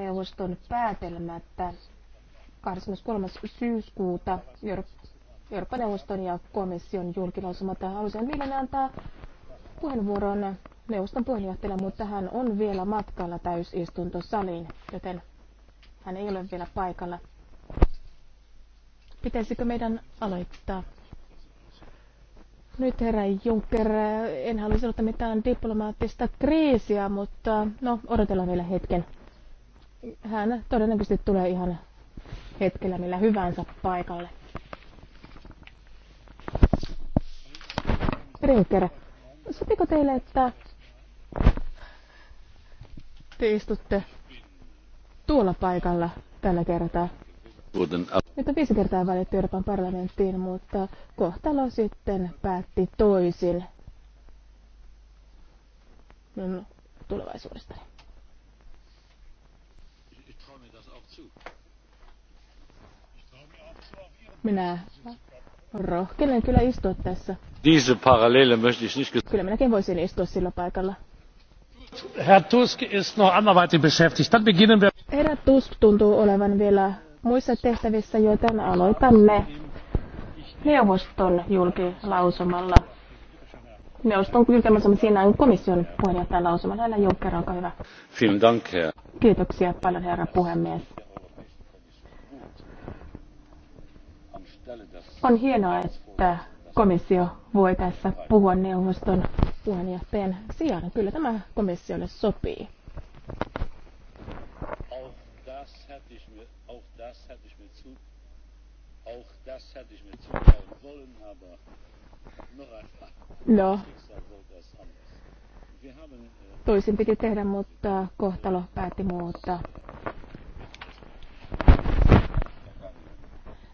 Eurooppa-neuvoston että 23. syyskuuta Eurooppa-neuvoston ja komission julkilausumatta. Haluaisin mielelläni antaa puheenvuoron neuvoston puheenjohtajalle, mutta hän on vielä matkalla täysistuntosaliin, joten hän ei ole vielä paikalla. Pitäisikö meidän aloittaa? Nyt herra Juncker, en halua sanoa mitään diplomaattista kriisiä, mutta no, odotellaan vielä hetken hän todennäköisesti tulee ihan hetkellä millä hyvänsä paikalle. Rinker, sopiko teille, että te istutte tuolla paikalla tällä kertaa? Nyt on viisi kertaa valittu Euroopan parlamenttiin, mutta kohtalo sitten päätti toisin minun tulevaisuudestani. Minä rohkelen kyllä istua tässä. Diese Parallele möchte ich nicht... Kyllä minäkin voisin istua sillä paikalla. Herr Tusk ist noch anderweitig beschäftigt. Dann beginnen wir... Herra Tusk tuntuu olevan vielä muissa tehtävissä, joten aloitamme neuvoston julkilausumalla. Neuvoston julkilausumalla siinä on komission puheenjohtajan lausumalla. Aina Juncker, olkaa hyvä. Vielen Dank, Herr. Kiitoksia paljon, herra puhemies. On hienoa, että komissio voi tässä puhua neuvoston puheenjohtajan sijaan. Kyllä tämä komissiolle sopii. No, äh, toisin piti tehdä, mutta kohtalo päätti muuttaa.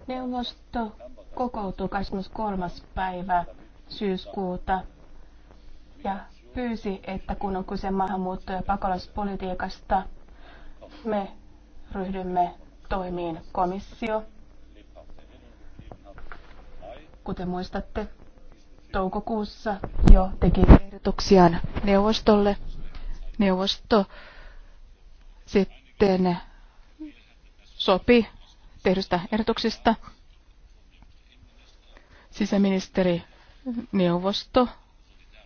Neuvosto kokoutuu 23. päivä syyskuuta ja pyysi, että kun on kyse maahanmuutto- ja pakolaispolitiikasta, me ryhdymme toimiin komissio. Kuten muistatte, toukokuussa jo teki ehdotuksiaan neuvostolle. Neuvosto sitten sopi tehdystä ehdotuksista. Sisäministeri neuvosto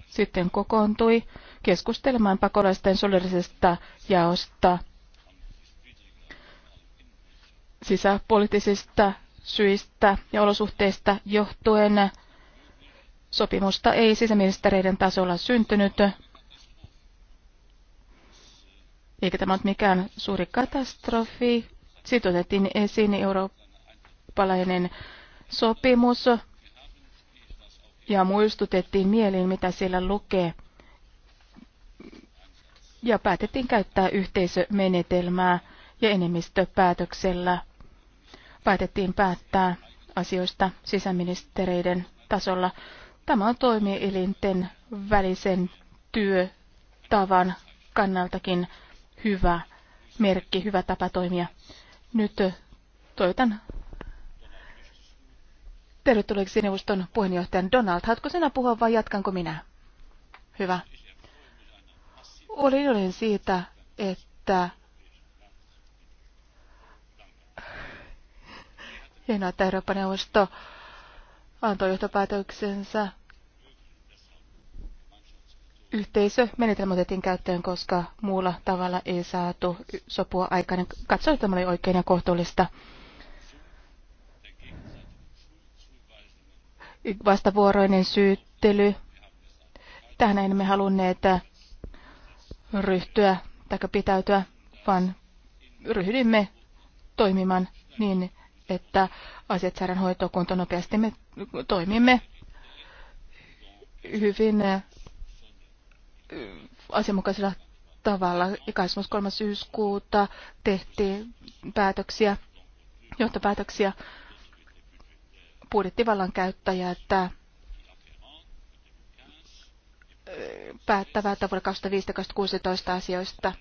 sitten kokoontui keskustelemaan pakolaisten solidarisesta jaosta sisäpoliittisista syistä ja olosuhteista johtuen. Sopimusta ei sisäministereiden tasolla syntynyt, eikä tämä ole mikään suuri katastrofi, sitten otettiin esiin eurooppalainen sopimus ja muistutettiin mieliin, mitä siellä lukee. Ja päätettiin käyttää yhteisömenetelmää ja enemmistöpäätöksellä päätettiin päättää asioista sisäministereiden tasolla. Tämä on toimielinten välisen työtavan kannaltakin hyvä merkki, hyvä tapa toimia. Nyt toivotan tervetulleeksi neuvoston puheenjohtajan Donald. Haluatko sinä puhua vai jatkanko minä? Hyvä. Olin iloinen siitä, että hienoa, että eurooppa neuvosto antoi johtopäätöksensä yhteisömenetelmä otettiin käyttöön, koska muulla tavalla ei saatu sopua aikana. Katsoin, että tämä oli oikein ja kohtuullista. Vastavuoroinen syyttely. Tähän emme halunneet ryhtyä tai pitäytyä, vaan ryhdymme toimimaan niin, että asiat saadaan hoitoon kuntoon nopeasti. Me toimimme hyvin asianmukaisella tavalla. 23. syyskuuta tehtiin päätöksiä, johtopäätöksiä budjettivallan käyttäjät äh, päättävät vuonna 2015-2016 asioista.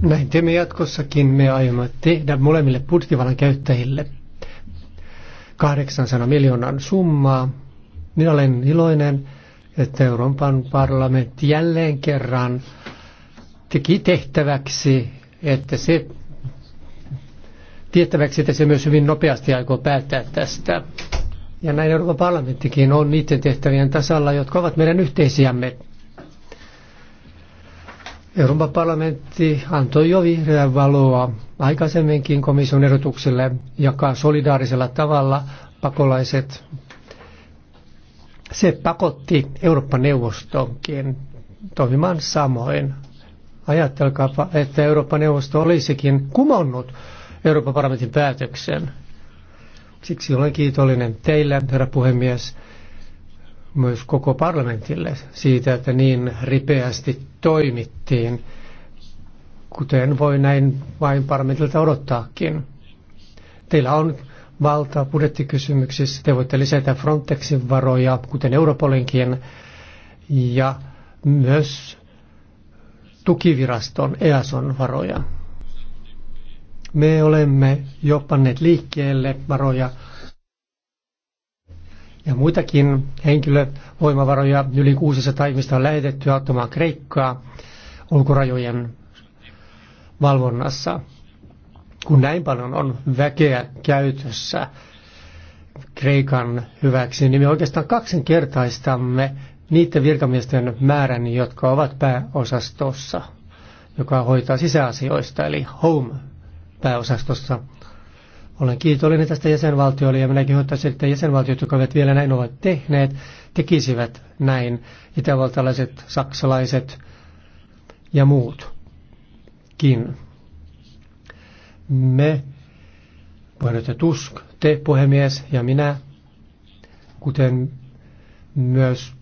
Näin teemme jatkossakin. Me aiomme tehdä molemmille budjettivallan käyttäjille 800 miljoonan summaa. Minä olen iloinen että Euroopan parlamentti jälleen kerran teki tehtäväksi, että se tiettäväksi, että se myös hyvin nopeasti aikoo päättää tästä. Ja näin Euroopan parlamenttikin on niiden tehtävien tasalla, jotka ovat meidän yhteisiämme. Euroopan parlamentti antoi jo vihreän valoa aikaisemminkin komission erotukselle jakaa solidaarisella tavalla pakolaiset se pakotti Euroopan neuvostonkin toimimaan samoin. Ajatelkaapa, että Euroopan neuvosto olisikin kumonnut Euroopan parlamentin päätöksen. Siksi olen kiitollinen teille, herra puhemies, myös koko parlamentille siitä, että niin ripeästi toimittiin, kuten voi näin vain parlamentilta odottaakin. Teillä on valtaa budjettikysymyksissä. Te voitte lisätä Frontexin varoja, kuten Europolinkin, ja myös tukiviraston EASON varoja. Me olemme jo panneet liikkeelle varoja ja muitakin henkilövoimavaroja. Yli 600 ihmistä on lähetetty auttamaan Kreikkaa ulkorajojen valvonnassa kun näin paljon on väkeä käytössä Kreikan hyväksi, niin me oikeastaan kaksinkertaistamme niiden virkamiesten määrän, jotka ovat pääosastossa, joka hoitaa sisäasioista, eli home pääosastossa. Olen kiitollinen tästä jäsenvaltioille ja minäkin hoitaisin, että jäsenvaltiot, jotka ovat vielä näin ovat tehneet, tekisivät näin, itävaltalaiset, saksalaiset ja muutkin me, puheenjohtaja Tusk, te puhemies ja minä, kuten myös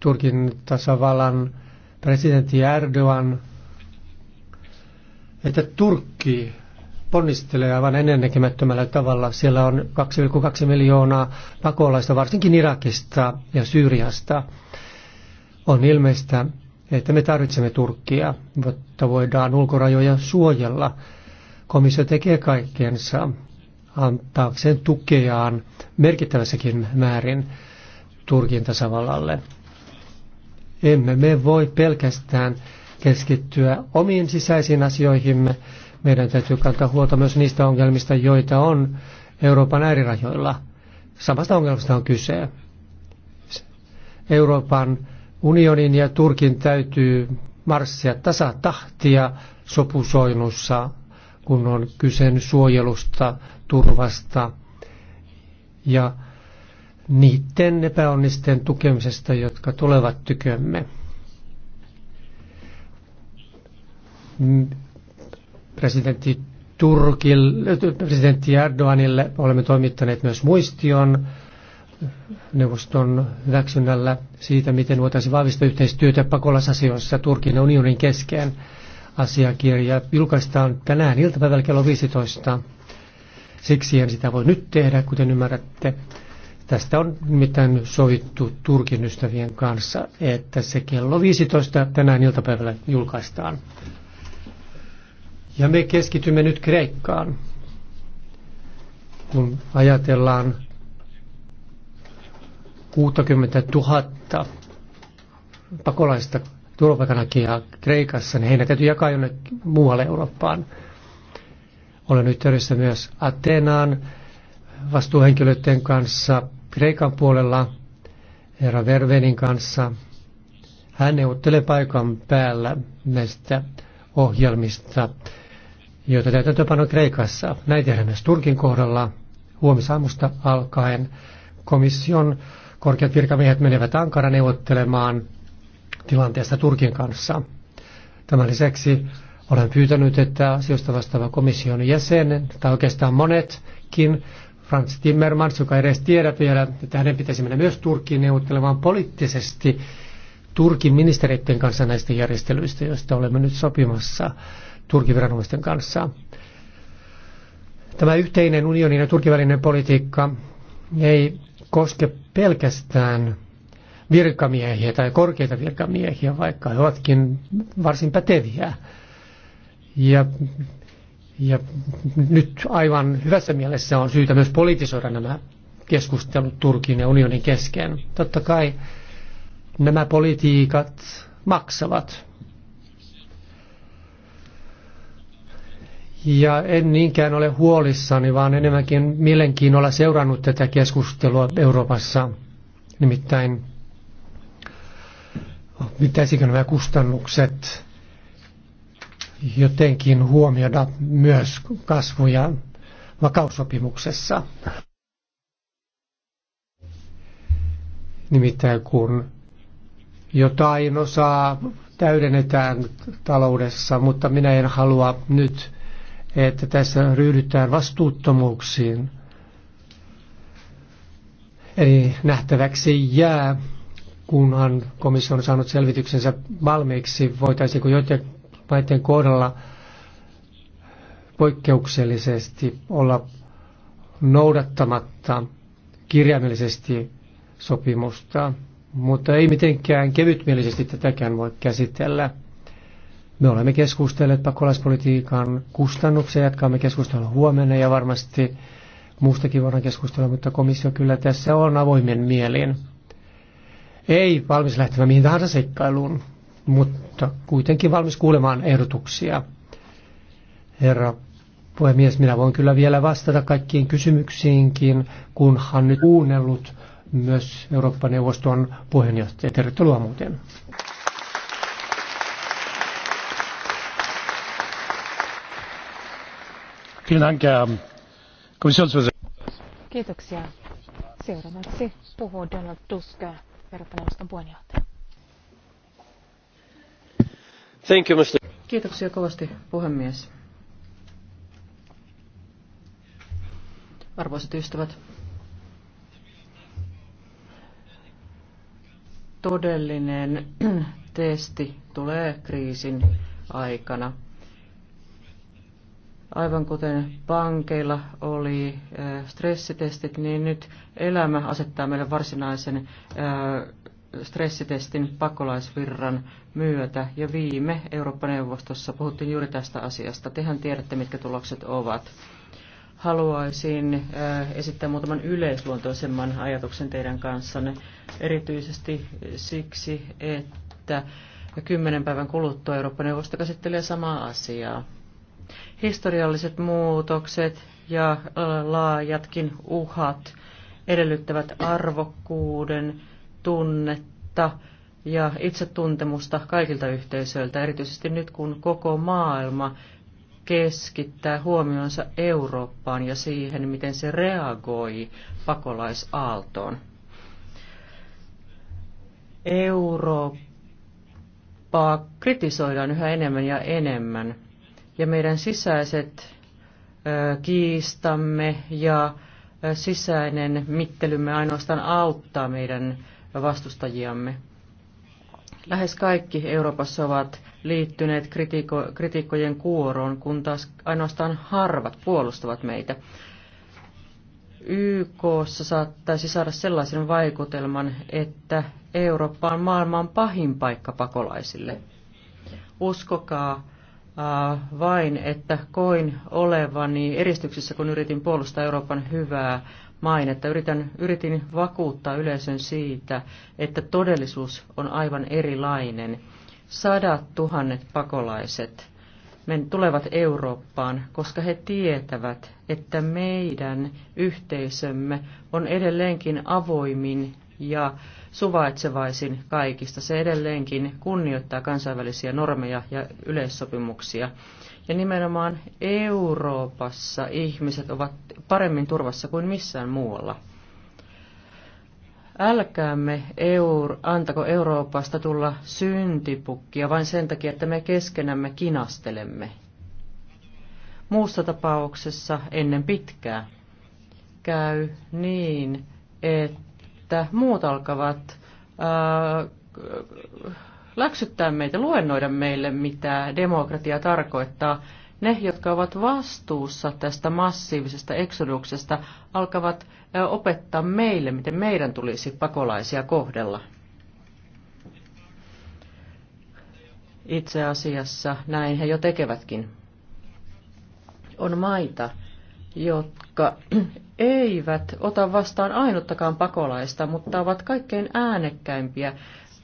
Turkin tasavallan presidentti Erdogan, että Turkki ponnistelee aivan ennennäkemättömällä tavalla. Siellä on 2,2 miljoonaa pakolaista, varsinkin Irakista ja Syyriasta. On ilmeistä, että me tarvitsemme Turkkia, mutta voidaan ulkorajoja suojella Komissio tekee kaikkensa antaakseen tukeaan merkittävässäkin määrin Turkin tasavallalle. Emme me voi pelkästään keskittyä omiin sisäisiin asioihimme. Meidän täytyy kantaa huolta myös niistä ongelmista, joita on Euroopan äärirajoilla. Samasta ongelmasta on kyse. Euroopan unionin ja Turkin täytyy marssia tasatahtia sopusoinnussa kun on kyse suojelusta, turvasta ja niiden epäonnisten tukemisesta, jotka tulevat tykömme. Presidentti, Turkil, presidentti Erdoganille olemme toimittaneet myös muistion neuvoston hyväksynnällä siitä, miten voitaisiin vahvistaa yhteistyötä pakolasasioissa Turkin ja unionin kesken asiakirja julkaistaan tänään iltapäivällä kello 15. Siksi en sitä voi nyt tehdä, kuten ymmärrätte. Tästä on mitään sovittu Turkin ystävien kanssa, että se kello 15 tänään iltapäivällä julkaistaan. Ja me keskitymme nyt Kreikkaan, kun ajatellaan 60 000 pakolaista turvapaikanhakijaa Kreikassa, niin heidän täytyy jakaa jonnekin muualle Eurooppaan. Olen yhteydessä myös Atenaan vastuuhenkilöiden kanssa Kreikan puolella, herra Vervenin kanssa. Hän neuvottelee paikan päällä näistä ohjelmista, joita täytäntöpano Kreikassa. Näin tehdään myös Turkin kohdalla huomisaamusta alkaen. Komission korkeat virkamiehet menevät Ankara neuvottelemaan tilanteesta Turkin kanssa. Tämän lisäksi olen pyytänyt, että asioista vastaava komission jäsen, tai oikeastaan monetkin, Franz Timmermans, joka ei edes tiedä vielä, että hänen pitäisi mennä myös Turkkiin neuvottelemaan poliittisesti Turkin ministeriöiden kanssa näistä järjestelyistä, joista olemme nyt sopimassa Turkin viranomaisten kanssa. Tämä yhteinen unionin ja Turkin välinen politiikka ei koske pelkästään virkamiehiä tai korkeita virkamiehiä, vaikka he ovatkin varsin päteviä. Ja, ja nyt aivan hyvässä mielessä on syytä myös politisoida nämä keskustelut Turkin ja unionin kesken. Totta kai nämä politiikat maksavat. Ja en niinkään ole huolissani, vaan enemmänkin mielenkiinnolla seurannut tätä keskustelua Euroopassa. Nimittäin pitäisikö nämä kustannukset jotenkin huomioida myös kasvu- ja vakaussopimuksessa. Nimittäin kun jotain osaa täydennetään taloudessa, mutta minä en halua nyt, että tässä ryhdytään vastuuttomuuksiin. Eli nähtäväksi jää, kunhan komissio on saanut selvityksensä valmiiksi, voitaisiinko joiden maiden kohdalla poikkeuksellisesti olla noudattamatta kirjaimellisesti sopimusta, mutta ei mitenkään kevytmielisesti tätäkään voi käsitellä. Me olemme keskustelleet pakolaispolitiikan kustannuksia, jatkamme keskustelua huomenna ja varmasti muustakin voidaan keskustella, mutta komissio kyllä tässä on avoimen mielin ei valmis lähtemään mihin tahansa seikkailuun, mutta kuitenkin valmis kuulemaan ehdotuksia. Herra puhemies, minä voin kyllä vielä vastata kaikkiin kysymyksiinkin, kunhan nyt kuunnellut myös Eurooppa-neuvoston puheenjohtaja. Tervetuloa muuten. Kiitoksia. Seuraavaksi puhuu Donald Tuska. Eurooppa-neuvoston puheenjohtaja. Thank you, Mr. Kiitoksia kovasti, puhemies. Arvoisat ystävät, todellinen testi tulee kriisin aikana. Aivan kuten pankeilla oli eh, stressitestit, niin nyt elämä asettaa meille varsinaisen eh, stressitestin pakolaisvirran myötä. Ja viime Eurooppa-neuvostossa puhuttiin juuri tästä asiasta. Tehän tiedätte, mitkä tulokset ovat. Haluaisin eh, esittää muutaman yleisluontoisemman ajatuksen teidän kanssanne, erityisesti siksi, että kymmenen päivän kuluttua Eurooppa-neuvosto käsittelee samaa asiaa. Historialliset muutokset ja äh, laajatkin uhat edellyttävät arvokkuuden tunnetta ja itsetuntemusta kaikilta yhteisöiltä, erityisesti nyt kun koko maailma keskittää huomionsa Eurooppaan ja siihen, miten se reagoi pakolaisaaltoon. Eurooppaa kritisoidaan yhä enemmän ja enemmän ja meidän sisäiset kiistamme ja sisäinen mittelymme ainoastaan auttaa meidän vastustajiamme. Lähes kaikki Euroopassa ovat liittyneet kritiko- kritiikkojen kuoroon, kun taas ainoastaan harvat puolustavat meitä. YK saattaisi saada sellaisen vaikutelman, että Eurooppa on maailman pahin paikka pakolaisille. Uskokaa, vain, että koin olevani eristyksissä, kun yritin puolustaa Euroopan hyvää mainetta. Yritän, yritin vakuuttaa yleisön siitä, että todellisuus on aivan erilainen. Sadat tuhannet pakolaiset men tulevat Eurooppaan, koska he tietävät, että meidän yhteisömme on edelleenkin avoimin ja suvaitsevaisin kaikista. Se edelleenkin kunnioittaa kansainvälisiä normeja ja yleissopimuksia. Ja nimenomaan Euroopassa ihmiset ovat paremmin turvassa kuin missään muualla. Älkäämme euro, antako Euroopasta tulla syntipukkia vain sen takia, että me keskenämme kinastelemme. Muussa tapauksessa ennen pitkää käy niin, että että muut alkavat ää, läksyttää meitä, luennoida meille, mitä demokratia tarkoittaa. Ne, jotka ovat vastuussa tästä massiivisesta eksoduksesta, alkavat opettaa meille, miten meidän tulisi pakolaisia kohdella. Itse asiassa näin he jo tekevätkin. On maita, jotka eivät ota vastaan ainuttakaan pakolaista, mutta ovat kaikkein äänekkäimpiä,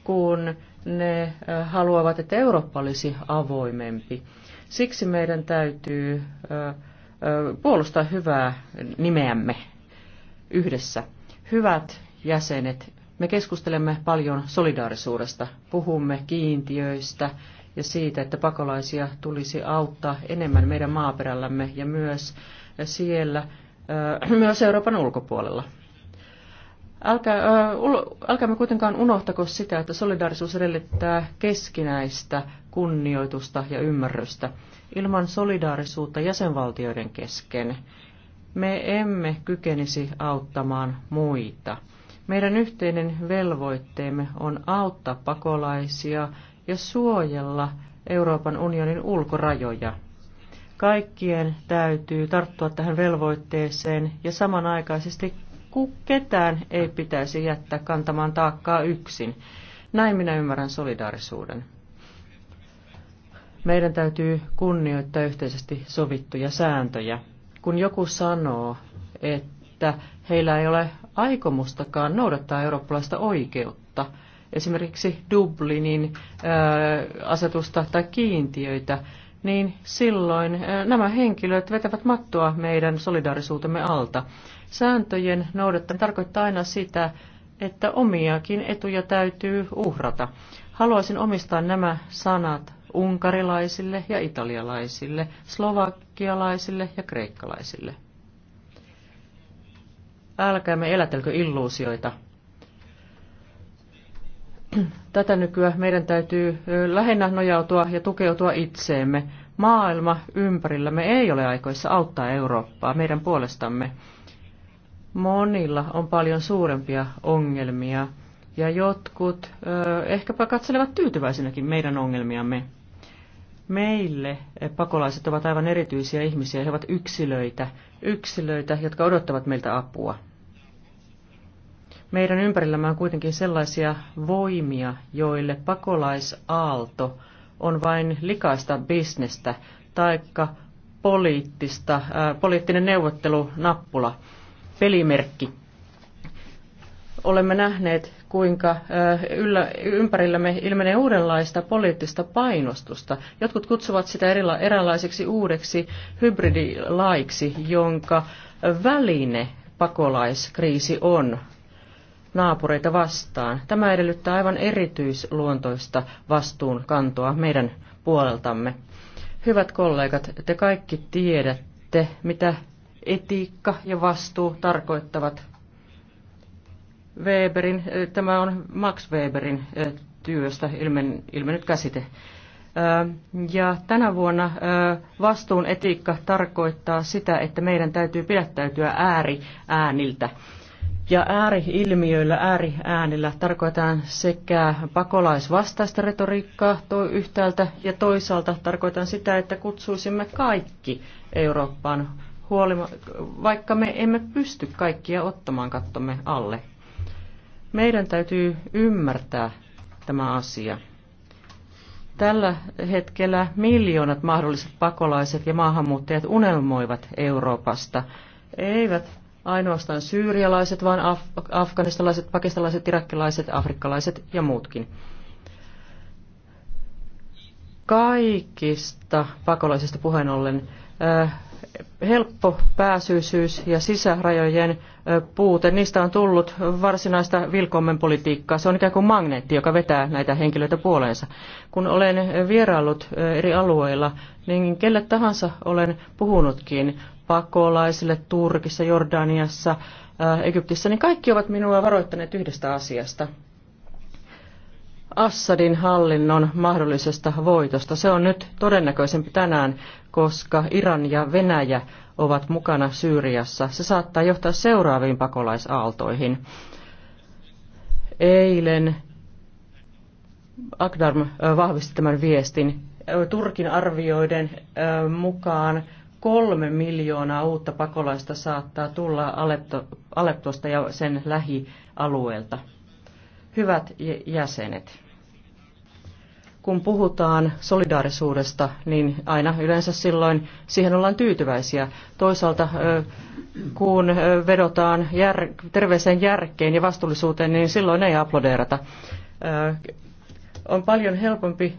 kun ne haluavat, että Eurooppa olisi avoimempi. Siksi meidän täytyy puolustaa hyvää nimeämme yhdessä. Hyvät jäsenet, me keskustelemme paljon solidaarisuudesta, puhumme kiintiöistä ja siitä, että pakolaisia tulisi auttaa enemmän meidän maaperällämme ja myös siellä, myös Euroopan ulkopuolella. Älkää, älkäämme kuitenkaan unohtako sitä, että solidaarisuus edellyttää keskinäistä kunnioitusta ja ymmärrystä. Ilman solidaarisuutta jäsenvaltioiden kesken me emme kykenisi auttamaan muita. Meidän yhteinen velvoitteemme on auttaa pakolaisia ja suojella Euroopan unionin ulkorajoja. Kaikkien täytyy tarttua tähän velvoitteeseen ja samanaikaisesti ketään ei pitäisi jättää kantamaan taakkaa yksin. Näin minä ymmärrän solidaarisuuden. Meidän täytyy kunnioittaa yhteisesti sovittuja sääntöjä. Kun joku sanoo, että heillä ei ole aikomustakaan noudattaa eurooppalaista oikeutta, esimerkiksi Dublinin ää, asetusta tai kiintiöitä, niin silloin eh, nämä henkilöt vetävät mattoa meidän solidaarisuutemme alta. Sääntöjen noudattaminen tarkoittaa aina sitä, että omiakin etuja täytyy uhrata. Haluaisin omistaa nämä sanat unkarilaisille ja italialaisille, slovakialaisille ja kreikkalaisille. Älkäämme elätelkö illuusioita. Tätä nykyä meidän täytyy lähinnä nojautua ja tukeutua itseemme. Maailma ympärillämme ei ole aikoissa auttaa Eurooppaa meidän puolestamme. Monilla on paljon suurempia ongelmia ja jotkut ö, ehkäpä katselevat tyytyväisenäkin meidän ongelmiamme. Meille pakolaiset ovat aivan erityisiä ihmisiä, he ovat yksilöitä, yksilöitä, jotka odottavat meiltä apua. Meidän ympärillämme on kuitenkin sellaisia voimia, joille pakolaisaalto on vain likaista bisnestä, taikka poliittista, äh, poliittinen neuvottelunappula, pelimerkki. Olemme nähneet, kuinka äh, yllä, ympärillämme ilmenee uudenlaista poliittista painostusta. Jotkut kutsuvat sitä erila, eräänlaiseksi uudeksi hybridilaiksi, jonka väline pakolaiskriisi on naapureita vastaan. Tämä edellyttää aivan erityisluontoista vastuunkantoa meidän puoleltamme. Hyvät kollegat, te kaikki tiedätte, mitä etiikka ja vastuu tarkoittavat. Weberin, eh, tämä on Max Weberin eh, työstä ilmen, ilmennyt käsite. Eh, ja tänä vuonna vastuun etiikka tarkoittaa sitä, että meidän täytyy pidättäytyä ääriääniltä. Ja ääriilmiöillä, ääriäänillä tarkoitan sekä pakolaisvastaista retoriikkaa toi yhtäältä ja toisaalta tarkoitan sitä, että kutsuisimme kaikki Eurooppaan, huolima, vaikka me emme pysty kaikkia ottamaan kattomme alle. Meidän täytyy ymmärtää tämä asia. Tällä hetkellä miljoonat mahdolliset pakolaiset ja maahanmuuttajat unelmoivat Euroopasta, eivät ainoastaan syyrialaiset, vaan af- afganistalaiset, pakistalaiset, irakkilaiset, afrikkalaiset ja muutkin. Kaikista pakolaisista puheen ollen äh, helppo pääsyisyys ja sisärajojen äh, puute, niistä on tullut varsinaista vilkommen politiikkaa. Se on ikään kuin magneetti, joka vetää näitä henkilöitä puoleensa. Kun olen vieraillut äh, eri alueilla, niin kelle tahansa olen puhunutkin pakolaisille Turkissa, Jordaniassa, äh, Egyptissä, niin kaikki ovat minua varoittaneet yhdestä asiasta. Assadin hallinnon mahdollisesta voitosta. Se on nyt todennäköisempi tänään, koska Iran ja Venäjä ovat mukana Syyriassa. Se saattaa johtaa seuraaviin pakolaisaaltoihin. Eilen Akdarm äh, vahvisti tämän viestin. Turkin arvioiden äh, mukaan kolme miljoonaa uutta pakolaista saattaa tulla Alepto, Aleptosta ja sen lähialueelta. Hyvät jäsenet, kun puhutaan solidaarisuudesta, niin aina yleensä silloin siihen ollaan tyytyväisiä. Toisaalta kun vedotaan jär, terveeseen järkeen ja vastuullisuuteen, niin silloin ei aplodeerata on paljon helpompi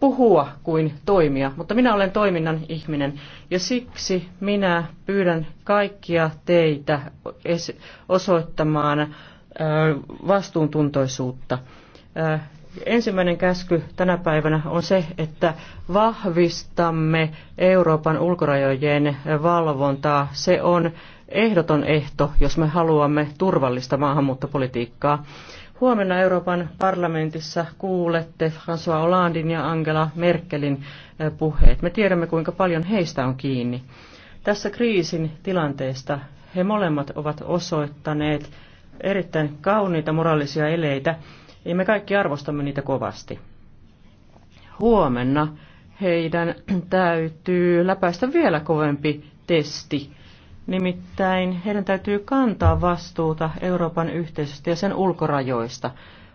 puhua kuin toimia, mutta minä olen toiminnan ihminen ja siksi minä pyydän kaikkia teitä osoittamaan vastuuntuntoisuutta. Ensimmäinen käsky tänä päivänä on se, että vahvistamme Euroopan ulkorajojen valvontaa. Se on ehdoton ehto, jos me haluamme turvallista maahanmuuttopolitiikkaa. Huomenna Euroopan parlamentissa kuulette François Hollandin ja Angela Merkelin puheet. Me tiedämme, kuinka paljon heistä on kiinni. Tässä kriisin tilanteesta he molemmat ovat osoittaneet erittäin kauniita moraalisia eleitä, ja me kaikki arvostamme niitä kovasti. Huomenna heidän täytyy läpäistä vielä kovempi testi Nimittäin heidän täytyy kantaa vastuuta Euroopan yhteisöstä ja sen ulkorajoista.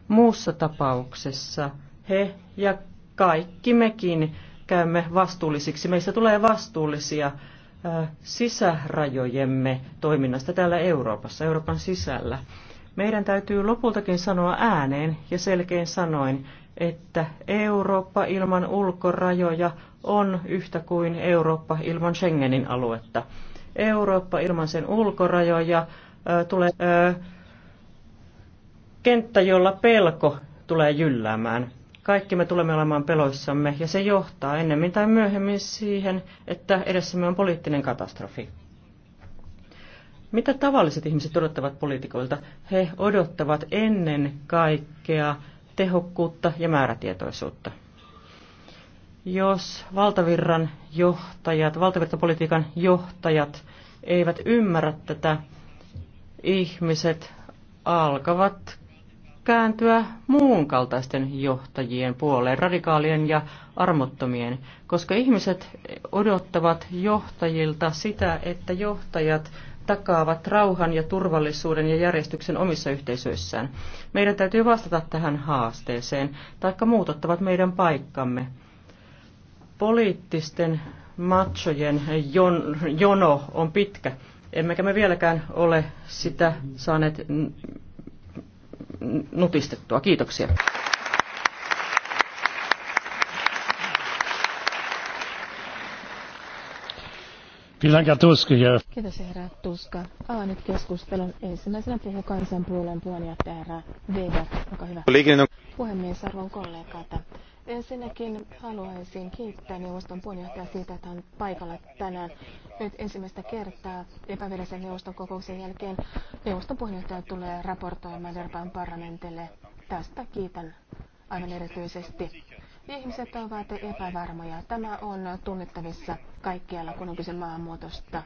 Muussa tapauksessa he ja kaikki mekin käymme vastuullisiksi. Meistä tulee vastuullisia sisärajojemme toiminnasta täällä Euroopassa, Euroopan sisällä. Meidän täytyy lopultakin sanoa ääneen ja selkein sanoin, että Eurooppa ilman ulkorajoja on yhtä kuin Eurooppa ilman Schengenin aluetta. Eurooppa ilman sen ulkorajoja tulee kenttä, jolla pelko tulee jylläämään. Kaikki me tulemme olemaan peloissamme ja se johtaa ennemmin tai myöhemmin siihen, että edessämme on poliittinen katastrofi. Mitä tavalliset ihmiset odottavat poliitikoilta? He odottavat ennen kaikkea tehokkuutta ja määrätietoisuutta. Jos valtavirran johtajat, valtavirtapolitiikan johtajat eivät ymmärrä tätä, ihmiset alkavat kääntyä muun kaltaisten johtajien puoleen, radikaalien ja armottomien, koska ihmiset odottavat johtajilta sitä, että johtajat takaavat rauhan ja turvallisuuden ja järjestyksen omissa yhteisöissään. Meidän täytyy vastata tähän haasteeseen, taikka muut ottavat meidän paikkamme. Poliittisten matsojen jon, jono on pitkä, emmekä me vieläkään ole sitä saaneet nutistettua. Kiitoksia. Kiitos herra Tuska. Aa, nyt keskustelun. Ensimmäisenä puhuu kansanpuolueen puheenjohtaja herra Weber. Olkaa hyvä. Puhemies, arvon kollegaata. Ensinnäkin haluaisin kiittää neuvoston puheenjohtajaa siitä, että on paikalla tänään. Nyt ensimmäistä kertaa epävirallisen neuvoston kokouksen jälkeen neuvoston puheenjohtaja tulee raportoimaan Euroopan parlamentille. Tästä kiitän aivan erityisesti. Ihmiset ovat epävarmoja. Tämä on tunnettavissa kaikkialla, kun on kyse maahanmuutosta.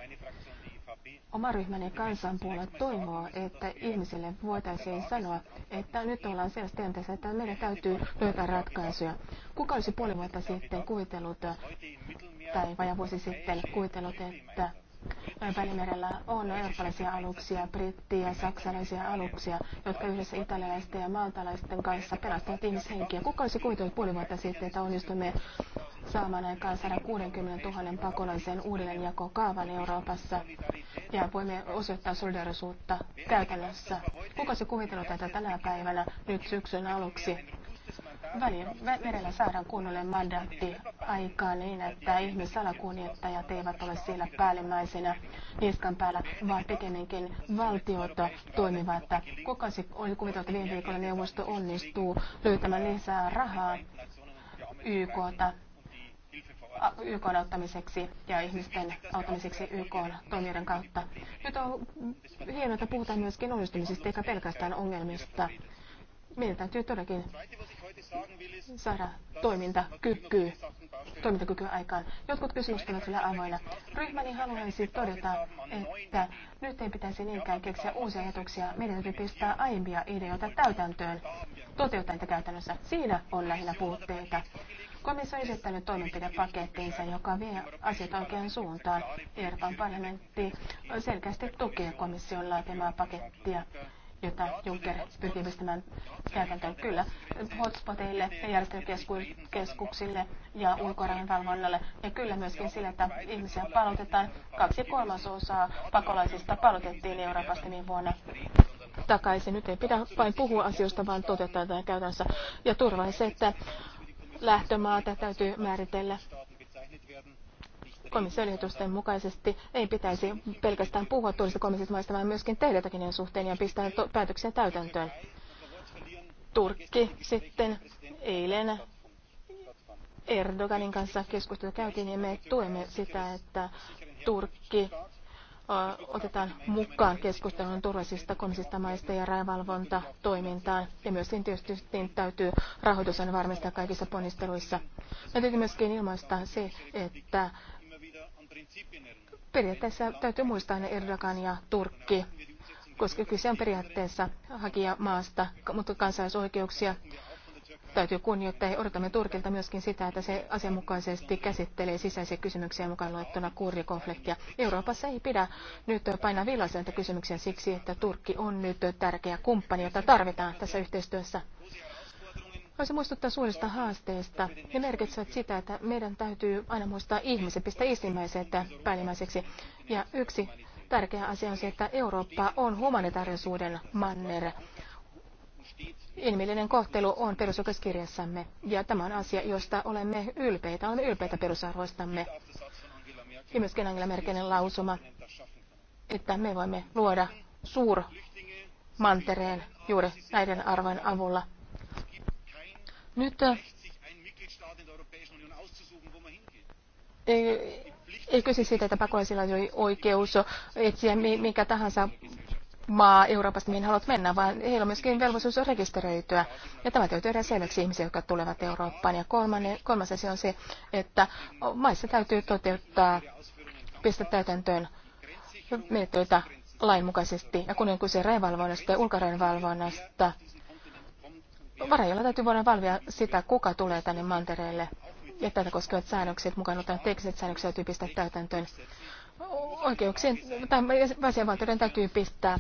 Oma ryhmäni kansanpuolue toivoo, että ihmisille voitaisiin sanoa, että nyt ollaan siellä tilanteessa, että meidän täytyy löytää ratkaisuja. Kuka olisi puoli vuotta sitten kuvitellut tai vajan vuosi sitten kuvitellut, että Välimerellä on eurooppalaisia aluksia, brittiä, saksalaisia aluksia, jotka yhdessä italialaisten ja maltalaisten kanssa pelastavat ihmishenkiä. Kuka olisi kuvitellut puoli vuotta sitten, että onnistumme saamaan aikaan 160 000 pakolaisen uudelleenjakokaavan Euroopassa ja voimme osoittaa solidarisuutta käytännössä. Kuka olisi kuvitellut, tätä tänä päivänä nyt syksyn aluksi välin, merellä saadaan kunnolle mandaatti aikaa niin, että ihmisalakuljettajat eivät ole siellä päällimmäisenä niskan päällä, vaan pikemminkin valtiot toimivat. Kuka se oli kuviteltu viime viikolla neuvosto onnistuu löytämään lisää rahaa YKta YK auttamiseksi ja ihmisten auttamiseksi YK toimijoiden kautta. Nyt on hienoa, että puhutaan myöskin onnistumisista eikä pelkästään ongelmista. Meidän täytyy todellakin saada toimintakyky, toimintakyky aikaan. Jotkut kysymykset ovat vielä avoinna. Ryhmäni haluaisi todeta, että nyt ei pitäisi niinkään keksiä uusia ajatuksia. Meidän täytyy pistää aiempia ideoita täytäntöön. Toteuttaa niitä käytännössä. Siinä on lähinnä puutteita. Komissio on esittänyt toimenpidepakettinsa, joka vie asiat oikeaan suuntaan. Euroopan parlamentti selkeästi tukee komission laatimaa pakettia jota Juncker pyrkii pistämään käytäntöön. Kyllä, hotspoteille ja järjestelykeskuksille ja ulkorajan valvonnalle. Ja kyllä myöskin sille, että ihmisiä palautetaan. Kaksi kolmasosaa pakolaisista palautettiin Euroopasta niin vuonna takaisin. Nyt ei pidä vain puhua asioista, vaan toteuttaa tätä käytännössä. Ja turva se, että lähtömaata täytyy määritellä komission ehdotusten mukaisesti ei pitäisi pelkästään puhua tuollisista komission maista, vaan myöskin tehdä jotakin suhteen ja pistää to- päätöksiä täytäntöön. Turkki sitten eilen Erdoganin kanssa keskustelua käytiin ja me tuemme sitä, että Turkki otetaan mukaan keskustelun turvallisista komisista maista ja rajavalvonta toimintaan. Ja myös tietysti täytyy rahoitus on varmistaa kaikissa ponnisteluissa. Me täytyy myöskin ilmaista se, että Periaatteessa täytyy muistaa ne Erdogan ja Turkki, koska kyse on periaatteessa hakijamaasta, mutta kansalaisoikeuksia täytyy kunnioittaa odotamme Turkilta myöskin sitä, että se asianmukaisesti käsittelee sisäisiä kysymyksiä mukaan luettuna kurrikonfliktia. Euroopassa ei pidä nyt painaa villaiselta kysymyksiä siksi, että Turkki on nyt tärkeä kumppani, jota tarvitaan tässä yhteistyössä. Se muistuttaa suurista haasteista. ja merkitsee sitä, että meidän täytyy aina muistaa ihmiset, pistää että päällimmäiseksi. Ja yksi tärkeä asia on se, että Eurooppa on humanitaarisuuden manner. Inhimillinen kohtelu on perusoikeuskirjassamme ja tämä on asia, josta olemme ylpeitä. Olemme ylpeitä perusarvoistamme. Ja myöskin Angela Merkelin lausuma, että me voimme luoda suur mantereen juuri näiden arvojen avulla. Nyt äh, eikö siis siitä, että pakolaisilla oli oikeus etsiä minkä tahansa maa Euroopasta, mihin haluat mennä, vaan heillä on myöskin velvollisuus rekisteröityä. Ja tämä täytyy tehdä selväksi ihmisiä, jotka tulevat Eurooppaan. Ja kolmanne, kolmas asia on se, että maissa täytyy toteuttaa, pistää täytäntöön lainmukaisesti. Ja kun on kyse rajavalvonnasta ja ulkorajan valvonnasta, Varajalla täytyy voida valvia sitä, kuka tulee tänne mantereelle. Ja tätä koskevat säännökset, mukaan ottaen tekniset säännökset, täytyy pistää täytäntöön. Oikeuksien tai jäsenvaltioiden täytyy pistää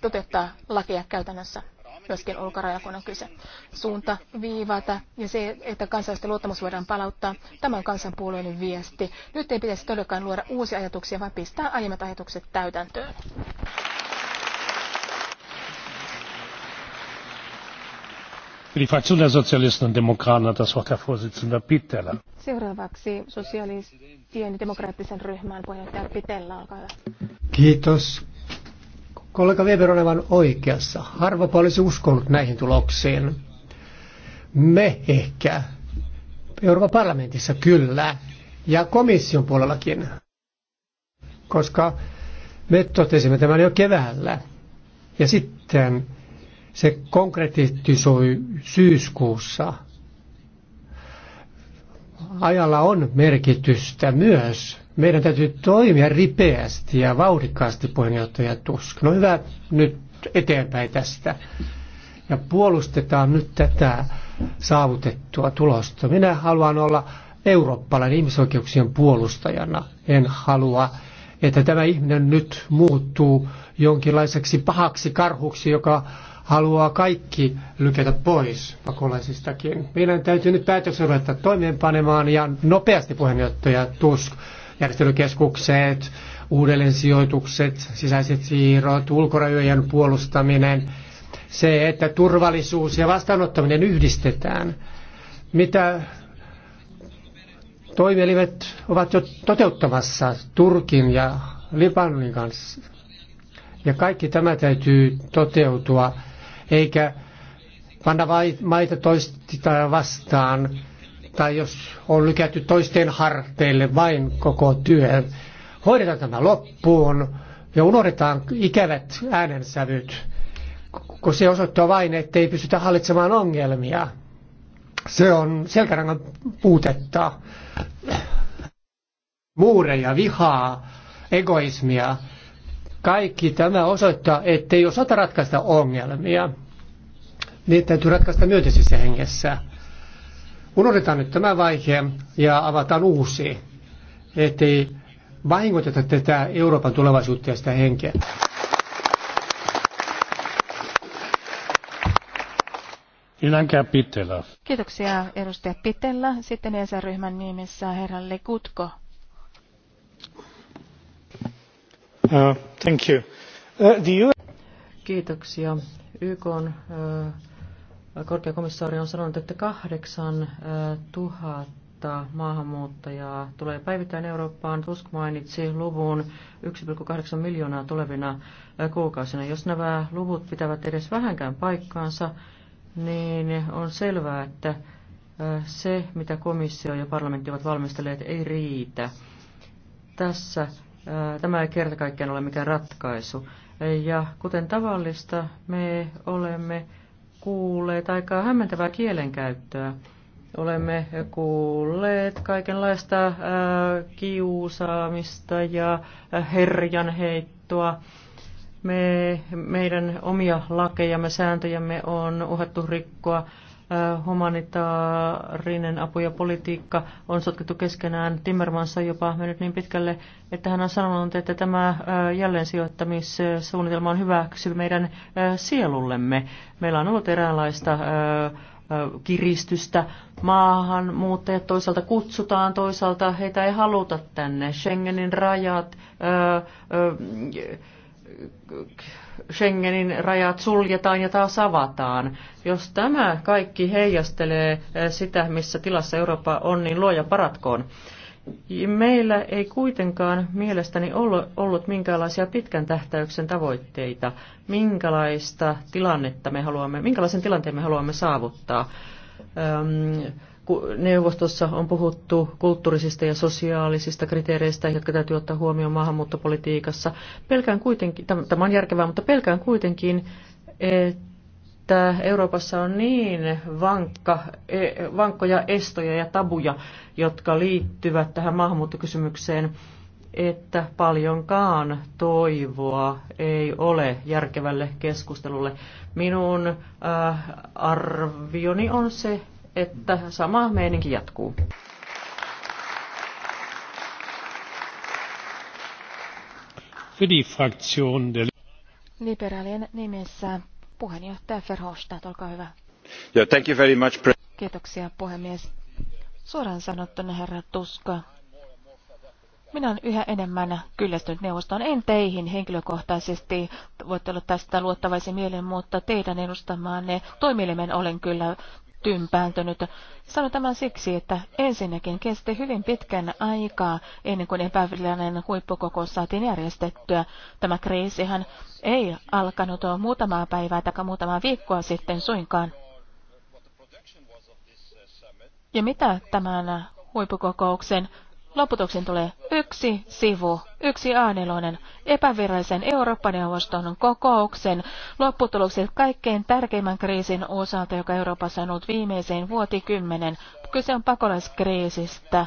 toteuttaa lakia käytännössä myöskin ulkorajalla, kun on kyse. Suunta, viivata ja se, että kansalaisten luottamus voidaan palauttaa, tämä on kansanpuolueiden viesti. Nyt ei pitäisi todellakaan luoda uusia ajatuksia, vaan pistää aiemmat ajatukset täytäntöön. Seuraavaksi sosialistien demokraattisen ryhmän puheenjohtaja Pitella, olkaa hyvä. Kiitos. Kollega Weber on aivan oikeassa. Harva olisi uskonut näihin tuloksiin. Me ehkä. Euroopan parlamentissa kyllä. Ja komission puolellakin. Koska me totesimme tämän jo keväällä. Ja sitten se konkretisoi syyskuussa. Ajalla on merkitystä myös. Meidän täytyy toimia ripeästi ja vauhdikkaasti, puheenjohtaja Tusk. No hyvä nyt eteenpäin tästä. Ja puolustetaan nyt tätä saavutettua tulosta. Minä haluan olla eurooppalainen ihmisoikeuksien puolustajana. En halua, että tämä ihminen nyt muuttuu jonkinlaiseksi pahaksi karhuksi, joka haluaa kaikki lykätä pois pakolaisistakin. Meidän täytyy nyt päätöksen ruveta toimeenpanemaan ja nopeasti puheenjohtaja Tusk, järjestelykeskukset, uudelleensijoitukset, sisäiset siirrot, ulkorajojen puolustaminen, se, että turvallisuus ja vastaanottaminen yhdistetään. Mitä toimielimet ovat jo toteuttamassa Turkin ja Libanonin kanssa. Ja kaikki tämä täytyy toteutua eikä panna maita toista vastaan, tai jos on lykätty toisten harteille vain koko työ. Hoidetaan tämä loppuun ja unohdetaan ikävät äänensävyt, kun se osoittaa vain, ettei pystytä hallitsemaan ongelmia. Se on selkärangan puutetta, muureja, vihaa, egoismia. Kaikki tämä osoittaa, ettei osata ratkaista ongelmia. Niitä täytyy ratkaista myönteisessä hengessä. Unohdetaan nyt tämä vaihe ja avataan uusi, ettei vahingoiteta tätä Euroopan tulevaisuutta ja sitä henkeä. Kiitoksia edustaja Pitellä. Sitten ensäryhmän ryhmän nimissä herra Lekutko. Uh, thank you. Uh, Kiitoksia. YK on, uh, korkeakomissaari on sanonut, että kahdeksan tuhatta maahanmuuttajaa tulee päivittäin Eurooppaan. Tusk mainitsi luvun 1,8 miljoonaa tulevina kuukausina. Jos nämä luvut pitävät edes vähänkään paikkaansa, niin on selvää, että se, mitä komissio ja parlamentti ovat valmistelleet, ei riitä. Tässä Tämä ei kerta kaikkiaan ole mikään ratkaisu. Ja kuten tavallista, me olemme kuulleet aika hämmentävää kielenkäyttöä. Olemme kuulleet kaikenlaista ää, kiusaamista ja herjanheittoa. Me, meidän omia lakejamme, sääntöjämme on uhattu rikkoa. Äh, humanitaarinen apu ja politiikka on sotkettu keskenään. Timmermans on jopa mennyt niin pitkälle, että hän on sanonut, että tämä äh, jälleen sijoittamissuunnitelma on hyväksy meidän äh, sielullemme. Meillä on ollut eräänlaista kiristystä maahan. Muuttajat toisaalta kutsutaan, toisaalta heitä ei haluta tänne. Schengenin rajat, Schengenin rajat suljetaan ja taas avataan. Jos tämä kaikki heijastelee eh, sitä, missä tilassa Eurooppa on, niin luoja paratkoon. Meillä ei kuitenkaan mielestäni ollut minkäänlaisia pitkän tähtäyksen tavoitteita, minkälaista tilannetta me haluamme, minkälaisen tilanteen me haluamme saavuttaa. Öm, neuvostossa on puhuttu kulttuurisista ja sosiaalisista kriteereistä, jotka täytyy ottaa huomioon maahanmuuttopolitiikassa. Pelkään kuitenkin, tämä on järkevää, mutta pelkään kuitenkin, että Euroopassa on niin vankka, e, vankkoja estoja ja tabuja, jotka liittyvät tähän maahanmuuttokysymykseen, että paljonkaan toivoa ei ole järkevälle keskustelulle. Minun äh, arvioni on se, että sama meininki jatkuu. Liberaalien nimessä puheenjohtaja Verhofstadt, olkaa hyvä. Yeah, thank you very much. Kiitoksia puhemies. Suoraan sanottuna herra Tuska, minä olen yhä enemmän kyllästynyt neuvostoon. En teihin henkilökohtaisesti, voitte olla tästä luottavaisen mielen, mutta teidän ne toimielimen olen kyllä tympääntynyt. Sano tämän siksi, että ensinnäkin kesti hyvin pitkän aikaa ennen kuin epävirallinen huippukokous saatiin järjestettyä. Tämä kriisihän ei alkanut muutamaa päivää tai muutamaa viikkoa sitten suinkaan. Ja mitä tämän huippukokouksen Loputuksen tulee yksi sivu, yksi aaneloinen epävirallisen Eurooppa-neuvoston kokouksen lopputulokset kaikkein tärkeimmän kriisin osalta, joka Euroopassa on ollut viimeiseen vuotikymmenen. Kyse on pakolaiskriisistä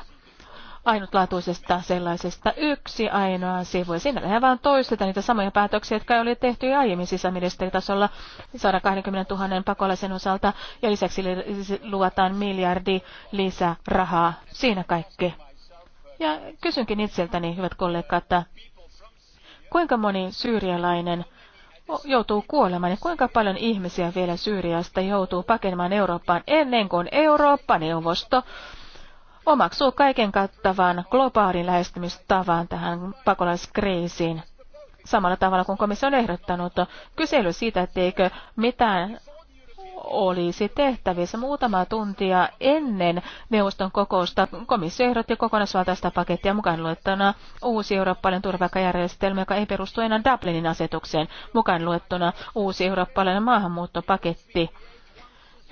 ainutlaatuisesta sellaisesta yksi ainoa sivu. Siinä lähdetään vain toistetaan niitä samoja päätöksiä, jotka oli tehty jo aiemmin sisäministeritasolla 120 000 pakolaisen osalta ja lisäksi luvataan miljardi lisärahaa. Siinä kaikki. Ja kysynkin itseltäni, hyvät kollegat, että kuinka moni syyrialainen joutuu kuolemaan ja kuinka paljon ihmisiä vielä Syyriasta joutuu pakenemaan Eurooppaan ennen kuin Eurooppa-neuvosto omaksuu kaiken kattavan globaalin lähestymistavan tähän pakolaiskriisiin. Samalla tavalla kuin komissio on ehdottanut kysely siitä, etteikö mitään olisi tehtävissä muutama tuntia ennen neuvoston kokousta. Komissio ehdotti kokonaisvaltaista pakettia mukaan luettuna uusi eurooppalainen turvapaikkajärjestelmä, joka ei perustu enää Dublinin asetukseen, mukaan luettuna uusi eurooppalainen maahanmuuttopaketti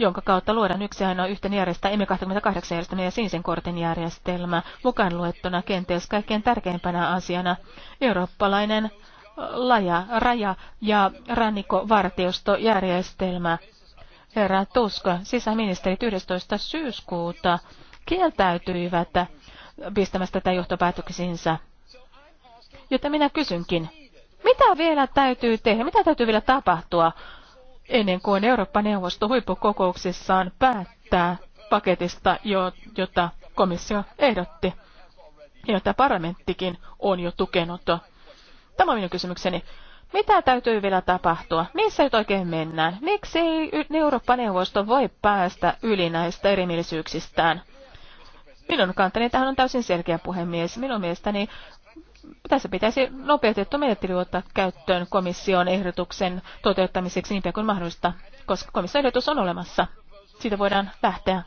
jonka kautta luodaan yksi ainoa yhten järjestää M28 järjestelmä ja sinisen kortin järjestelmä, mukaan luettuna kenties kaikkein tärkeimpänä asiana eurooppalainen laja, raja- ja rannikkovartiostojärjestelmä herra Tusk, sisäministerit 11. syyskuuta kieltäytyivät pistämästä tätä johtopäätöksiinsä. Joten minä kysynkin, mitä vielä täytyy tehdä, mitä täytyy vielä tapahtua ennen kuin Eurooppa-neuvosto huippukokouksissaan päättää paketista, jota komissio ehdotti jota parlamenttikin on jo tukenut. Tämä on minun kysymykseni. Mitä täytyy vielä tapahtua? Missä nyt oikein mennään? Miksi ei Eurooppa-neuvosto voi päästä yli näistä erimielisyyksistään? Minun kantani tähän on täysin selkeä puhemies. Minun mielestäni tässä pitäisi nopeutettu menettely ottaa käyttöön komission ehdotuksen toteuttamiseksi niin pian kuin mahdollista, koska komission ehdotus on olemassa. Siitä voidaan lähteä.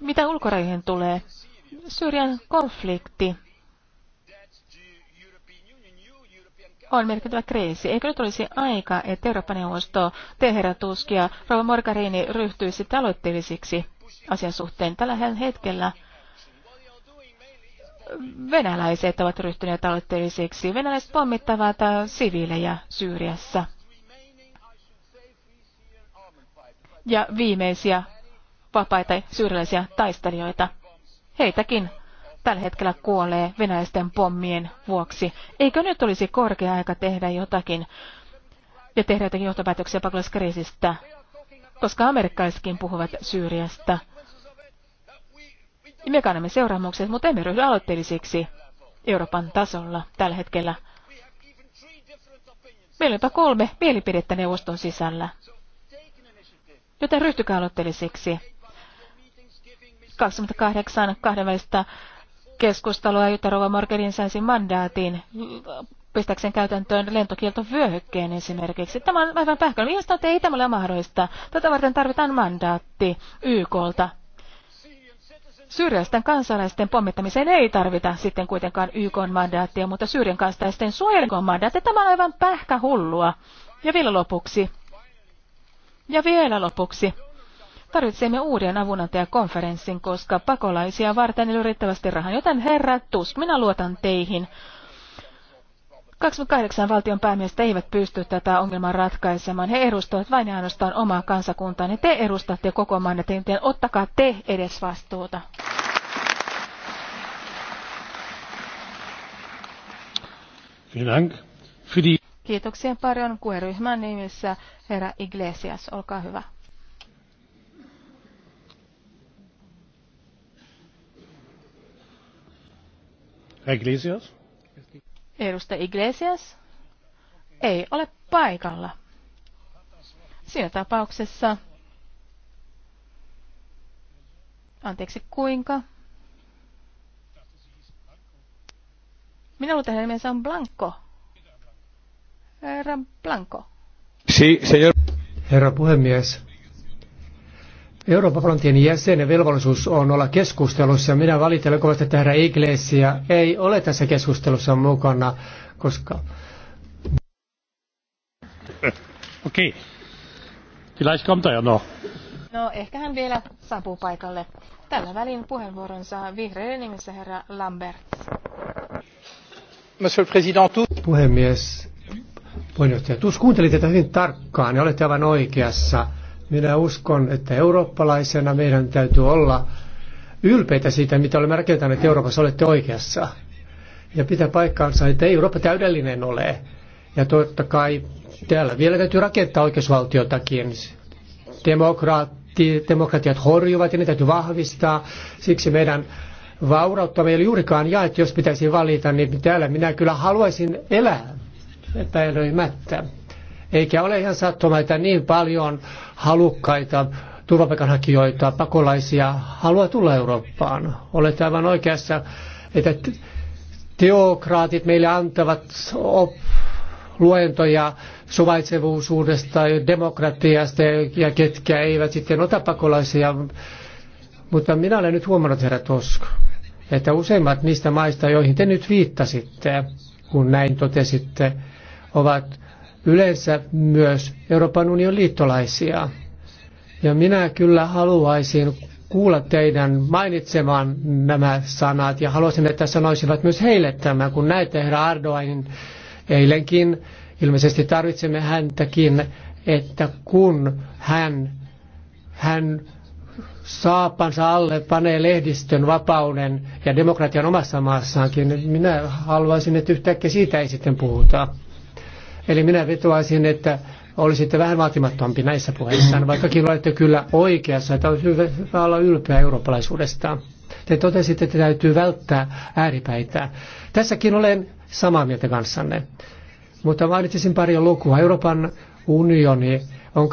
Mitä ulkorajoihin tulee? Syyrian konflikti on merkittävä kriisi. Eikö nyt olisi aika, että Eurooppa-neuvosto, Tehera Tusk ja Rova Morgarini ryhtyisi taloitteellisiksi asian suhteen? Tällä hetkellä venäläiset ovat ryhtyneet taloitteellisiksi. Venäläiset pommittavat äh, siviilejä Syyriassa. Ja viimeisiä vapaita syyrialaisia taistelijoita. Heitäkin tällä hetkellä kuolee venäläisten pommien vuoksi. Eikö nyt olisi korkea aika tehdä jotakin ja tehdä jotakin johtopäätöksiä pakolaiskriisistä, koska amerikkalaisetkin puhuvat Syyriasta. Me kannamme seuraamukset, mutta emme ryhdy aloitteellisiksi Euroopan tasolla tällä hetkellä. Meillä on jopa kolme mielipidettä neuvoston sisällä. Joten ryhtykää aloitteellisiksi. 28 kahdenvälistä keskustelua, jota Rova Morganin saisi mandaatin pistäkseen käytäntöön lentokieltovyöhykkeen esimerkiksi. Tämä on aivan pähkön. Minusta että ei tämä ole mahdollista? Tätä varten tarvitaan mandaatti YKlta. Syrjäisten kansalaisten pommittamiseen ei tarvita sitten kuitenkaan YK mandaattia, mutta Syyrian kansalaisten suojelkoon mandaatti. Tämä on aivan pähkähullua. Ja vielä lopuksi. Ja vielä lopuksi. Tarvitsemme uuden avunantajakonferenssin, koska pakolaisia varten ei ole riittävästi rahaa, joten herra Tusk, minä luotan teihin. 28 valtion päämiestä eivät pysty tätä ongelmaa ratkaisemaan. He edustavat vain ja ainoastaan omaa kansakuntaan te edustatte koko maan ja ottakaa te edes vastuuta. Kiitoksia paljon. Kueryhmän nimissä herra Iglesias, olkaa hyvä. Edustaja Iglesias? Ei ole paikalla. Siinä tapauksessa... Anteeksi, kuinka? Minä luulen, että nimensä on Blanco. Herra Blanco. Si, señor. Herra puhemies, Euroopan parlamentin jäsenen velvollisuus on olla keskustelussa. Minä valittelen kovasti, että herra Iglesia ei ole tässä keskustelussa mukana, koska... Okei. Okay. Vielleicht kommt er ja noch. No, ehkä hän vielä saapuu paikalle. Tällä välin puheenvuoronsa vihreiden nimissä herra Lambert. Monsieur le Président, Puhemies, puheenjohtaja Tuus, kuuntelin tätä hyvin tarkkaan ja olette aivan oikeassa. Minä uskon, että eurooppalaisena meidän täytyy olla ylpeitä siitä, mitä olemme rakentaneet Euroopassa, olette oikeassa. Ja pitää paikkaansa, että ei Eurooppa täydellinen ole. Ja totta kai täällä vielä täytyy rakentaa oikeusvaltiotakin. Demokraatti, demokratiat horjuvat ja ne täytyy vahvistaa. Siksi meidän vaurautta meillä juurikaan että jos pitäisi valita, niin täällä minä kyllä haluaisin elää epäilöimättä. Eikä ole ihan sattumaa, että niin paljon halukkaita turvapaikanhakijoita, pakolaisia haluaa tulla Eurooppaan. Olet aivan oikeassa, että teokraatit meille antavat op- luentoja suvaitsevuusuudesta, ja demokratiasta ja ketkä eivät sitten ota pakolaisia. Mutta minä olen nyt huomannut, herra Tosk, että useimmat niistä maista, joihin te nyt viittasitte, kun näin totesitte, ovat yleensä myös Euroopan union liittolaisia. Ja minä kyllä haluaisin kuulla teidän mainitsemaan nämä sanat ja haluaisin, että sanoisivat myös heille tämän, kun näette herra Ardoainin eilenkin, ilmeisesti tarvitsemme häntäkin, että kun hän, hän saapansa alle panee lehdistön vapauden ja demokratian omassa maassaankin, niin minä haluaisin, että yhtäkkiä siitä ei sitten puhuta. Eli minä vetoaisin, että olisitte vähän vaatimattompi näissä puheissa, vaikkakin olette kyllä oikeassa, että olisi hyvä olla ylpeä eurooppalaisuudesta. Te totesitte, että täytyy välttää ääripäitä. Tässäkin olen samaa mieltä kanssanne. Mutta mainitsisin pari lukua. Euroopan unioni on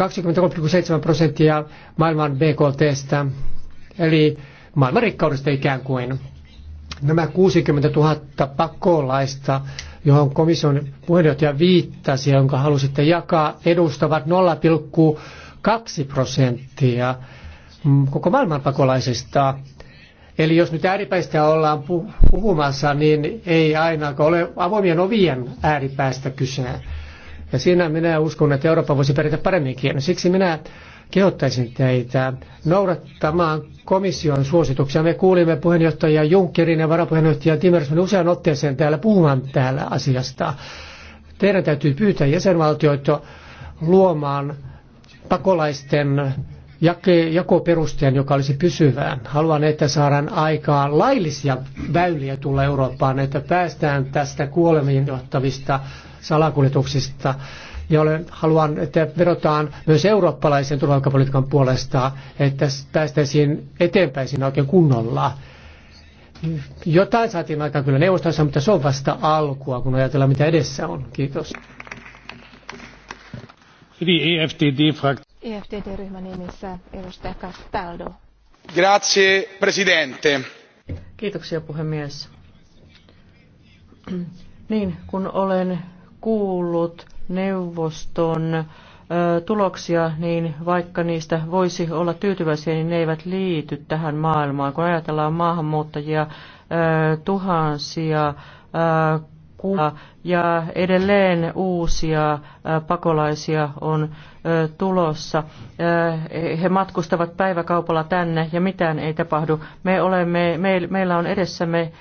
23,7 prosenttia maailman BKTstä, eli maailman rikkaudesta ikään kuin. Nämä 60 000 pakolaista johon komission puheenjohtaja viittasi jonka halusitte jakaa, edustavat 0,2 prosenttia koko maailman pakolaisista. Eli jos nyt ääripäistä ollaan puhumassa, niin ei ainakaan ole avoimien ovien ääripäästä kyse. Ja siinä minä uskon, että Eurooppa voisi pärjätä paremminkin. Siksi minä kehottaisin teitä noudattamaan komission suosituksia. Me kuulimme puheenjohtaja Junckerin ja varapuheenjohtaja Timmersonin usean otteeseen täällä puhumaan täällä asiasta. Teidän täytyy pyytää jäsenvaltioita luomaan pakolaisten jakoperusteen, joka olisi pysyvää. Haluan, että saadaan aikaa laillisia väyliä tulla Eurooppaan, että päästään tästä kuolemiin johtavista salakuljetuksista ja olen, haluan, että vedotaan myös eurooppalaisen turvapaikkapolitiikan puolesta, että päästäisiin eteenpäin siinä oikein kunnolla. Jotain saatiin aikaan kyllä neuvostossa, mutta se on vasta alkua, kun ajatellaan mitä edessä on. Kiitos. EFTD-ryhmän e e nimissä edustaja Castaldo. Grazie, presidente. Kiitoksia puhemies. Niin, kun olen kuullut neuvoston tuloksia, niin vaikka niistä voisi olla tyytyväisiä, niin ne eivät liity tähän maailmaan. Kun ajatellaan maahanmuuttajia, tuhansia ja edelleen uusia pakolaisia on tulossa. He matkustavat päiväkaupalla tänne ja mitään ei tapahdu. Me olemme, me, meillä on edessämme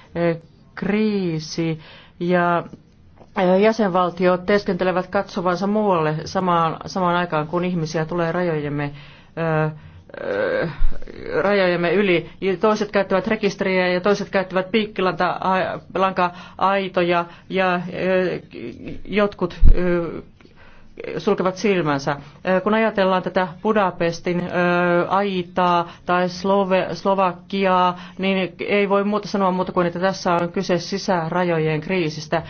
kriisi ja jäsenvaltiot teeskentelevät katsovansa muualle samaan, samaan aikaan, kun ihmisiä tulee rajojemme, ö, ö, rajojemme yli. Toiset käyttävät rekisteriä ja toiset käyttävät piikkilanka-aitoja ja ö, jotkut ö, sulkevat silmänsä. Kun ajatellaan tätä Budapestin aitaa tai Slove, Slovakiaa, niin ei voi muuta sanoa muuta kuin, että tässä on kyse sisärajojen kriisistä.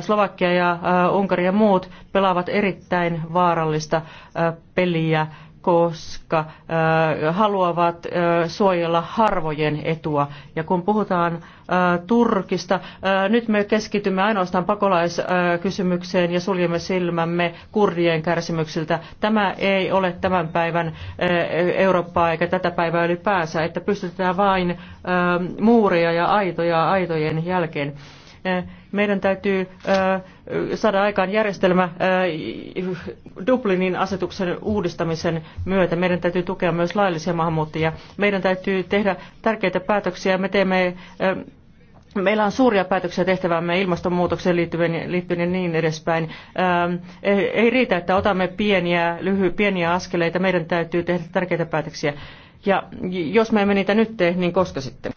Slovakia ja Unkari ja muut pelaavat erittäin vaarallista peliä koska haluavat suojella harvojen etua. Ja kun puhutaan Turkista, nyt me keskitymme ainoastaan pakolaiskysymykseen ja suljemme silmämme kurdien kärsimyksiltä. Tämä ei ole tämän päivän Eurooppaa eikä tätä päivää ylipäänsä, että pystytään vain muureja ja aitoja aitojen jälkeen meidän täytyy saada aikaan järjestelmä Dublinin asetuksen uudistamisen myötä. Meidän täytyy tukea myös laillisia maahanmuuttajia. Meidän täytyy tehdä tärkeitä päätöksiä. Me teemme Meillä on suuria päätöksiä tehtävämme ilmastonmuutokseen liittyen, liittyen ja niin edespäin. ei riitä, että otamme pieniä, lyhy, pieniä askeleita. Meidän täytyy tehdä tärkeitä päätöksiä. Ja jos me emme niitä nyt tee, niin koska sitten?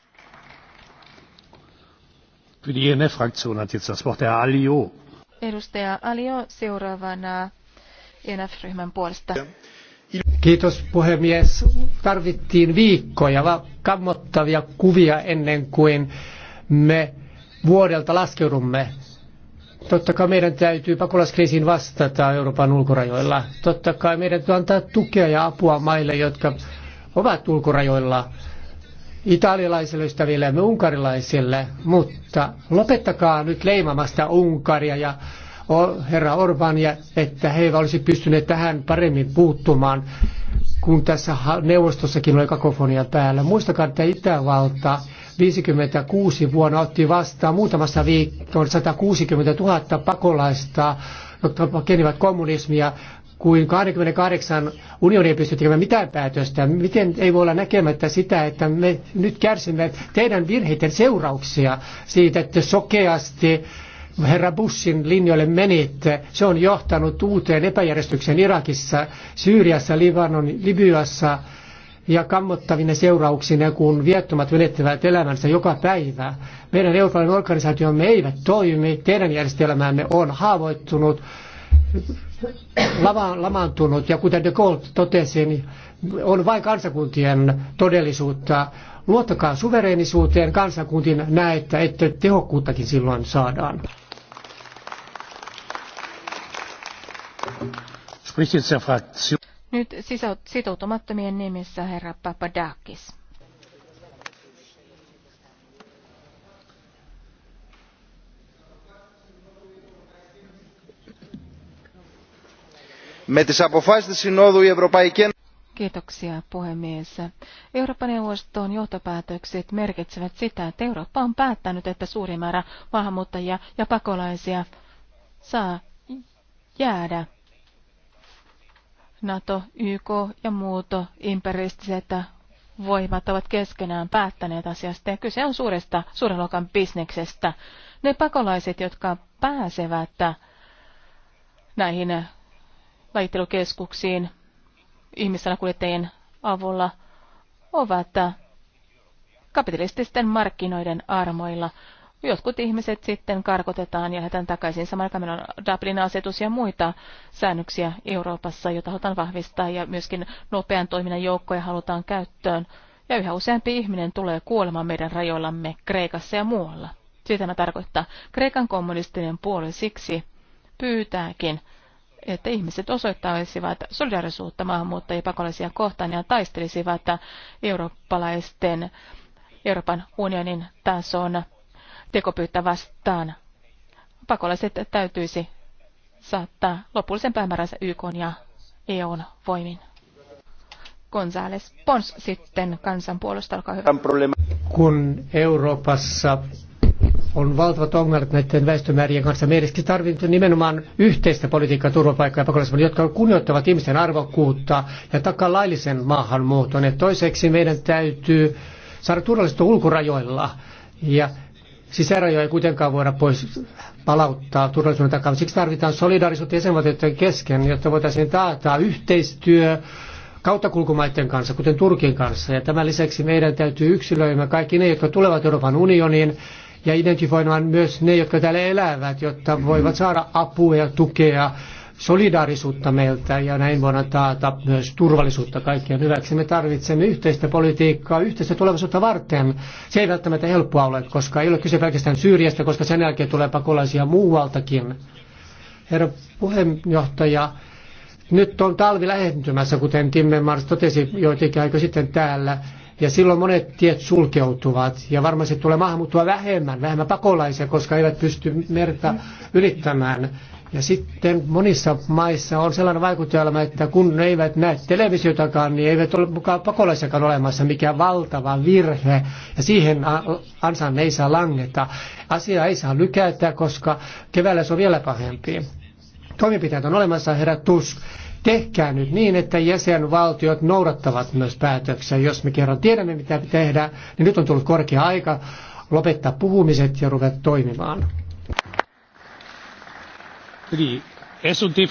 E Edustaja Alio seuraavana ENF-ryhmän puolesta. Kiitos puhemies. Tarvittiin viikkoja kammottavia kuvia ennen kuin me vuodelta laskeudumme. Totta kai meidän täytyy pakolaiskriisiin vastata Euroopan ulkorajoilla. Totta kai meidän täytyy antaa tukea ja apua maille, jotka ovat ulkorajoilla italialaisille ystävillemme, unkarilaisille, mutta lopettakaa nyt leimamasta Unkaria ja herra Orbania, että he eivät olisi pystyneet tähän paremmin puuttumaan, kun tässä neuvostossakin oli kakofonia päällä. Muistakaa, että Itävalta 56 vuonna otti vastaan muutamassa viikossa 160 000 pakolaista, jotka kenivät kommunismia kuin 28 unioni ei pysty tekemään mitään päätöstä. Miten ei voi olla näkemättä sitä, että me nyt kärsimme teidän virheiden seurauksia siitä, että sokeasti herra Bushin linjoille menitte. Se on johtanut uuteen epäjärjestykseen Irakissa, Syyriassa, Libanon, Libyassa ja kammottavine seurauksine, kun viettomat menettävät elämänsä joka päivä. Meidän eurooppalainen organisaatiomme eivät toimi, teidän järjestelmämme on haavoittunut lama, lamaantunut ja kuten de Gaulle totesi, niin on vain kansakuntien todellisuutta. Luottakaa suvereenisuuteen kansakuntiin että, että tehokkuuttakin silloin saadaan. Nyt sitoutumattomien nimissä herra Papadakis. Kiitoksia puhemies. Euroopan neuvoston johtopäätökset merkitsevät sitä, että Eurooppa on päättänyt, että suuri määrä maahanmuuttajia ja pakolaisia saa jäädä. NATO, YK ja muut imperialistiset voimat ovat keskenään päättäneet asiasta ja kyse on suuresta, suuren luokan bisneksestä. Ne pakolaiset, jotka pääsevät näihin lajittelukeskuksiin kuljettajien avulla ovat kapitalististen markkinoiden armoilla. Jotkut ihmiset sitten karkotetaan ja lähdetään takaisin. Samalla aikaan meillä on Dublin asetus ja muita säännöksiä Euroopassa, joita halutaan vahvistaa ja myöskin nopean toiminnan joukkoja halutaan käyttöön. Ja yhä useampi ihminen tulee kuolemaan meidän rajoillamme Kreikassa ja muualla. Sitä tämä tarkoittaa. Kreikan kommunistinen puoli siksi pyytääkin että ihmiset osoittaisivat solidarisuutta maahanmuuttajia pakolaisia kohtaan ja taistelisivat eurooppalaisten Euroopan unionin tason tekopyyttä vastaan. Pakolaiset täytyisi saattaa lopullisen päämääränsä YK ja EUn voimin. Gonzales Pons sitten kansanpuolusta, olkaa hyvä. Kun Euroopassa on valtavat ongelmat näiden väestömäärien kanssa. Meidän olisi tarvitaan nimenomaan yhteistä politiikkaa turvapaikkaa, ja pakolaismaan, jotka kunnioittavat ihmisten arvokkuutta ja takaa laillisen maahanmuuton. Ja toiseksi meidän täytyy saada turvallisuutta ulkorajoilla ja sisärajoja ei kuitenkaan voida pois palauttaa turvallisuuden takaa. Siksi tarvitaan solidaarisuutta jäsenvaltioiden kesken, jotta voitaisiin taata yhteistyö kauttakulkumaiden kanssa, kuten Turkin kanssa. Ja tämän lisäksi meidän täytyy yksilöimä kaikki ne, jotka tulevat Euroopan unioniin ja identifioimaan myös ne, jotka täällä elävät, jotta voivat saada apua ja tukea, solidaarisuutta meiltä ja näin voidaan taata myös turvallisuutta kaikkien hyväksi. Me tarvitsemme yhteistä politiikkaa, yhteistä tulevaisuutta varten. Se ei välttämättä helppoa ole, koska ei ole kyse pelkästään Syyriasta, koska sen jälkeen tulee pakolaisia muualtakin. Herra puheenjohtaja, nyt on talvi lähentymässä, kuten Mars totesi joitakin aika sitten täällä ja silloin monet tiet sulkeutuvat ja varmasti tulee maahanmuuttua vähemmän, vähemmän pakolaisia, koska eivät pysty merta ylittämään. Ja sitten monissa maissa on sellainen vaikutelma, että kun ne eivät näe televisiotakaan, niin eivät ole mukaan pakolaisiakaan olemassa, mikä valtava virhe. Ja siihen ansaan ei saa langeta. Asia ei saa lykätä, koska keväällä se on vielä pahempi. Toimenpiteet on olemassa, herra Tusk Tehkää nyt niin, että jäsenvaltiot noudattavat myös päätöksiä. Jos me kerran tiedämme, mitä pitää tehdä, niin nyt on tullut korkea aika lopettaa puhumiset ja ruveta toimimaan. sd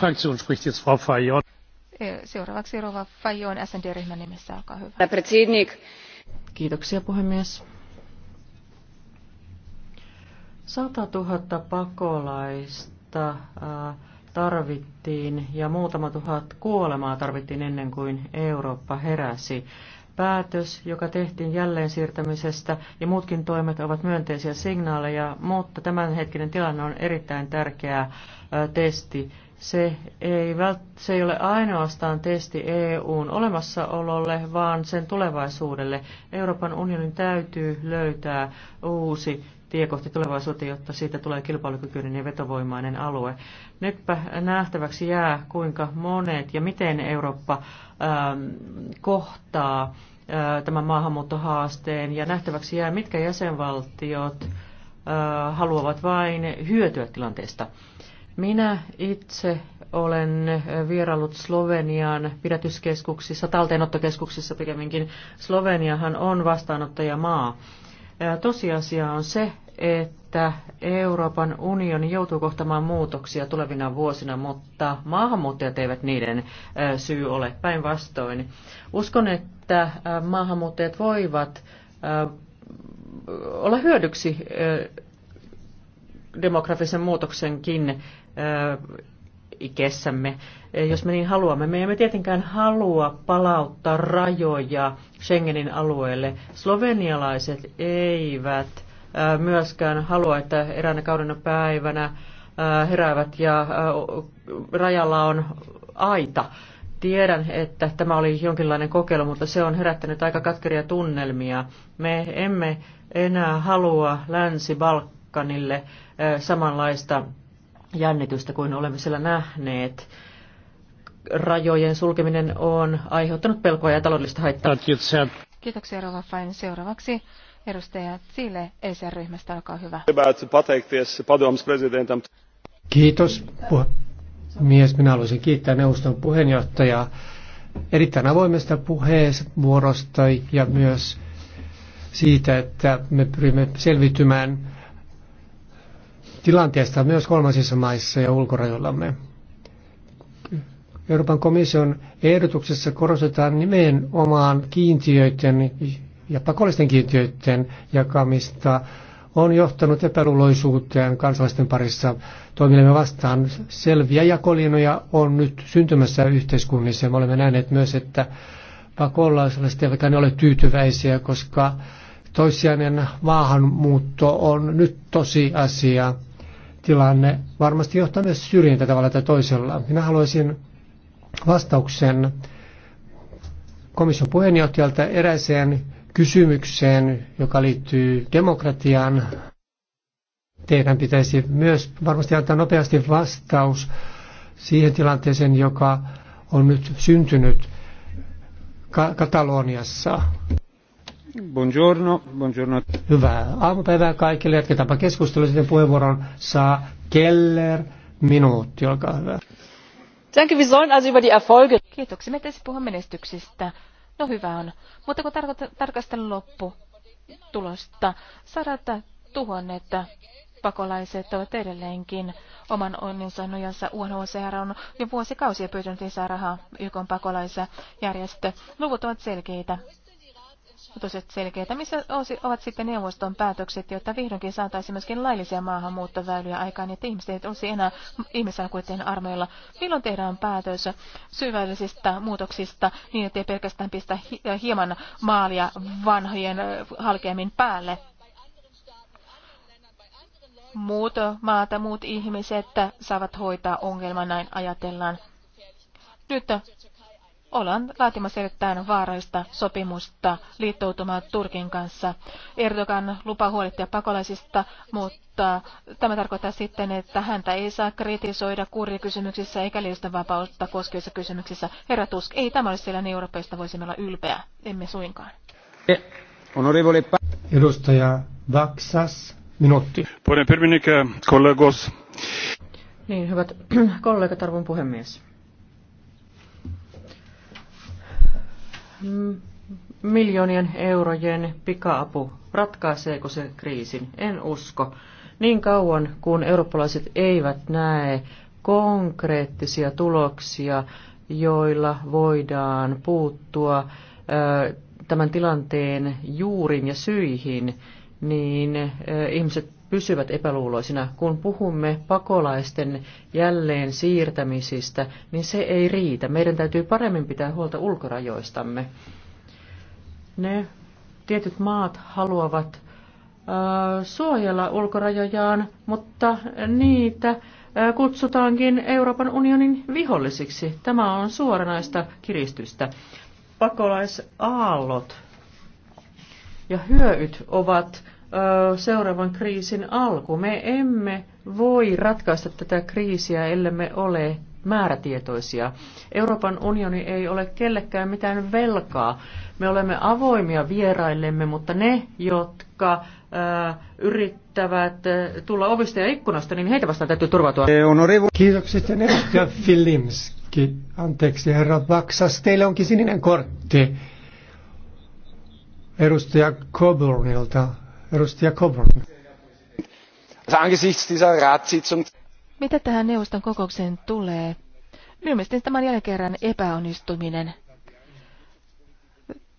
e, Seuraavaksi Rova Fajon SND-ryhmän nimissä, olkaa hyvä. Kiitoksia puhemies. 100 000 pakolaista äh, tarvittiin ja muutama tuhat kuolemaa tarvittiin ennen kuin Eurooppa heräsi. Päätös, joka tehtiin jälleen siirtämisestä ja muutkin toimet ovat myönteisiä signaaleja, mutta tämänhetkinen tilanne on erittäin tärkeä testi. Se ei, se ei ole ainoastaan testi EUn olemassaololle, vaan sen tulevaisuudelle. Euroopan unionin täytyy löytää uusi tie kohti tulevaisuutta, jotta siitä tulee kilpailukykyinen ja vetovoimainen alue. Nytpä nähtäväksi jää, kuinka monet ja miten Eurooppa ähm, kohtaa äh, tämän maahanmuuttohaasteen ja nähtäväksi jää, mitkä jäsenvaltiot äh, haluavat vain hyötyä tilanteesta. Minä itse olen vierailut Slovenian pidätyskeskuksissa, talteenottokeskuksissa pikemminkin. Sloveniahan on vastaanottajamaa. Äh, tosiasia on se, että Euroopan unioni joutuu kohtamaan muutoksia tulevina vuosina, mutta maahanmuuttajat eivät niiden syy ole. Päinvastoin. Uskon, että maahanmuuttajat voivat olla hyödyksi demografisen muutoksenkin ikessämme, jos me niin haluamme. Me emme tietenkään halua palauttaa rajoja Schengenin alueelle. Slovenialaiset eivät Äh, myöskään halua, että eräänä kaudena päivänä äh, heräävät ja äh, rajalla on aita. Tiedän, että tämä oli jonkinlainen kokeilu, mutta se on herättänyt aika katkeria tunnelmia. Me emme enää halua Länsi-Balkanille samanlaista jännitystä kuin olemme siellä nähneet. Rajojen sulkeminen on aiheuttanut pelkoa ja taloudellista haittaa. Kiitoksia, Rova Fine. Seuraavaksi Edustaja Sile ESR-ryhmästä, olkaa hyvä. Kiitos puhemies. Minä haluaisin kiittää neuvoston puheenjohtajaa erittäin avoimesta puheenvuorosta ja myös siitä, että me pyrimme selvitymään tilanteesta myös kolmansissa maissa ja ulkorajoillamme. Euroopan komission ehdotuksessa korostetaan nimenomaan kiintiöiden ja pakollisten kiintiöiden jakamista on johtanut epäluuloisuuteen kansalaisten parissa toimilemme vastaan. Selviä jakolinoja on nyt syntymässä yhteiskunnissa. Me olemme nähneet myös, että pakolaiset eivät ne ole tyytyväisiä, koska toissijainen maahanmuutto on nyt tosi asia Tilanne varmasti johtaa myös syrjintä tavalla tai toisella. Minä haluaisin vastauksen komission puheenjohtajalta eräiseen kysymykseen, joka liittyy demokratiaan, teidän pitäisi myös varmasti antaa nopeasti vastaus siihen tilanteeseen, joka on nyt syntynyt Kataloniassa. Buongiorno, buongiorno. Hyvää aamupäivää kaikille. Jatketaanpa keskustelua. Sitten puheenvuoron saa Keller minuutti. Olkaa hyvä. Erfolge. Kiitoksia. Me puhumme menestyksistä. No hyvä on. Mutta kun tarkastelun loppu tulosta, sadat tuhannet pakolaiset ovat edelleenkin oman onninsa nojassa. UNHCR on jo vuosikausia pyytänyt lisää rahaa YK pakolaisjärjestö. Luvut ovat selkeitä muutokset selkeitä. Missä ovat sitten neuvoston päätökset, jotta vihdoinkin saataisiin myöskin laillisia maahanmuuttoväyliä aikaan, että ihmiset eivät olisi enää ihmisellä kuitenkin armeilla. Milloin tehdään päätös syvällisistä muutoksista niin, ettei pelkästään pistä hieman maalia vanhojen halkeamin päälle? Muut maata, muut ihmiset saavat hoitaa ongelman, näin ajatellaan. Nyt ollaan laatimassa erittäin vaarallista sopimusta liittoutumaan Turkin kanssa. Erdogan lupa huolehtia pakolaisista, mutta tämä tarkoittaa sitten, että häntä ei saa kritisoida kurjakysymyksissä eikä liisten vapautta koskevissa kysymyksissä. Herra Tusk, ei tämä ole siellä, niin europeista voisimme olla ylpeä. Emme suinkaan. Edustaja Vaksas, minuutti. Puhemies, kollegos. Niin, hyvät kollegat, arvon puhemies. Mm, miljoonien eurojen pikaapu, ratkaiseeko se kriisin? En usko. Niin kauan kun eurooppalaiset eivät näe konkreettisia tuloksia, joilla voidaan puuttua tämän tilanteen juurin ja syihin, niin ihmiset pysyvät epäluuloisina. Kun puhumme pakolaisten jälleen siirtämisistä, niin se ei riitä. Meidän täytyy paremmin pitää huolta ulkorajoistamme. Ne tietyt maat haluavat suojella ulkorajojaan, mutta niitä kutsutaankin Euroopan unionin vihollisiksi. Tämä on suoranaista kiristystä. Pakolaisaallot ja hyöyt ovat seuraavan kriisin alku. Me emme voi ratkaista tätä kriisiä, ellemme ole määrätietoisia. Euroopan unioni ei ole kellekään mitään velkaa. Me olemme avoimia vieraillemme, mutta ne, jotka yrittävät tulla ovista ja ikkunasta, niin heitä vastaan täytyy turvautua. Eh, Kiitokset ja edustaja Filimski. Anteeksi herra Vaksas, teillä onkin sininen kortti. Edustaja Coburnilta. Mitä tähän neuvoston kokoukseen tulee? Minun mielestäni tämä on jälleen kerran epäonnistuminen.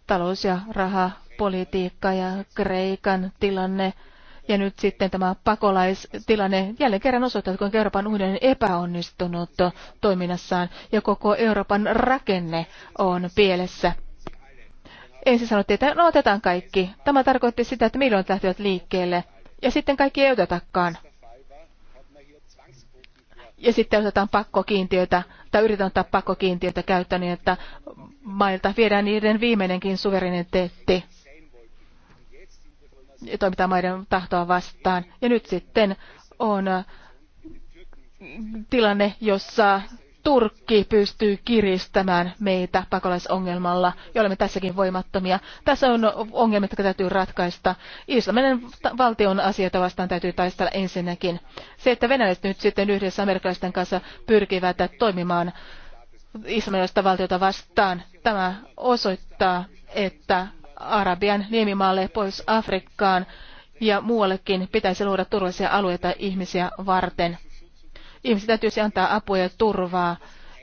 Talous- ja rahapolitiikka ja Kreikan tilanne ja nyt sitten tämä pakolaistilanne jälleen kerran osoittaa, kuinka Euroopan unioni epäonnistunut toiminnassaan ja koko Euroopan rakenne on pielessä. Ensin sanottiin, että no otetaan kaikki. Tämä tarkoitti sitä, että miljoonat lähtivät liikkeelle. Ja sitten kaikki ei otetakaan. Ja sitten otetaan pakkokiintiötä, tai yritetään ottaa pakkokiintiötä käyttöön, niin että mailta viedään niiden viimeinenkin suvereniteetti. Ja toimitaan maiden tahtoa vastaan. Ja nyt sitten on tilanne, jossa Turkki pystyy kiristämään meitä pakolaisongelmalla, ja olemme tässäkin voimattomia. Tässä on ongelmia, jotka täytyy ratkaista. Islaminen valtion asioita vastaan täytyy taistella ensinnäkin. Se, että venäläiset nyt sitten yhdessä amerikkalaisten kanssa pyrkivät toimimaan islamilaista valtiota vastaan, tämä osoittaa, että Arabian niemimaalle pois Afrikkaan ja muuallekin pitäisi luoda turvallisia alueita ihmisiä varten. Ihmiset täytyisi siis antaa apua ja turvaa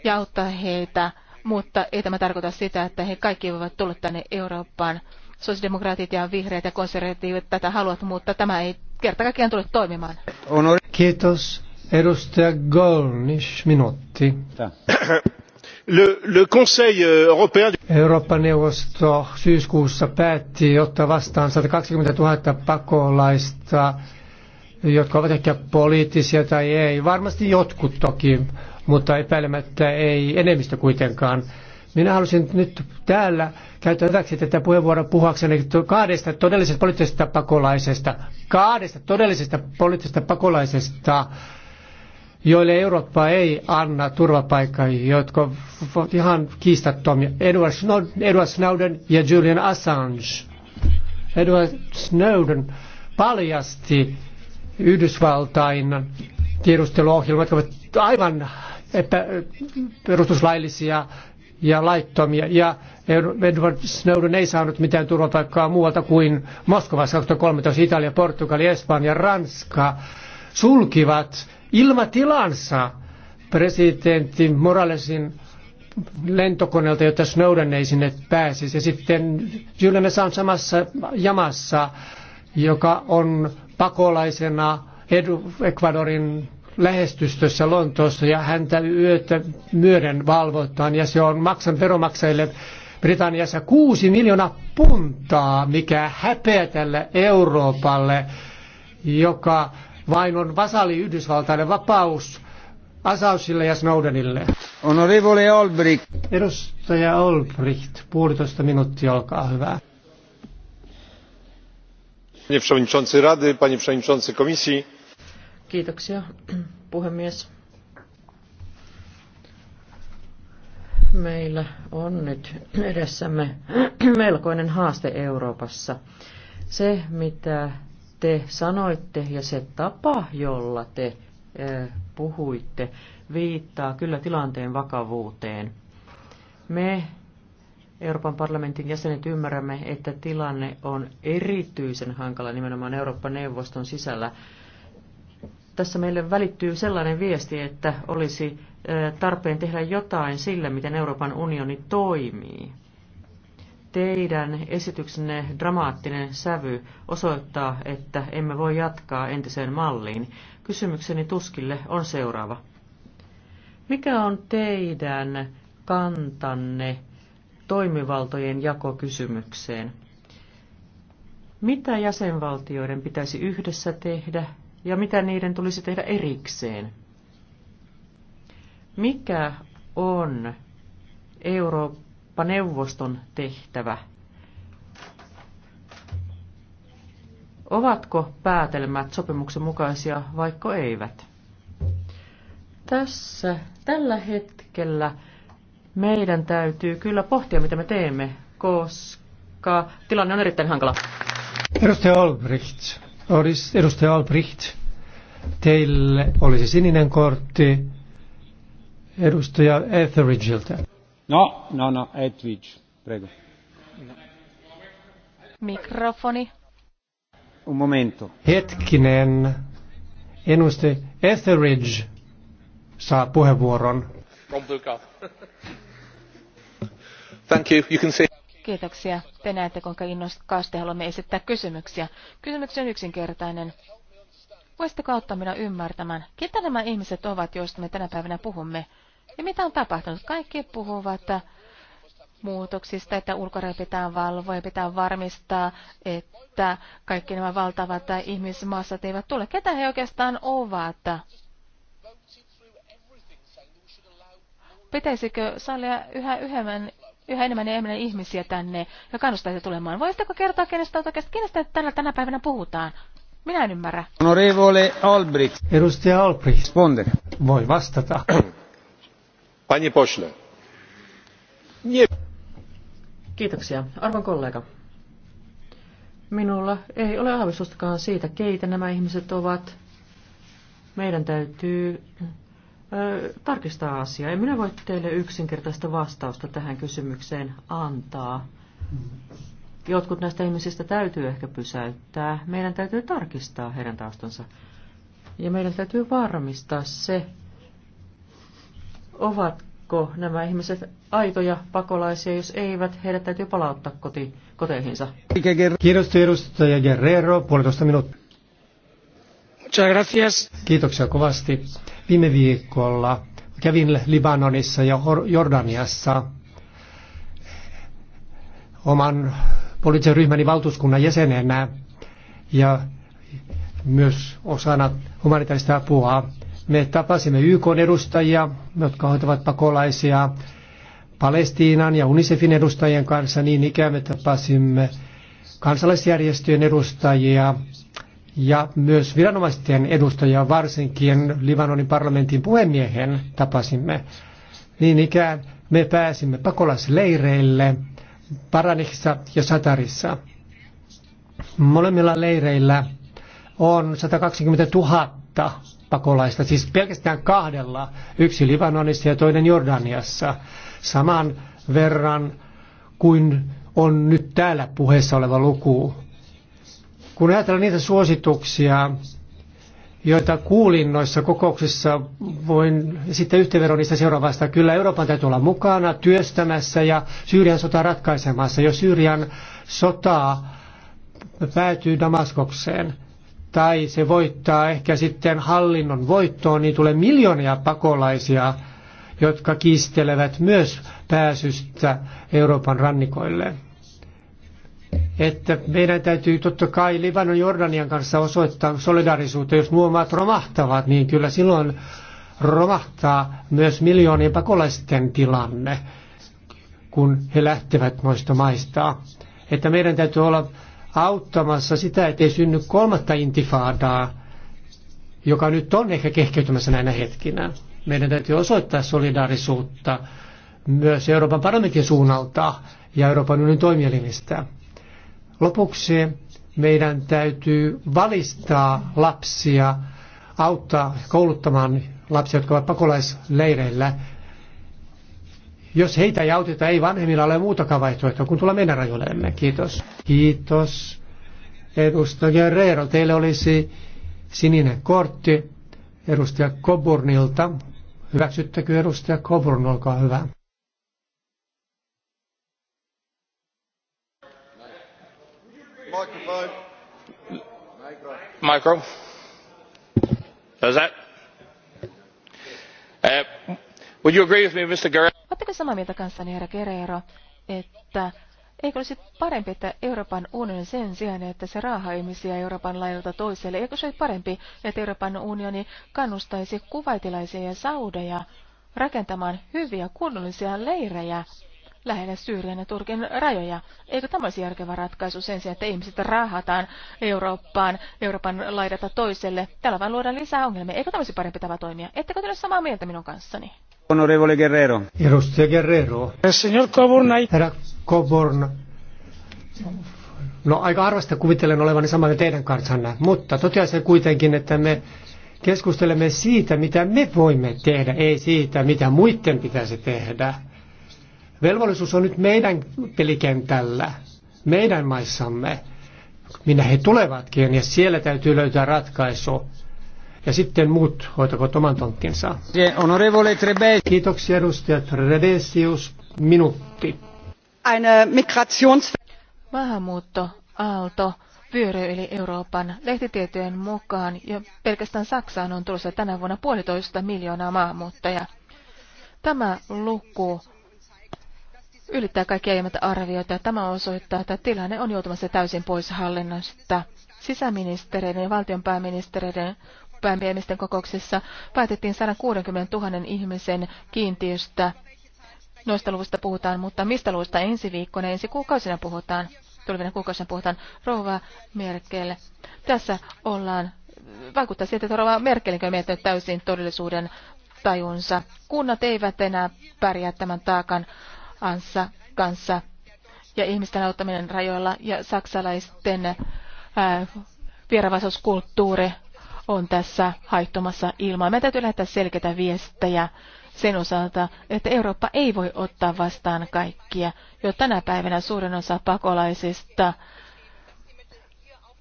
ja auttaa heitä, mutta ei tämä tarkoita sitä, että he kaikki voivat tulla tänne Eurooppaan. Sosiaalidemokraatit ja vihreät ja konservatiivit tätä haluavat, mutta tämä ei kerta kaikkiaan tule toimimaan. Kiitos. Edustaja Golnish, minuutti. Le, le Conseil euh, européen... Euroopan neuvosto syyskuussa päätti ottaa vastaan 120 000 pakolaista jotka ovat ehkä poliittisia tai ei. Varmasti jotkut toki, mutta epäilemättä ei enemmistö kuitenkaan. Minä halusin nyt täällä käyttää hyväksi tätä puheenvuoroa puhuakseni kahdesta todellisesta poliittisesta pakolaisesta. Kahdesta todellisesta poliittisesta pakolaisesta, joille Eurooppa ei anna turvapaikkaa, jotka ovat ihan kiistattomia. Edward Snowden, Edward Snowden ja Julian Assange. Edward Snowden paljasti Yhdysvaltain tiedusteluohjelmat jotka ovat aivan epä, perustuslaillisia ja laittomia. Ja Edward Snowden ei saanut mitään turvapaikkaa muualta kuin Moskovassa 2013 Italia, Portugali, Espanja, Ranska sulkivat ilmatilansa presidentti Moralesin lentokoneelta, jotta Snowden ei sinne pääsisi. Ja sitten Julian Assange samassa jamassa, joka on pakolaisena Ecuadorin lähestystössä Lontoossa ja häntä yötä myöden valvotaan ja se on maksan veromaksajille Britanniassa kuusi miljoonaa puntaa, mikä häpeä tälle Euroopalle, joka vain on vasali Yhdysvaltainen vapaus Asausille ja Snowdenille. Honorevole Olbricht. Edustaja Olbricht, puolitoista minuuttia, olkaa hyvä panie przewodniczący rady panie przewodniczący komisji! puhemies meillä on nyt edessämme melkoinen haaste euroopassa. se mitä te sanoitte ja se tapa jolla te puhuitte viittaa kyllä tilanteen vakavuuteen. me Euroopan parlamentin jäsenet ymmärrämme, että tilanne on erityisen hankala nimenomaan Euroopan neuvoston sisällä. Tässä meille välittyy sellainen viesti, että olisi tarpeen tehdä jotain sille, miten Euroopan unioni toimii. Teidän esityksenne dramaattinen sävy osoittaa, että emme voi jatkaa entiseen malliin. Kysymykseni tuskille on seuraava. Mikä on teidän kantanne toimivaltojen jakokysymykseen. Mitä jäsenvaltioiden pitäisi yhdessä tehdä ja mitä niiden tulisi tehdä erikseen? Mikä on Eurooppa-neuvoston tehtävä? Ovatko päätelmät sopimuksen mukaisia, vaikka eivät? Tässä tällä hetkellä meidän täytyy kyllä pohtia, mitä me teemme, koska tilanne on erittäin hankala. Edustaja Albrecht, olisi, edustaja Albrecht, teille olisi sininen kortti edustaja Etheridgeiltä. No, no, no, Etheridge, prego. Mikrofoni. Un momento. Hetkinen. Ennuste Etheridge saa puheenvuoron. Thank you. You Kiitoksia. Te näette, kuinka innokkaasti haluamme esittää kysymyksiä. Kysymys on yksinkertainen. Voisitteko auttaa minua ymmärtämään, ketä nämä ihmiset ovat, joista me tänä päivänä puhumme? Ja mitä on tapahtunut? Kaikki puhuvat muutoksista, että ulkoraja pitää valvoa ja pitää varmistaa, että kaikki nämä valtavat ihmismassat eivät tule. Ketä he oikeastaan ovat? Pitäisikö sallia yhä yhemmän yhä enemmän ja enemmän ihmisiä tänne ja kannustaa tulemaan. Voisitteko kertoa, kenestä oikeastaan, kenestä tänä, tänä päivänä puhutaan? Minä en ymmärrä. Honorevole Albrecht. Edustaja Albrecht. Responde. Voi vastata. Pani pośle. Nie. Kiitoksia. Arvon kollega. Minulla ei ole aavistustakaan siitä, keitä nämä ihmiset ovat. Meidän täytyy tarkistaa asiaa. En minä voi teille yksinkertaista vastausta tähän kysymykseen antaa. Jotkut näistä ihmisistä täytyy ehkä pysäyttää. Meidän täytyy tarkistaa heidän taustansa. Ja meidän täytyy varmistaa se, ovatko nämä ihmiset aitoja pakolaisia, jos eivät, heidät täytyy palauttaa koti, koteihinsa. Kiitos edustaja Guerrero, puolitoista minuuttia. Kiitoksia kovasti. Viime viikolla kävin Libanonissa ja Jordaniassa oman poliittisen ryhmäni valtuuskunnan jäsenenä ja myös osana humanitaarista apua. Me tapasimme YK-edustajia, jotka hoitavat pakolaisia, Palestiinan ja UNICEFin edustajien kanssa, niin ikään me tapasimme kansalaisjärjestöjen edustajia, ja myös viranomaisten edustajia, varsinkin Libanonin parlamentin puhemiehen tapasimme. Niin ikään me pääsimme pakolaisleireille Paranissa ja Satarissa. Molemmilla leireillä on 120 000 pakolaista, siis pelkästään kahdella, yksi Libanonissa ja toinen Jordaniassa, saman verran kuin on nyt täällä puheessa oleva luku. Kun ajatellaan niitä suosituksia, joita kuulin noissa kokouksissa, voin sitten yhteenveron niistä seuraavasta. Kyllä Euroopan täytyy olla mukana työstämässä ja Syyrian sota ratkaisemassa. Jos Syyrian sota päätyy Damaskokseen tai se voittaa ehkä sitten hallinnon voittoon, niin tulee miljoonia pakolaisia, jotka kiistelevät myös pääsystä Euroopan rannikoille että meidän täytyy totta kai Libanon Jordanian kanssa osoittaa solidaarisuutta. Jos nuo maat romahtavat, niin kyllä silloin romahtaa myös miljoonien pakolaisten tilanne, kun he lähtevät noista maista. Että meidän täytyy olla auttamassa sitä, ettei synny kolmatta intifaadaa, joka nyt on ehkä kehkeytymässä näinä hetkinä. Meidän täytyy osoittaa solidaarisuutta myös Euroopan parlamentin suunnalta ja Euroopan unionin toimielimistä. Lopuksi meidän täytyy valistaa lapsia, auttaa kouluttamaan lapsia, jotka ovat pakolaisleireillä. Jos heitä ei auteta, ei vanhemmilla ole muutakaan vaihtoehtoa kuin tulla meidän rajoillemme. Kiitos. Kiitos. Edustaja Reero, teille olisi sininen kortti edustaja Koburnilta. Hyväksyttäkö edustaja Coburn, olkaa hyvä. Oletteko uh, samaa mieltä kanssani, herra Guerrero, että Eikö olisi parempi, että Euroopan unioni sen sijaan, että se raahaa ihmisiä Euroopan laidalta toiselle? Eikö se parempi, että Euroopan unioni kannustaisi kuwaitilaisia ja saudeja rakentamaan hyviä kunnollisia leirejä lähellä Syyrian ja Turkin rajoja. Eikö tämä olisi järkevä ratkaisu sen sijaan, että ihmiset rahataan Eurooppaan, Euroopan laidata toiselle? Täällä vain luodaan lisää ongelmia. Eikö tämä olisi parempi tapa toimia? Ettekö te ole samaa mieltä minun kanssani? Honorevole Guerrero. Edustaja Guerrero. Eh, Señor Coburn. Herra Coburn. No aika arvasta kuvittelen olevani samaa teidän kanssanne, mutta toteaisin kuitenkin, että me keskustelemme siitä, mitä me voimme tehdä, ei siitä, mitä muiden pitäisi tehdä. Velvollisuus on nyt meidän pelikentällä, meidän maissamme, minne he tulevatkin, ja siellä täytyy löytää ratkaisu. Ja sitten muut hoitakoot oman tonttinsa. Kiitoksia edustaja Trebesius. Minuutti. Maahanmuutto, aalto, vyöry yli Euroopan. Lehtitietojen mukaan jo pelkästään Saksaan on tulossa tänä vuonna puolitoista miljoonaa maahanmuuttajaa. Tämä luku ylittää kaikki aiemmat arvioita. Tämä osoittaa, että tilanne on joutumassa täysin pois hallinnasta. Sisäministeriöiden ja valtionpääministereiden päämiesten kokouksessa päätettiin 160 000 ihmisen kiintiöstä. Noista luvusta puhutaan, mutta mistä luvusta ensi viikkoina, ensi kuukausina puhutaan? Tulevina kuukausina puhutaan Rova Merkel. Tässä ollaan, vaikuttaa siitä, että Rova on miettinyt täysin todellisuuden tajunsa. Kunnat eivät enää pärjää tämän taakan ansa, kanssa ja ihmisten auttaminen rajoilla ja saksalaisten vieravaisuuskulttuuri on tässä haittomassa ilmaa. Meidän täytyy lähettää selkeitä viestejä sen osalta, että Eurooppa ei voi ottaa vastaan kaikkia, jo tänä päivänä suurin osa pakolaisista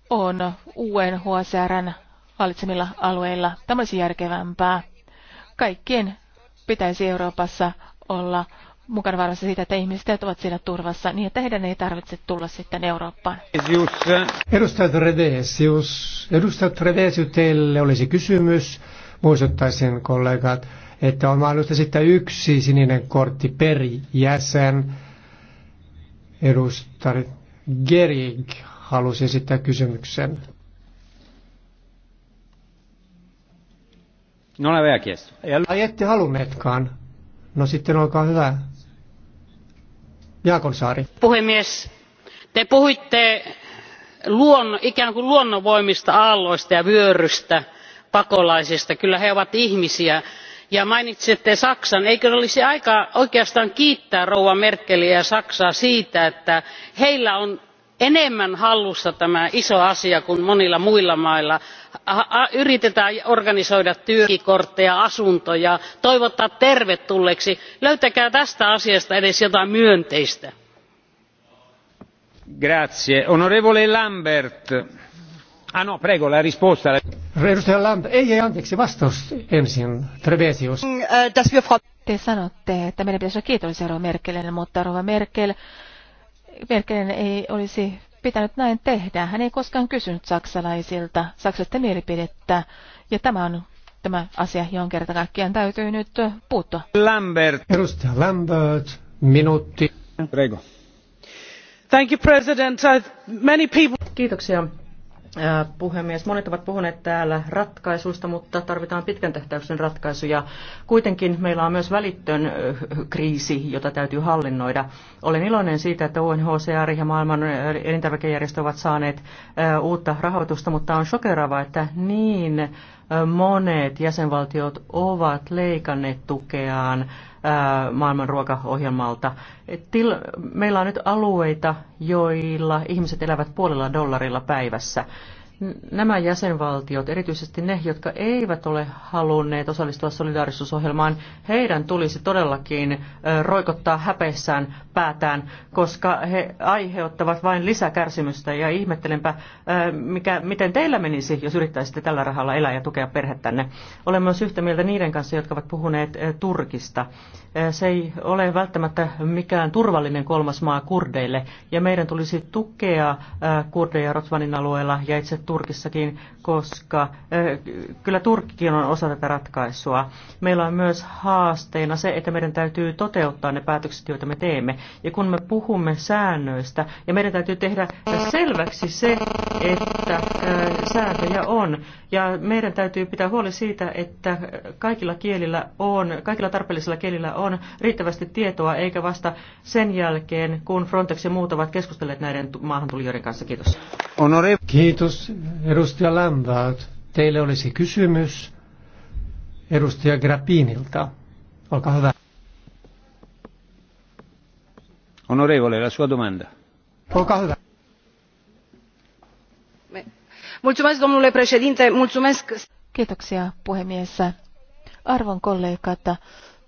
on UNHCRn hallitsemilla alueilla. Tämä olisi järkevämpää. Kaikkien pitäisi Euroopassa olla mukana varassa siitä, että ihmiset ovat siellä turvassa niin, että heidän ei tarvitse tulla sitten Eurooppaan. Edustaja Trevesius, edustaja Tredesius, teille olisi kysymys. Muistuttaisin kollegat, että on mahdollista sitten yksi sininen kortti per jäsen. Edustaja Gerig halusi esittää kysymyksen. No ne vielä Ei, Ai ette halunneetkaan. No sitten olkaa hyvä. Jaakonsaari. Puhemies, te puhuitte luon, ikään kuin luonnonvoimista, aalloista ja vyörystä, pakolaisista. Kyllä he ovat ihmisiä. Ja mainitsitte Saksan. Eikö olisi aika oikeastaan kiittää rouva Merkeliä ja Saksaa siitä, että heillä on enemmän hallussa tämä iso asia kuin monilla muilla mailla. yritetään organisoida työkortteja asuntoja toivottaa tervetulleeksi. löytäkää tästä asiasta edes jotain myönteistä. onorevole lambert ah, no, prego la risposta. Lambert, ei, ei ensin, mm, äh, Te sanotte, että meidän pitäisi olla kiitollisia Rova Merkelille, mutta rouva Merkel Merkelin ei olisi pitänyt näin tehdä. Hän ei koskaan kysynyt saksalaisilta, saksalaisten mielipidettä. Ja tämä on tämä asia, johon kerta kaikkiaan täytyy nyt puuttua. Lambert. Edustaja Lambert, minuutti. Prego. Thank you, President. Many people... Kiitoksia puhemies. Monet ovat puhuneet täällä ratkaisusta, mutta tarvitaan pitkän tähtäyksen ratkaisuja. Kuitenkin meillä on myös välittön kriisi, jota täytyy hallinnoida. Olen iloinen siitä, että UNHCR ja maailman elintarvikejärjestö ovat saaneet uutta rahoitusta, mutta on shokeraavaa, että niin monet jäsenvaltiot ovat leikanneet tukeaan maailman ruokaohjelmalta. Meillä on nyt alueita, joilla ihmiset elävät puolella dollarilla päivässä nämä jäsenvaltiot, erityisesti ne, jotka eivät ole halunneet osallistua solidaarisuusohjelmaan, heidän tulisi todellakin roikottaa häpeissään päätään, koska he aiheuttavat vain lisäkärsimystä ja ihmettelenpä, mikä, miten teillä menisi, jos yrittäisitte tällä rahalla elää ja tukea perhettänne. Olen myös yhtä mieltä niiden kanssa, jotka ovat puhuneet Turkista. Se ei ole välttämättä mikään turvallinen kolmas maa kurdeille ja meidän tulisi tukea kurdeja Rotvanin alueella ja itse Turkissakin, koska kyllä Turkkikin on osa tätä ratkaisua. Meillä on myös haasteena se, että meidän täytyy toteuttaa ne päätökset, joita me teemme. Ja kun me puhumme säännöistä, ja meidän täytyy tehdä selväksi se, että sääntöjä on. Ja meidän täytyy pitää huoli siitä, että kaikilla kielillä on, kaikilla tarpeellisilla kielillä on riittävästi tietoa, eikä vasta sen jälkeen, kun Frontex ja muut ovat keskustelleet näiden maahantulijoiden kanssa. Kiitos. Honore. Kiitos. Edustaja Lambert, teille olisi kysymys edustaja Grappinilta. Olkaa hyvä. Onorevole, la sua domanda. Olkaa hyvä. Mulțumesc, domnule președinte, mulțumesc. Kiitoksia, puhemies. Arvon kollegat,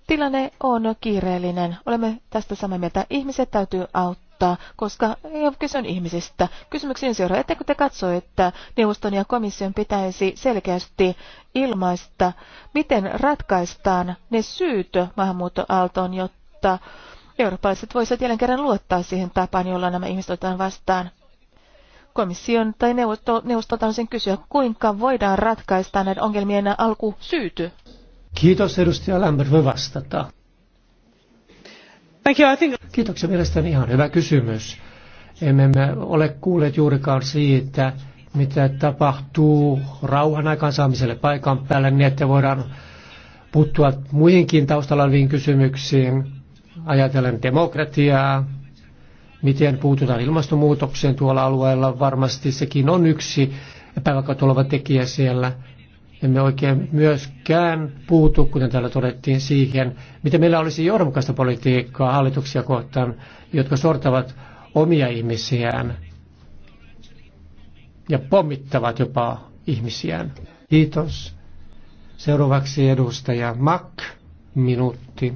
tilanne on kiireellinen. Olemme tästä samaa mieltä. Ihmiset täytyy auttaa muuttaa, koska ei ole kyse ihmisistä. Kysymyksiin seuraa, kun te katso, että neuvoston ja komission pitäisi selkeästi ilmaista, miten ratkaistaan ne syyt maahanmuuttoaaltoon, jotta eurooppalaiset voisivat jälleen kerran luottaa siihen tapaan, jolla nämä ihmiset otetaan vastaan. Komission tai neuvosto, neuvostolta on sen kysyä, kuinka voidaan ratkaista näiden ongelmien alku syyty. Kiitos edustaja Lambert, voi vastata. Kiitoksia. Mielestäni ihan hyvä kysymys. Emme me ole kuulleet juurikaan siitä, mitä tapahtuu rauhan aikaansaamiselle paikan päällä, niin että voidaan puuttua muihinkin taustalla oleviin kysymyksiin. Ajatellen demokratiaa, miten puututaan ilmastonmuutokseen tuolla alueella. Varmasti sekin on yksi epävakaat oleva tekijä siellä. Emme oikein myöskään puutu, kuten täällä todettiin, siihen, miten meillä olisi johdonmukaista politiikkaa hallituksia kohtaan, jotka sortavat omia ihmisiään ja pommittavat jopa ihmisiään. Kiitos. Seuraavaksi edustaja Mak, minuutti.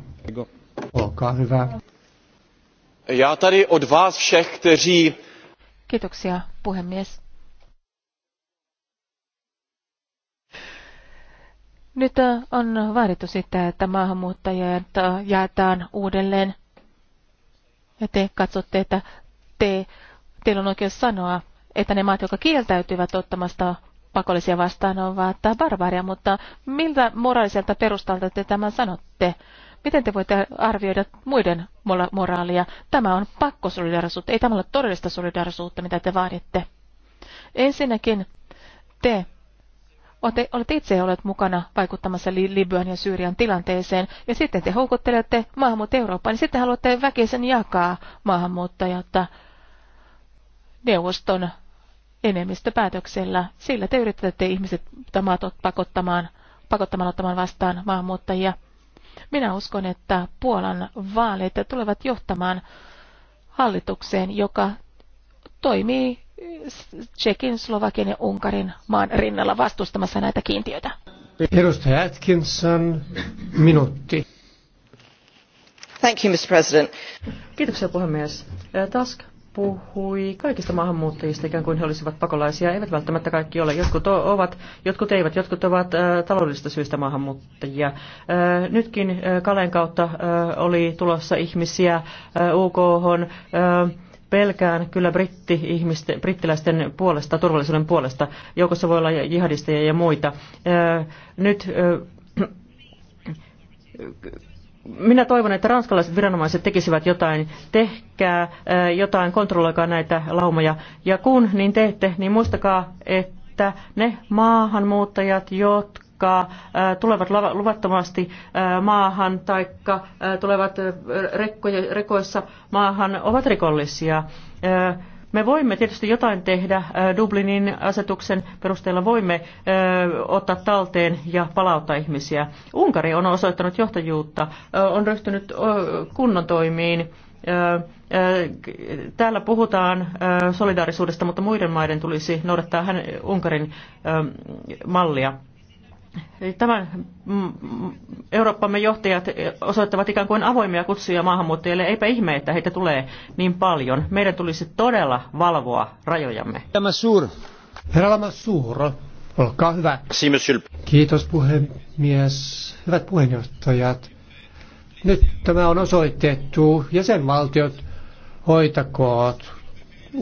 Olkaa hyvä. Ja tari od vás všech, kteří... Kiitoksia, puhemies. Nyt äh, on vaadittu sitä, että maahanmuuttajat äh, jaetaan uudelleen. Ja te katsotte, että te, teillä on oikeus sanoa, että ne maat, jotka kieltäytyvät ottamasta pakollisia vastaan, ovat barbaria, mutta miltä moraaliselta perustalta te tämän sanotte? Miten te voitte arvioida muiden moraalia? Tämä on pakkosolidarisuutta, ei tämä ole todellista solidarisuutta, mitä te vaaditte. Ensinnäkin te olette, olette itse olet mukana vaikuttamassa Libyan ja Syyrian tilanteeseen, ja sitten te houkuttelette maahanmuutta Eurooppaan, niin sitten haluatte väkisin jakaa maahanmuuttajatta neuvoston enemmistöpäätöksellä. Sillä te yritätte ihmiset tamat pakottamaan, pakottamaan ottamaan vastaan maahanmuuttajia. Minä uskon, että Puolan vaaleita tulevat johtamaan hallitukseen, joka toimii Tsekin, Slovakian ja Unkarin maan rinnalla vastustamassa näitä kiintiöitä. Edustaja Atkinson, minuutti. Thank you, Mr. President. Kiitoksia puhemies. Task puhui kaikista maahanmuuttajista, ikään kuin he olisivat pakolaisia. Eivät välttämättä kaikki ole. Jotkut ovat, jotkut eivät, jotkut ovat äh, taloudellista syystä maahanmuuttajia. Äh, nytkin äh, Kalen kautta äh, oli tulossa ihmisiä äh, UKH. Äh, pelkään kyllä britti brittiläisten puolesta, turvallisuuden puolesta. Joukossa voi olla jihadisteja ja muita. Nyt minä toivon, että ranskalaiset viranomaiset tekisivät jotain. Tehkää jotain, kontrolloikaa näitä laumoja. Ja kun niin teette, niin muistakaa, että ne maahanmuuttajat, jotka taikka äh, tulevat luvattomasti äh, maahan taikka äh, tulevat rekoissa maahan ovat rikollisia. Me voimme tietysti jotain tehdä. Dublinin asetuksen perusteella voimme ottaa talteen ja palauttaa ihmisiä. Unkari on osoittanut johtajuutta, on ryhtynyt kunnon toimiin. Täällä puhutaan solidaarisuudesta, mutta muiden maiden tulisi noudattaa Unkarin mallia. Tämän mm, Eurooppamme johtajat osoittavat ikään kuin avoimia kutsuja maahanmuuttajille. Eipä ihme, että heitä tulee niin paljon. Meidän tulisi todella valvoa rajojamme. Tämä suur. Herra suur. olkaa hyvä. Kiitos puhemies. Hyvät puheenjohtajat. Nyt tämä on osoitettu. Jäsenvaltiot hoitakoot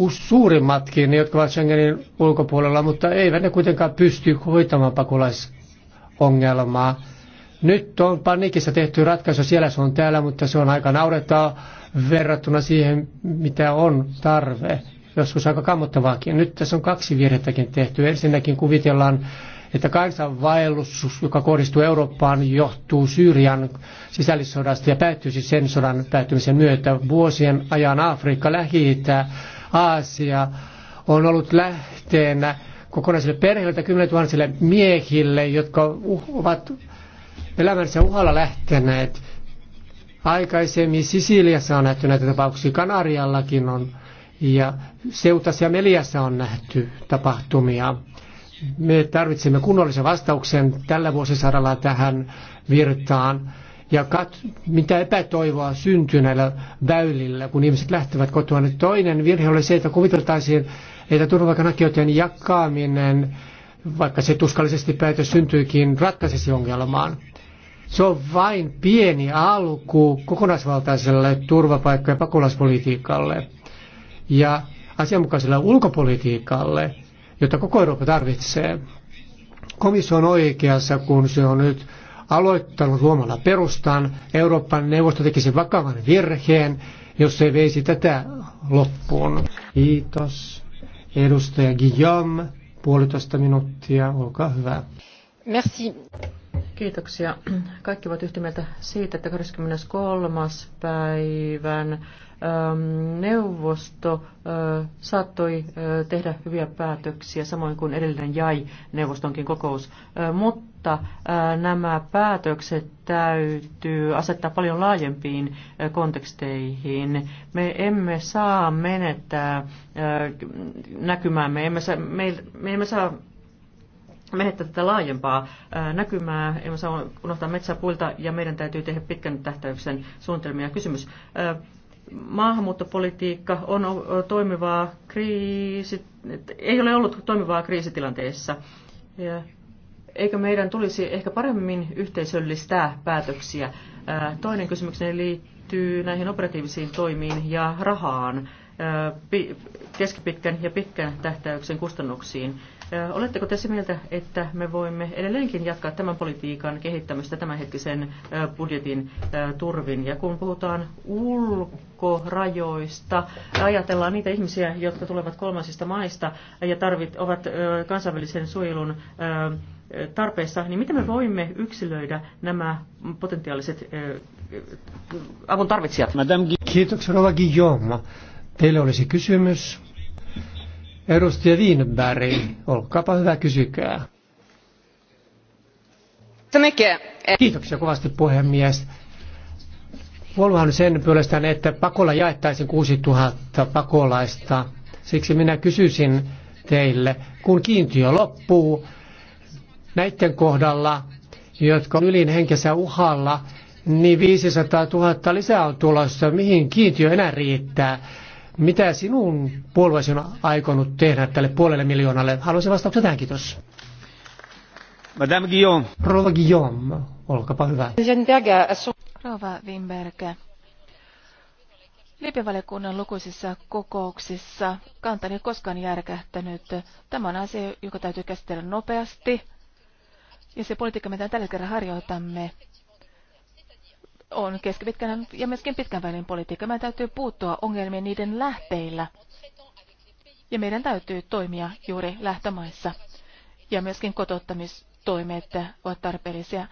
suurimmatkin, jotka ovat Schengenin ulkopuolella, mutta eivät ne kuitenkaan pysty hoitamaan pakolaisia ongelmaa. Nyt on panikissa tehty ratkaisu siellä se on täällä, mutta se on aika naurettaa verrattuna siihen, mitä on tarve. Joskus aika kammottavaakin. Nyt tässä on kaksi virhettäkin tehty. Ensinnäkin kuvitellaan, että kansanvaellus, joka kohdistuu Eurooppaan, johtuu Syyrian sisällissodasta ja päättyisi siis sen sodan päättymisen myötä. Vuosien ajan Afrikka, lähi Aasia on ollut lähteenä kokonaisille perheille, kymmenen tuhansille miehille, jotka ovat elämänsä uhalla lähteneet. Aikaisemmin Sisiliassa on nähty näitä tapauksia, Kanariallakin on, ja Seutas ja Meliassa on nähty tapahtumia. Me tarvitsemme kunnollisen vastauksen tällä vuosisadalla tähän virtaan ja kat, mitä epätoivoa syntyy näillä väylillä, kun ihmiset lähtevät kotoa. Toinen virhe oli se, että kuviteltaisiin, että turvapaikanhakijoiden jakaminen, vaikka se tuskallisesti päätös syntyykin, ratkaisisi ongelmaan. Se on vain pieni alku kokonaisvaltaiselle turvapaikka- ja pakolaispolitiikalle ja asianmukaiselle ulkopolitiikalle, jota koko Eurooppa tarvitsee. Komissio on oikeassa, kun se on nyt aloittanut luomalla perustan. Euroopan neuvosto tekisi vakavan virheen, jos se veisi tätä loppuun. Kiitos. Edustaja Guillaume, puolitoista minuuttia, olkaa hyvä. Merci. Kiitoksia. Kaikki ovat yhtä mieltä siitä, että 23. päivän Ähm, neuvosto äh, saattoi äh, tehdä hyviä päätöksiä, samoin kuin edellinen jäi neuvostonkin kokous, äh, mutta nämä päätökset täytyy asettaa paljon laajempiin konteksteihin. Me emme saa menettää näkymää, me emme saa, me, me emme saa menettää tätä laajempaa näkymää, emme saa unohtaa metsäpuilta ja meidän täytyy tehdä pitkän tähtäyksen suunnitelmia. Kysymys maahanmuuttopolitiikka on toimivaa kriisi, ei ole ollut toimivaa kriisitilanteessa. Ja eikö meidän tulisi ehkä paremmin yhteisöllistää päätöksiä? Toinen kysymys liittyy näihin operatiivisiin toimiin ja rahaan, keskipitkän ja pitkän tähtäyksen kustannuksiin. Oletteko te se mieltä, että me voimme edelleenkin jatkaa tämän politiikan kehittämistä tämänhetkisen budjetin turvin? Ja kun puhutaan ulkorajoista, ajatellaan niitä ihmisiä, jotka tulevat kolmansista maista ja tarvit, ovat kansainvälisen suojelun tarpeessa, niin miten me voimme yksilöidä nämä potentiaaliset avun tarvitsijat? Kiitoksia, Rova Guillaume. Teille olisi kysymys. Edustaja Wienberg, olkaapa hyvä, kysykää. Kiitoksia kovasti puhemies. Puoluehan sen puolesta, että pakolla jaettaisiin 6000 pakolaista. Siksi minä kysyisin teille, kun kiintiö loppuu näiden kohdalla, jotka on ylin henkensä uhalla, niin 500 000 lisää on tulossa. Mihin kiintiö enää riittää? Mitä sinun puolueesi on aikonut tehdä tälle puolelle miljoonalle? Haluaisin vastauksen tähän, kiitos. Madame Guillaume. Rova Guillaume, olkapa hyvä. Rova Wimberg. Liipivaliokunnan lukuisissa kokouksissa kantani koskaan järkähtänyt. Tämä on asia, joka täytyy käsitellä nopeasti. Ja se politiikka, mitä tällä kerralla harjoitamme, on keskipitkän ja myöskin pitkän välin politiikka. Meidän täytyy puuttua ongelmien niiden lähteillä. Ja meidän täytyy toimia juuri lähtömaissa. Ja myöskin kotouttamistoimet ovat tarpeellisia.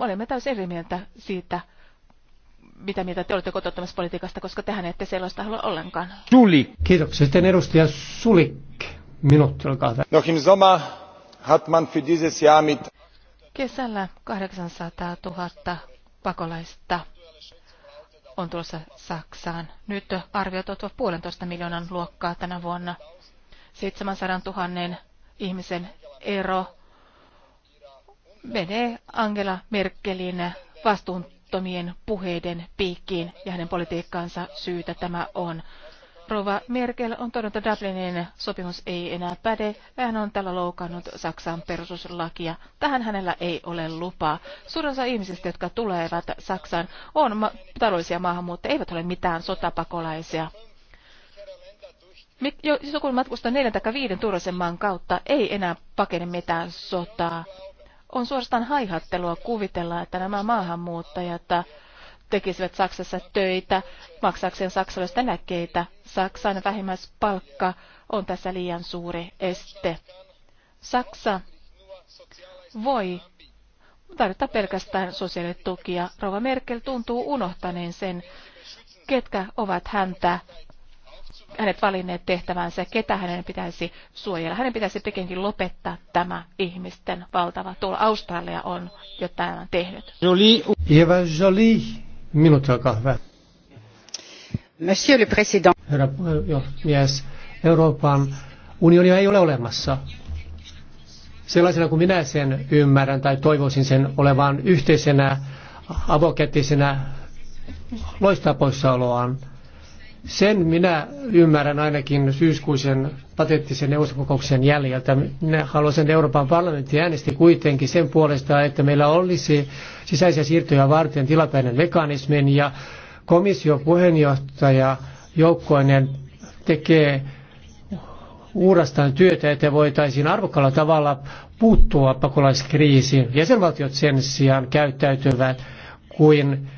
Olemme täysin eri mieltä siitä, mitä mieltä te olette kotouttamispolitiikasta, koska tehän ette sellaista halua ollenkaan. Sulik. Kiitoksia. Sitten edustaja Sulik. Minuutti, olkaa hyvä. Joachim Zoma hat man für dieses Jahr mit Kesällä 800 000 pakolaista on tulossa Saksaan. Nyt arviot ovat puolentoista miljoonan luokkaa tänä vuonna. 700 000 ihmisen ero menee Angela Merkelin vastuuntomien puheiden piikkiin ja hänen politiikkaansa syytä tämä on. Rova Merkel on todennut, että Dublinin sopimus ei enää päde. Hän on tällä loukannut Saksan perustuslakia. Tähän hänellä ei ole lupaa. Suurin osa ihmisistä, jotka tulevat Saksaan, on ma- taloudellisia maahanmuuttajia, eivät ole mitään sotapakolaisia. Jos siis joku matkustaa neljän tai viiden turvallisen maan kautta, ei enää pakene mitään sotaa. On suorastaan haihattelua kuvitella, että nämä maahanmuuttajat tekisivät Saksassa töitä maksaakseen saksalaisten näkeitä. Saksan vähimmäispalkka on tässä liian suuri este. Saksa voi tarvita pelkästään sosiaalitukia. Rova Merkel tuntuu unohtaneen sen, ketkä ovat häntä hänet valinneet tehtävänsä, ketä hänen pitäisi suojella. Hänen pitäisi pikemminkin lopettaa tämä ihmisten valtava Tuolla Australia on jo tämän tehnyt. Jolie. Jolie. Minuutti, olkaa hyvä. Monsieur le Président. Herra puhemies, Euroopan unionia ei ole olemassa. Sellaisena kuin minä sen ymmärrän tai toivoisin sen olevan yhteisenä, avokettisenä loistaa poissaoloaan. Sen minä ymmärrän ainakin syyskuisen patettisen neuvostokokouksen jäljeltä. Minä haluaisin, että Euroopan parlamentti äänesti kuitenkin sen puolesta, että meillä olisi sisäisiä siirtoja varten tilapäinen mekanismi ja komissio puheenjohtaja joukkoinen tekee uudestaan työtä, että voitaisiin arvokkaalla tavalla puuttua pakolaiskriisiin. Jäsenvaltiot sen sijaan käyttäytyvät kuin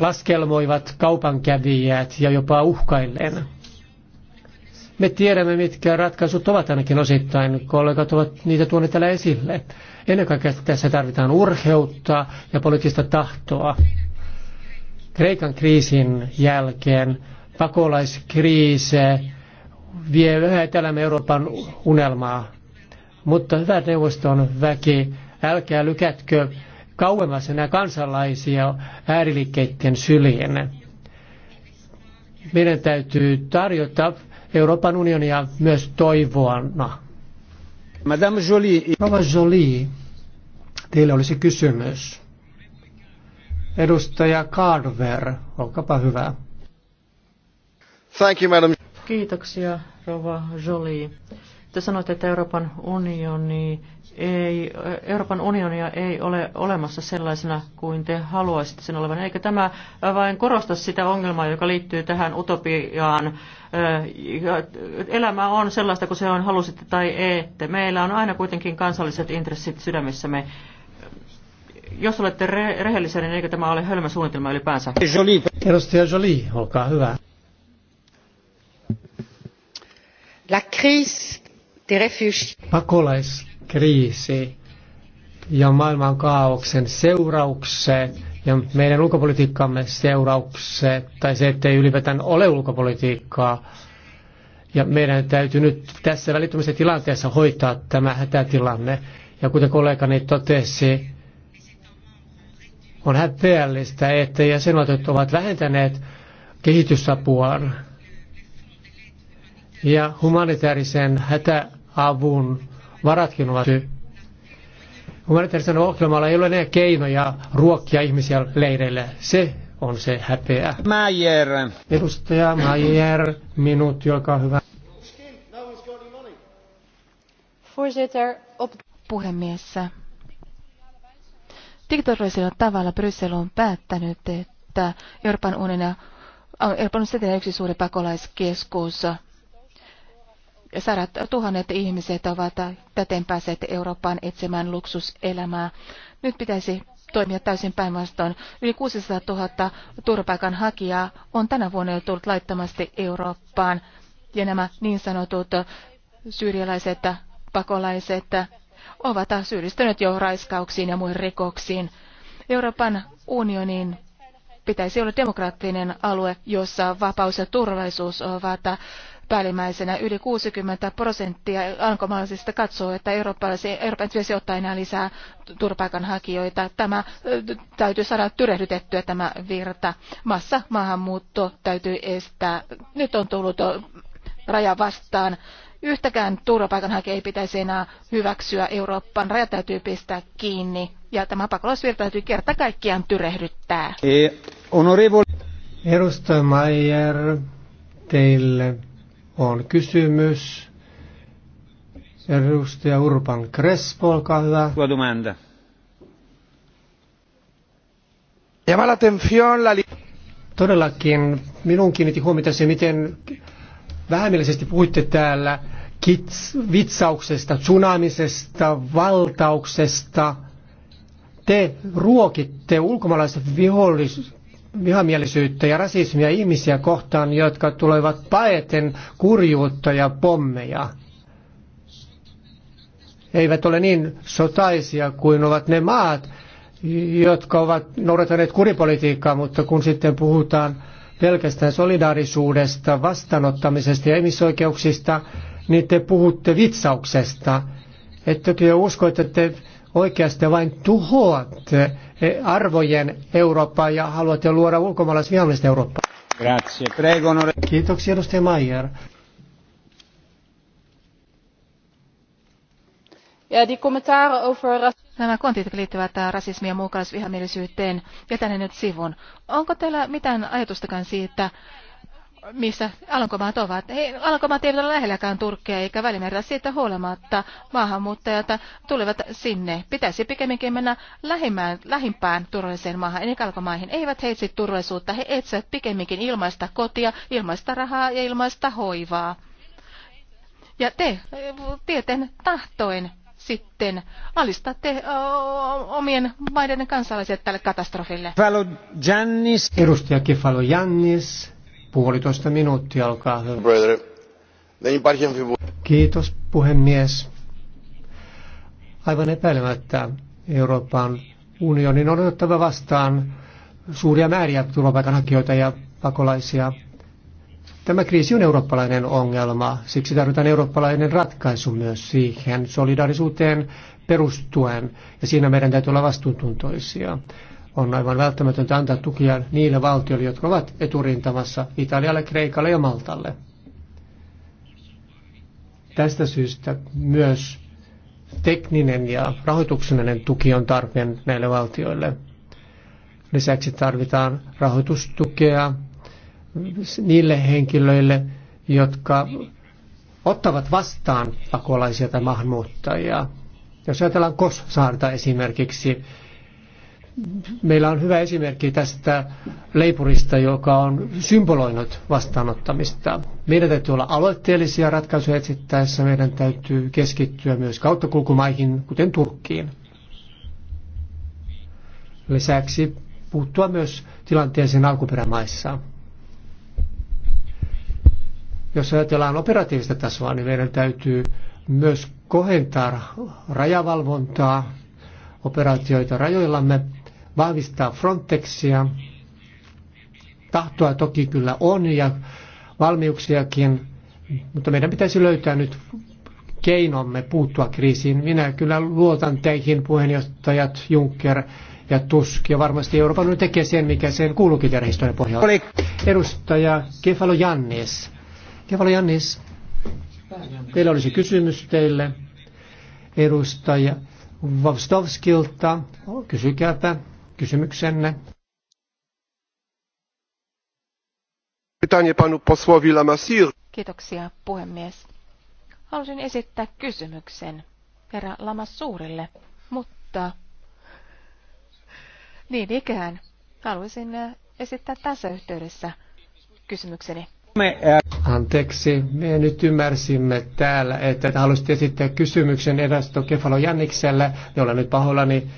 laskelmoivat kaupankävijät ja jopa uhkaillen. Me tiedämme, mitkä ratkaisut ovat ainakin osittain. Kollegat ovat niitä tuoneet täällä esille. Ennen kaikkea tässä tarvitaan urheutta ja poliittista tahtoa. Kreikan kriisin jälkeen pakolaiskriise vie yhä etelämme Euroopan unelmaa. Mutta hyvä neuvoston väki, älkää lykätkö kauemmas enää kansalaisia ääriliikkeiden syliin. Meidän täytyy tarjota Euroopan unionia myös toivoana. Madame Jolie. Rova Jolie, teille olisi kysymys. Edustaja Carver, olkapa hyvä. Thank you, madam. Kiitoksia, Rova Jolie. Te sanoitte, että Euroopan unioni ei, Euroopan unionia ei ole olemassa sellaisena kuin te haluaisitte sen olevan. Eikä tämä vain korosta sitä ongelmaa, joka liittyy tähän utopiaan. Elämä on sellaista kuin se on, halusitte tai ette. Meillä on aina kuitenkin kansalliset intressit sydämissämme. Jos olette re- rehellisiä, niin eikö tämä ole hölmä suunnitelma ylipäänsä? Edustaja Jolie, olkaa hyvä. La crise des réfugiés kriisi ja maailman kaauksen seuraukset ja meidän ulkopolitiikkamme seuraukset, tai se, ettei ylipäätään ole ulkopolitiikkaa. Ja meidän täytyy nyt tässä välittömässä tilanteessa hoitaa tämä hätätilanne. Ja kuten kollegani totesi, on häpeällistä, että jäsenvaltiot ovat vähentäneet kehitysapuaan ja humanitaarisen hätäavun varatkin ovat Humanitaarisen ohjelmalla ei ole enää keinoja ruokkia ihmisiä leireillä. Se on se häpeä. Mayer. Edustaja Mayer, minut, joka hyvä. Puhemies, diktatorisella tavalla Bryssel on päättänyt, että Euroopan unionin Euroopan on yksi suuri pakolaiskeskus sadat tuhannet ihmiset ovat täten päässeet Eurooppaan etsimään luksuselämää. Nyt pitäisi toimia täysin päinvastoin. Yli 600 000 turvapaikanhakijaa on tänä vuonna jo tullut laittomasti Eurooppaan. Ja nämä niin sanotut syyrialaiset pakolaiset ovat syyllistyneet jo raiskauksiin ja muihin rikoksiin. Euroopan unionin pitäisi olla demokraattinen alue, jossa vapaus ja turvallisuus ovat päällimmäisenä. Yli 60 prosenttia alkomaalaisista katsoo, että Euroopan pitäisi ottaa enää lisää turvapaikanhakijoita. Tämä täytyy saada tyrehdytettyä tämä virta. Massa maahanmuutto täytyy estää. Nyt on tullut raja vastaan. Yhtäkään turvapaikanhakija ei pitäisi enää hyväksyä Eurooppaan. Raja täytyy pistää kiinni ja tämä pakolaisvirta täytyy kerta kaikkiaan tyrehdyttää. Eh, Edustaja Mayer, teille on kysymys. Edustaja Urban Crespo, olkaa hyvä. Tua domanda. Llama la atención la Todellakin minun kiinnitti huomiota se, miten vähemmillisesti puhuitte täällä kits, vitsauksesta, tsunamisesta, valtauksesta. Te ruokitte ulkomaalaiset vihollis, vihamielisyyttä ja rasismia ihmisiä kohtaan, jotka tulevat paeten kurjuutta ja pommeja. Eivät ole niin sotaisia kuin ovat ne maat, jotka ovat noudattaneet kuripolitiikkaa, mutta kun sitten puhutaan pelkästään solidaarisuudesta, vastaanottamisesta ja ihmisoikeuksista, niin te puhutte vitsauksesta. Ettekö usko, että te oikeastaan vain tuhoatte eh, arvojen Eurooppaa ja haluatte luoda ulkomaalaisvihamista Eurooppaa. Grazie. Prego, onore... Kiitoksia edustaja Maier. Ja die over Nämä kontit liittyvät äh, rasismiin ja muukalaisvihamielisyyteen. Jätän ne nyt sivun. Onko teillä mitään ajatustakaan siitä, missä Alankomaat ovat. Ei Alankomaat eivät ole lähelläkään Turkkia eikä välimerellä siitä huolimatta maahanmuuttajat tulevat sinne. Pitäisi pikemminkin mennä lähimään, lähimpään turvalliseen maahan, eli Alankomaihin. Eivät he etsi turvallisuutta, he etsivät pikemminkin ilmaista kotia, ilmaista rahaa ja ilmaista hoivaa. Ja te tieten tahtoin sitten alistatte omien maiden kansalaiset tälle katastrofille. Giannis. Edustaja Kefalo Jannis Puolitoista minuuttia, alkaa hyvä. Kiitos puhemies. Aivan epäilemättä Euroopan unionin on otettava vastaan suuria määriä turvapaikanhakijoita ja pakolaisia. Tämä kriisi on eurooppalainen ongelma, siksi tarvitaan eurooppalainen ratkaisu myös siihen solidaarisuuteen perustuen, ja siinä meidän täytyy olla vastuuntuntoisia. On aivan välttämätöntä antaa tukia niille valtioille, jotka ovat eturintamassa Italialle, Kreikalle ja Maltalle. Tästä syystä myös tekninen ja rahoituksellinen tuki on tarpeen näille valtioille. Lisäksi tarvitaan rahoitustukea niille henkilöille, jotka ottavat vastaan pakolaisia tai maahanmuuttajia. Jos ajatellaan Kos-saarta esimerkiksi, meillä on hyvä esimerkki tästä leipurista, joka on symboloinut vastaanottamista. Meidän täytyy olla aloitteellisia ratkaisuja etsittäessä. Meidän täytyy keskittyä myös kauttakulkumaihin, kuten Turkkiin. Lisäksi puuttua myös tilanteeseen alkuperämaissa. Jos ajatellaan operatiivista tasoa, niin meidän täytyy myös kohentaa rajavalvontaa, operaatioita rajoillamme – vahvistaa Frontexia. Tahtoa toki kyllä on ja valmiuksiakin, mutta meidän pitäisi löytää nyt keinomme puuttua kriisiin. Minä kyllä luotan teihin, puheenjohtajat Juncker ja Tusk, ja varmasti Euroopan unioni tekee sen, mikä sen kuuluukin tehdä historian pohjalta. Oli. Edustaja Kefalo Jannis. Kefalo Jannis, teillä olisi kysymys teille edustaja Vavstovskilta. Kysykääpä kysymyksenne. Kiitoksia puhemies. Halusin esittää kysymyksen herra Lamassuurille, mutta niin ikään haluaisin äh, esittää tässä yhteydessä kysymykseni. Äh, Anteeksi, me nyt ymmärsimme täällä, että halusitte esittää kysymyksen Edasto Kefalo Jännikselle, jolla nyt pahoillani,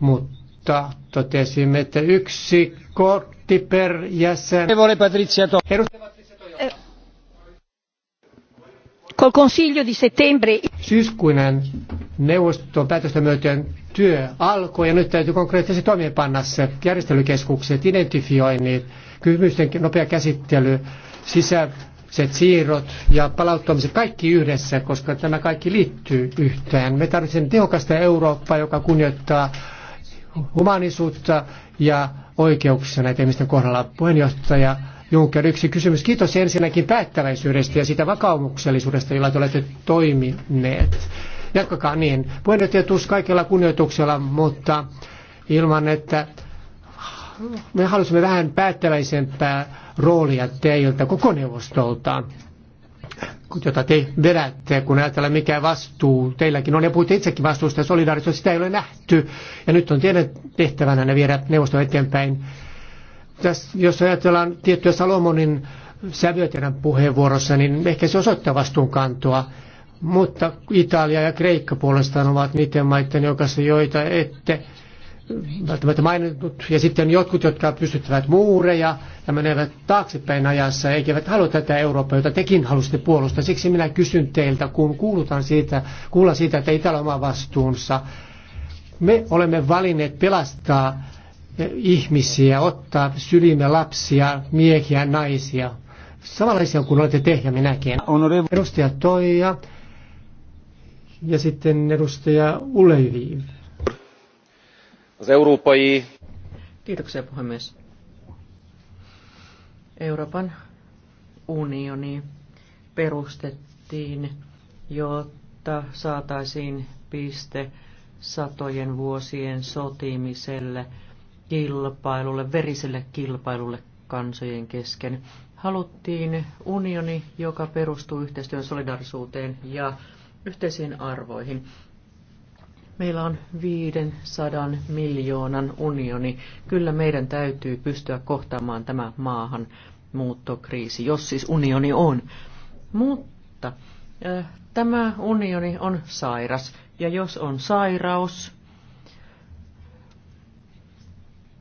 mutta mutta totesimme, että yksi kortti per jäsen. Eh, col consiglio di settembre. Syyskuinen neuvoston päätöstä myöten työ alkoi ja nyt täytyy konkreettisesti toimeenpanna se järjestelykeskukset, identifioinnit, kysymysten nopea käsittely, sisäiset siirrot ja palauttamiset kaikki yhdessä, koska tämä kaikki liittyy yhteen. Me tarvitsemme tehokasta Eurooppaa, joka kunnioittaa humanisuutta ja oikeuksia näiden ihmisten kohdalla. Puheenjohtaja Juncker, yksi kysymys. Kiitos ensinnäkin päättäväisyydestä ja sitä vakaumuksellisuudesta, jolla te olette toimineet. Jatkakaa niin. Puheenjohtaja Tuus kaikella kunnioituksella, mutta ilman, että me halusimme vähän päättäväisempää roolia teiltä koko neuvostoltaan jota te vedätte, kun ajatellaan mikä vastuu teilläkin on, ja puhutte itsekin vastuusta ja solidaarisuudesta, sitä ei ole nähty, ja nyt on teidän tehtävänä ne viedä neuvosto eteenpäin. Tässä, jos ajatellaan tiettyä Salomonin sävyä teidän puheenvuorossa, niin ehkä se osoittaa vastuunkantoa, mutta Italia ja Kreikka puolestaan ovat niiden maiden jokaisen, joita ette välttämättä mainitut, ja sitten jotkut, jotka pystyttävät muureja ja menevät taaksepäin ajassa, eikä halua tätä Eurooppaa, jota tekin halusitte puolustaa. Siksi minä kysyn teiltä, kun kuulutaan siitä, kuulla siitä, että Italo oma vastuunsa. Me olemme valinneet pelastaa eh, ihmisiä, ottaa sylimme lapsia, miehiä, naisia. Samanlaisia kuin olette te ja minäkin. Edustaja Toija ja sitten edustaja Uleviiv. Az európai... Kiitoksia puhemies. Euroopan unioni perustettiin, jotta saataisiin piste satojen vuosien sotimiselle, kilpailulle, veriselle kilpailulle kansojen kesken. Haluttiin unioni, joka perustuu yhteistyön solidarisuuteen ja yhteisiin arvoihin. Meillä on 500 miljoonan unioni. Kyllä meidän täytyy pystyä kohtaamaan tämä maahan muuttokriisi, jos siis unioni on. Mutta äh, tämä unioni on sairas. Ja jos on sairaus,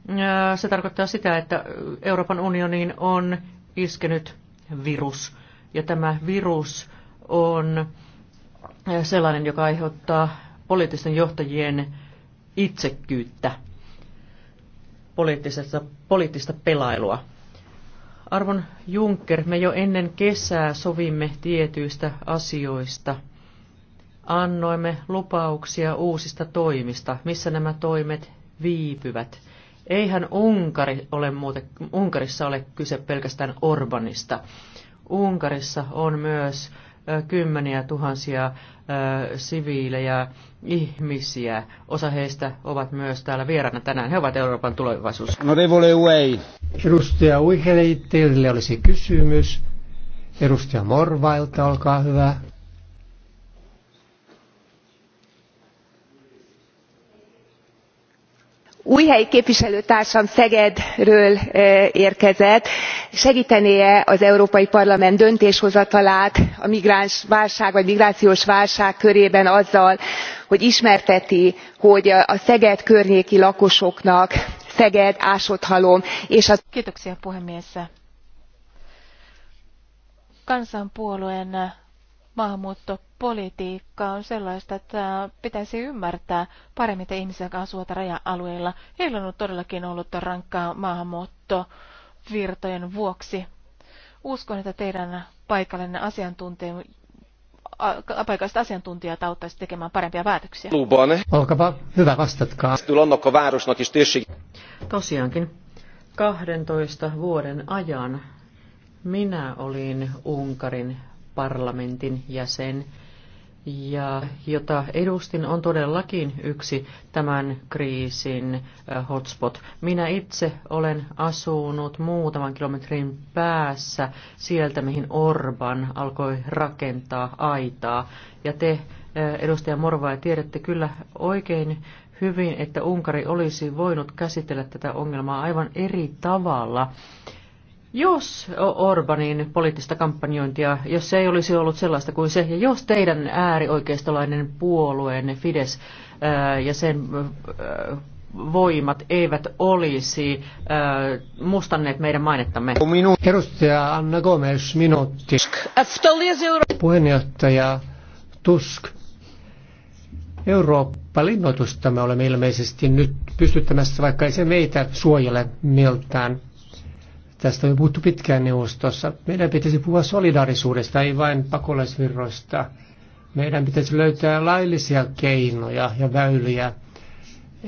äh, se tarkoittaa sitä, että Euroopan unioniin on iskenyt virus. Ja tämä virus on eh, sellainen, joka aiheuttaa poliittisten johtajien itsekkyyttä, poliittista, poliittista pelailua. Arvon Juncker, me jo ennen kesää sovimme tietyistä asioista. Annoimme lupauksia uusista toimista. Missä nämä toimet viipyvät? Eihän Unkari ole muuten, Unkarissa ole kyse pelkästään Orbanista. Unkarissa on myös kymmeniä tuhansia siviilejä, ihmisiä. Osa heistä ovat myös täällä vieraana tänään. He ovat Euroopan tulevaisuus. No way. Edustaja Uihelei, teille olisi kysymys. Edustaja Morvailta, olkaa hyvä. újhelyi képviselőtársam szegedről érkezett segtené e az európai parlament döntéshozatalát a migránsválság vagy migrációs válság körében azzal hogy ismerteti hogy a szeged környéki lakosoknak szeged ásóthalom és a maahanmuuttopolitiikka on sellaista, että pitäisi ymmärtää paremmin, että ihmisiä, jotka asuvat raja-alueilla, heillä on todellakin ollut rankkaa maahanmuuttovirtojen vuoksi. Uskon, että teidän paikallinen asiantuntija, paikalliset asiantuntijat auttaisivat tekemään parempia päätöksiä. Olkapa hyvä, vastatkaa. Tosiaankin, 12 vuoden ajan minä olin Unkarin parlamentin jäsen ja jota edustin on todellakin yksi tämän kriisin hotspot. Minä itse olen asunut muutaman kilometrin päässä sieltä, mihin Orban alkoi rakentaa aitaa. Ja te, edustaja Morva, tiedätte kyllä oikein hyvin, että Unkari olisi voinut käsitellä tätä ongelmaa aivan eri tavalla jos Orbanin poliittista kampanjointia, jos se ei olisi ollut sellaista kuin se, ja jos teidän äärioikeistolainen puolueenne Fides äh, ja sen äh, voimat eivät olisi äh, mustanneet meidän mainettamme. Minu... Edustaja Anna Gomes, minuutti. Puheenjohtaja Tusk. Eurooppa-linnoitusta me olemme ilmeisesti nyt pystyttämässä, vaikka ei se meitä suojele miltään. Tästä on puhuttu pitkään neuvostossa. Meidän pitäisi puhua solidaarisuudesta, ei vain pakolaisvirroista. Meidän pitäisi löytää laillisia keinoja ja väyliä,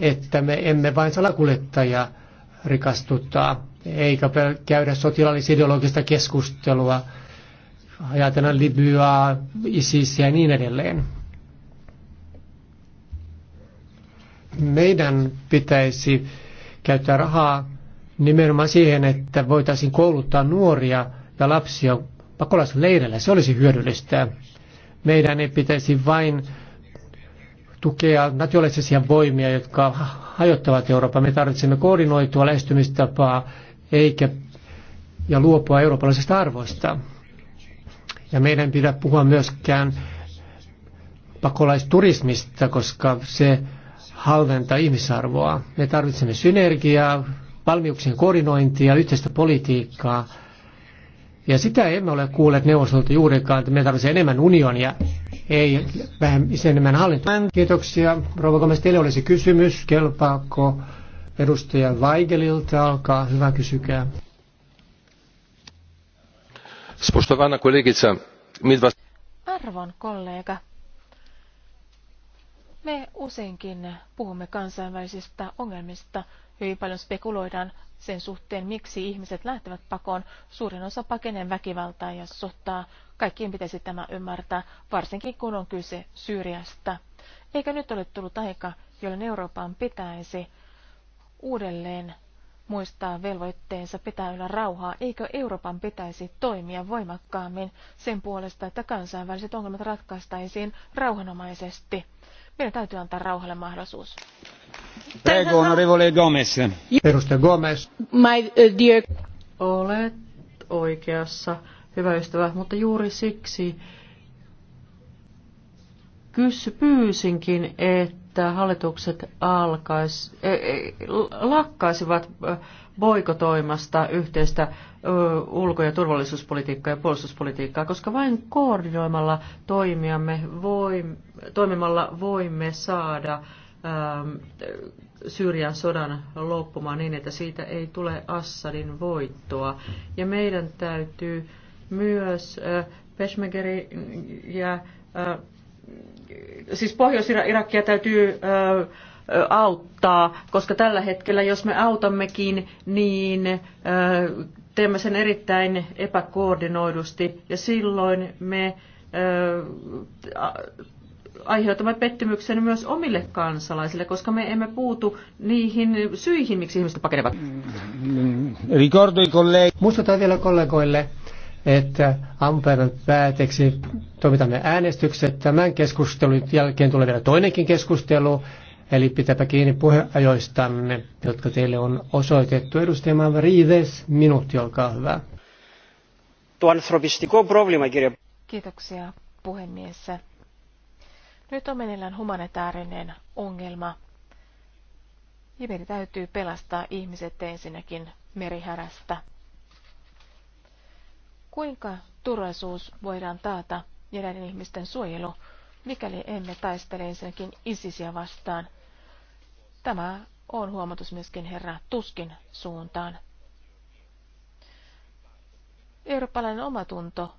että me emme vain salakuljettajia rikastuttaa, eikä käydä sotilaallisideologista keskustelua, ajatella Libyaa, ISISiä ja niin edelleen. Meidän pitäisi käyttää rahaa nimenomaan siihen, että voitaisiin kouluttaa nuoria ja lapsia pakolaisleireillä. Se olisi hyödyllistä. Meidän ei pitäisi vain tukea nationalistisia voimia, jotka hajottavat Eurooppaa. Me tarvitsemme koordinoitua lähestymistapaa eikä, ja luopua eurooppalaisista arvoista. Ja meidän pidä puhua myöskään pakolaisturismista, koska se halventaa ihmisarvoa. Me tarvitsemme synergiaa valmiuksien koordinointia, yhteistä politiikkaa. Ja sitä emme ole kuulleet neuvostolta juurikaan, että me tarvitsemme enemmän unionia, ei vähän siis enemmän hallintoa. Kiitoksia. Rouva Gomes, teille olisi kysymys. Kelpaako edustaja Weigelilta? Alkaa hyvä kysykää. Spoštovana kolegica, midva... Arvon kollega, me useinkin puhumme kansainvälisistä ongelmista, Hyvin paljon spekuloidaan sen suhteen, miksi ihmiset lähtevät pakoon. Suurin osa pakenee väkivaltaa ja sotaa. Kaikkien pitäisi tämä ymmärtää, varsinkin kun on kyse Syyriasta. Eikä nyt ole tullut aika, jolloin Euroopan pitäisi uudelleen muistaa velvoitteensa pitää yllä rauhaa, eikö Euroopan pitäisi toimia voimakkaammin sen puolesta, että kansainväliset ongelmat ratkaistaisiin rauhanomaisesti. Meidän täytyy antaa rauhalle mahdollisuus. Prego, onorevole Gomez. Edustaja Gomez. My uh, dear... Olet oikeassa, hyvä ystävä, mutta juuri siksi kysy, pyysinkin, että hallitukset alkais, e- e- lakkaisivat boikotoimasta yhteistä ulko- ja turvallisuuspolitiikkaa ja puolustuspolitiikkaa, koska vain koordinoimalla toimiamme voim, toimimalla voimme saada Syyrian sodan loppumaan niin, että siitä ei tule Assadin voittoa. Ja meidän täytyy myös Peshmergeri ja siis Pohjois-Irakia täytyy auttaa, koska tällä hetkellä jos me autammekin, niin teemme sen erittäin epäkoordinoidusti ja silloin me aiheutamme pettymyksen myös omille kansalaisille, koska me emme puutu niihin syihin, miksi ihmiset pakenevat. Muistutan vielä kollegoille, että aamupäivän pääteksi toimitamme äänestykset. Tämän keskustelun jälkeen tulee vielä toinenkin keskustelu Eli pitääpä kiinni puheajoistanne, jotka teille on osoitettu. Edustaja Riides, minuutti, olkaa hyvä. Kiitoksia, puhemies. Nyt on meneillään humanitaarinen ongelma. Ja meidän täytyy pelastaa ihmiset ensinnäkin merihärästä. Kuinka turvallisuus voidaan taata ja näiden ihmisten suojelu, mikäli emme taistele ensinnäkin isisiä vastaan – Tämä on huomatus myöskin herra Tuskin suuntaan. Eurooppalainen omatunto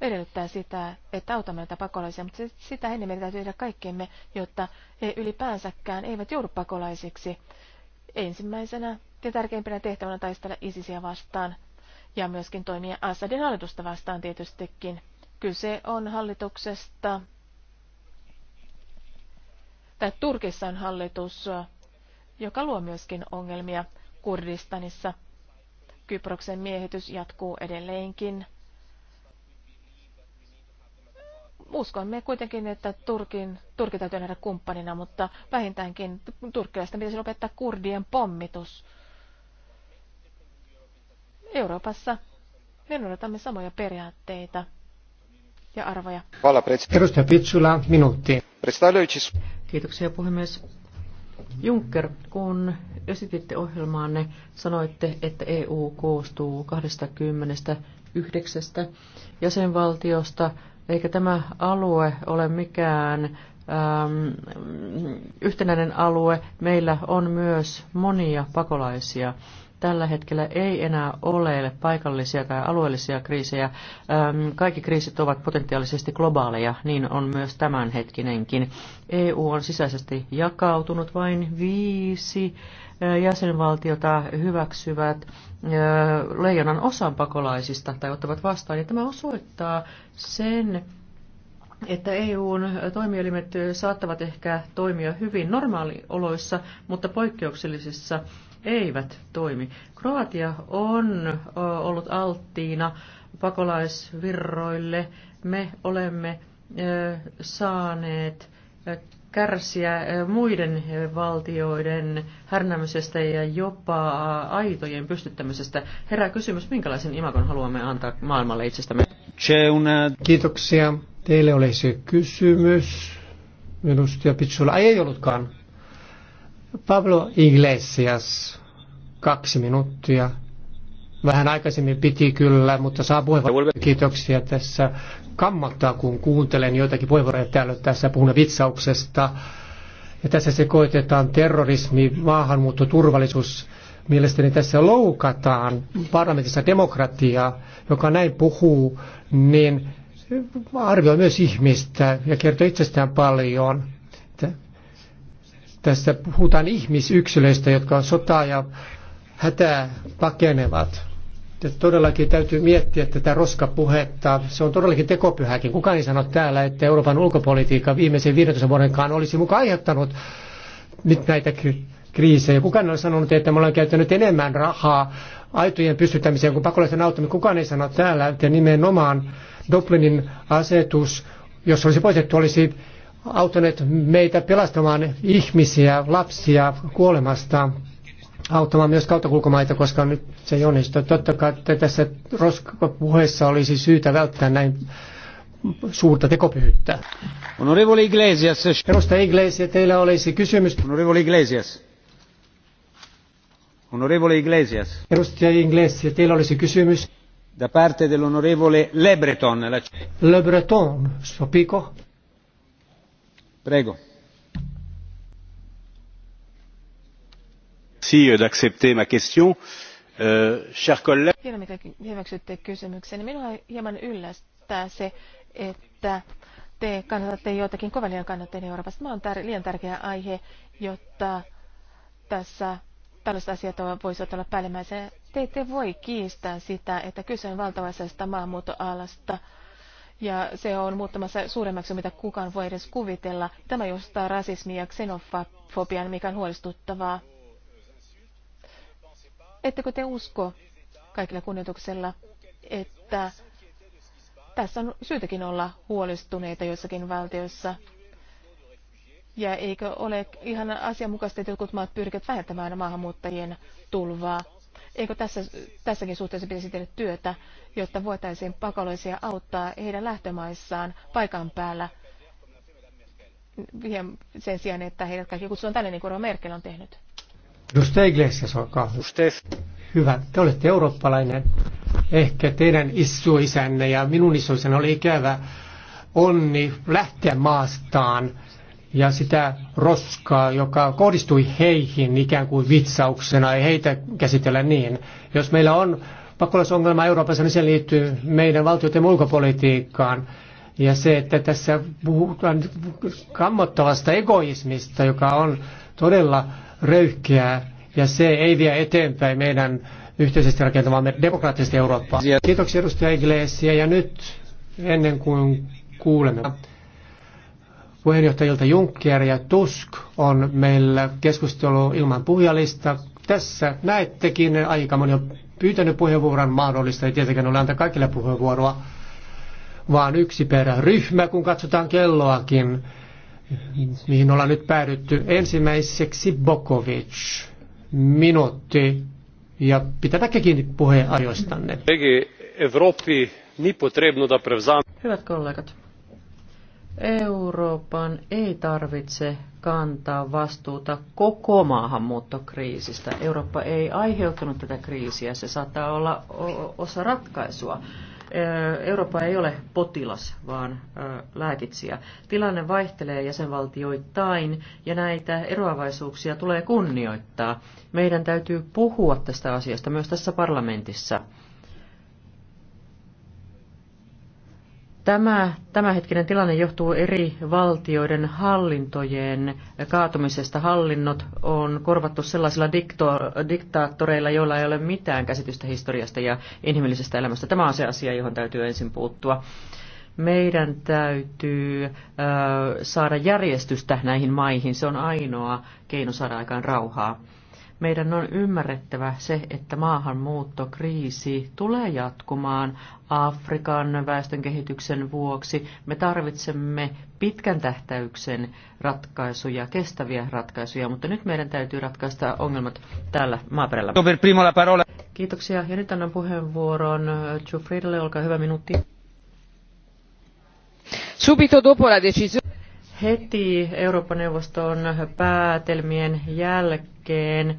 edellyttää sitä, että autamme näitä pakolaisia, mutta sitä ennen meidän täytyy tehdä kaikkemme, jotta he ylipäänsäkään eivät joudu pakolaisiksi. Ensimmäisenä ja tärkeimpänä tehtävänä taistella ISISiä vastaan ja myöskin toimia Assadin hallitusta vastaan tietystikin. Kyse on hallituksesta, tai Turkissa on hallitus, joka luo myöskin ongelmia Kurdistanissa. Kyproksen miehitys jatkuu edelleenkin. me kuitenkin, että Turkin, Turki täytyy nähdä kumppanina, mutta vähintäänkin turkkilaista pitäisi lopettaa kurdien pommitus. Euroopassa me noudatamme samoja periaatteita ja arvoja. Edustaja Pitsula, minuutti. Kiitoksia puhemies. Juncker, kun esititte ohjelmaanne, sanoitte, että EU koostuu 29 jäsenvaltiosta, eikä tämä alue ole mikään äm, yhtenäinen alue. Meillä on myös monia pakolaisia. Tällä hetkellä ei enää ole paikallisia tai alueellisia kriisejä. Kaikki kriisit ovat potentiaalisesti globaaleja, niin on myös tämänhetkinenkin. EU on sisäisesti jakautunut vain viisi jäsenvaltiota hyväksyvät leijonan osan pakolaisista tai ottavat vastaan. Ja tämä osoittaa sen, että EUn toimielimet saattavat ehkä toimia hyvin normaalioloissa, mutta poikkeuksellisissa eivät toimi. Kroatia on ollut alttiina pakolaisvirroille. Me olemme saaneet kärsiä muiden valtioiden härnämisestä ja jopa aitojen pystyttämisestä. Herää kysymys, minkälaisen imakon haluamme antaa maailmalle itsestämme? Kiitoksia. Teille olisi kysymys. Minusta ja Pitsula Ai ei ollutkaan. Pablo Iglesias, kaksi minuuttia. Vähän aikaisemmin piti kyllä, mutta saa puheenvuoroja. Kiitoksia tässä. Kammattaa, kun kuuntelen joitakin puheenvuoroja täällä. Tässä puhun vitsauksesta. Ja tässä se sekoitetaan terrorismi, maahanmuutto, turvallisuus. Mielestäni tässä loukataan parlamentissa demokratiaa, joka näin puhuu, niin arvioi myös ihmistä ja kertoo itsestään paljon tässä puhutaan ihmisyksilöistä, jotka sotaa ja hätää pakenevat. Ja todellakin täytyy miettiä tätä roskapuhetta. Se on todellakin tekopyhäkin. Kukaan ei sano täällä, että Euroopan ulkopolitiikka viimeisen 15 vuodenkaan olisi mukaan aiheuttanut nyt näitä kriisejä. Kukaan ole sanonut, että me ollaan käyttänyt enemmän rahaa aitojen pystyttämiseen kuin pakolaisten auttamiseen. Kukaan ei sano täällä, että nimenomaan Dublinin asetus, jos olisi poistettu, olisi auttaneet meitä pelastamaan ihmisiä, lapsia kuolemasta, auttamaan myös kauttakulkumaita, koska nyt se ei onnistu. Totta kai että tässä roskapuheessa olisi syytä välttää näin suurta tekopyhyyttä. Honorevole Iglesias. Perusta Iglesias, teillä olisi kysymys. Honorevole Iglesias. Honorevole Iglesias. Perusta Iglesias, teillä olisi kysymys. Da parte dell'onorevole Lebreton. La... Le Breton, Prego. Merci euh, d'accepter ma question. Euh, chers collègues. Hienoa, mitä hyväksytte kysymykseni. Minua hieman yllättää se, että te kannatatte joitakin kovalian kannattajia Euroopassa. Tämä on tär- liian tärkeä aihe, jotta tässä tällaiset asiat voisivat olla päällimmäisenä. Te ette voi kiistää sitä, että kyse on valtavaisesta maahanmuuttoalasta ja se on muuttamassa suuremmaksi, mitä kukaan voi edes kuvitella. Tämä johtaa rasismia ja xenofobian, mikä on huolestuttavaa. Ettekö te usko kaikilla kunnioituksella, että tässä on syytäkin olla huolestuneita joissakin valtioissa? Ja eikö ole ihan asianmukaista, että jotkut maat pyrkivät vähentämään maahanmuuttajien tulvaa? eikö tässä, tässäkin suhteessa pitäisi tehdä työtä, jotta voitaisiin pakolaisia auttaa heidän lähtömaissaan paikan päällä sen sijaan, että heidät kaikki kutsutaan tänne, niin kuin Merkel on tehnyt. Edustaja Iglesias, olkaa hyvä. Te olette eurooppalainen. Ehkä teidän isoisänne ja minun isoisänne oli ikävä onni lähteä maastaan ja sitä roskaa, joka kohdistui heihin ikään kuin vitsauksena, ei heitä käsitellä niin. Jos meillä on pakolaisongelma Euroopassa, niin se liittyy meidän valtioiden ulkopolitiikkaan. Ja se, että tässä puhutaan kammottavasta egoismista, joka on todella röyhkeää, ja se ei vie eteenpäin meidän yhteisesti rakentamamme demokraattista Eurooppaa. Kiitoksia edustaja Iglesia, ja nyt ennen kuin kuulemme puheenjohtajilta Juncker ja Tusk on meillä keskustelu ilman puhujalista. Tässä näettekin aika moni on pyytänyt puheenvuoron mahdollista, ei tietenkään ole antaa kaikille puheenvuoroa, vaan yksi per ryhmä, kun katsotaan kelloakin, mihin ollaan nyt päädytty. Ensimmäiseksi Bokovic, minuutti, ja pitäkääkin kiinni puheenajoistanne. Hyvät kollegat, Euroopan ei tarvitse kantaa vastuuta koko maahanmuuttokriisistä. Eurooppa ei aiheuttanut tätä kriisiä, se saattaa olla osa ratkaisua. Eurooppa ei ole potilas, vaan lääkitsijä. Tilanne vaihtelee jäsenvaltioittain ja näitä eroavaisuuksia tulee kunnioittaa. Meidän täytyy puhua tästä asiasta myös tässä parlamentissa. Tämä tämänhetkinen tilanne johtuu eri valtioiden hallintojen kaatumisesta. Hallinnot on korvattu sellaisilla dikto, diktaattoreilla, joilla ei ole mitään käsitystä historiasta ja inhimillisestä elämästä. Tämä on se asia, johon täytyy ensin puuttua. Meidän täytyy saada järjestystä näihin maihin. Se on ainoa keino saada aikaan rauhaa. Meidän on ymmärrettävä se, että maahanmuuttokriisi tulee jatkumaan Afrikan väestönkehityksen vuoksi. Me tarvitsemme pitkän tähtäyksen ratkaisuja, kestäviä ratkaisuja, mutta nyt meidän täytyy ratkaista ongelmat täällä maaperällä. Kiitoksia. Ja nyt annan puheenvuoron Jufridelle. Olkaa hyvä minuutti. Subito dopo la decisione heti Euroopan neuvoston päätelmien jälkeen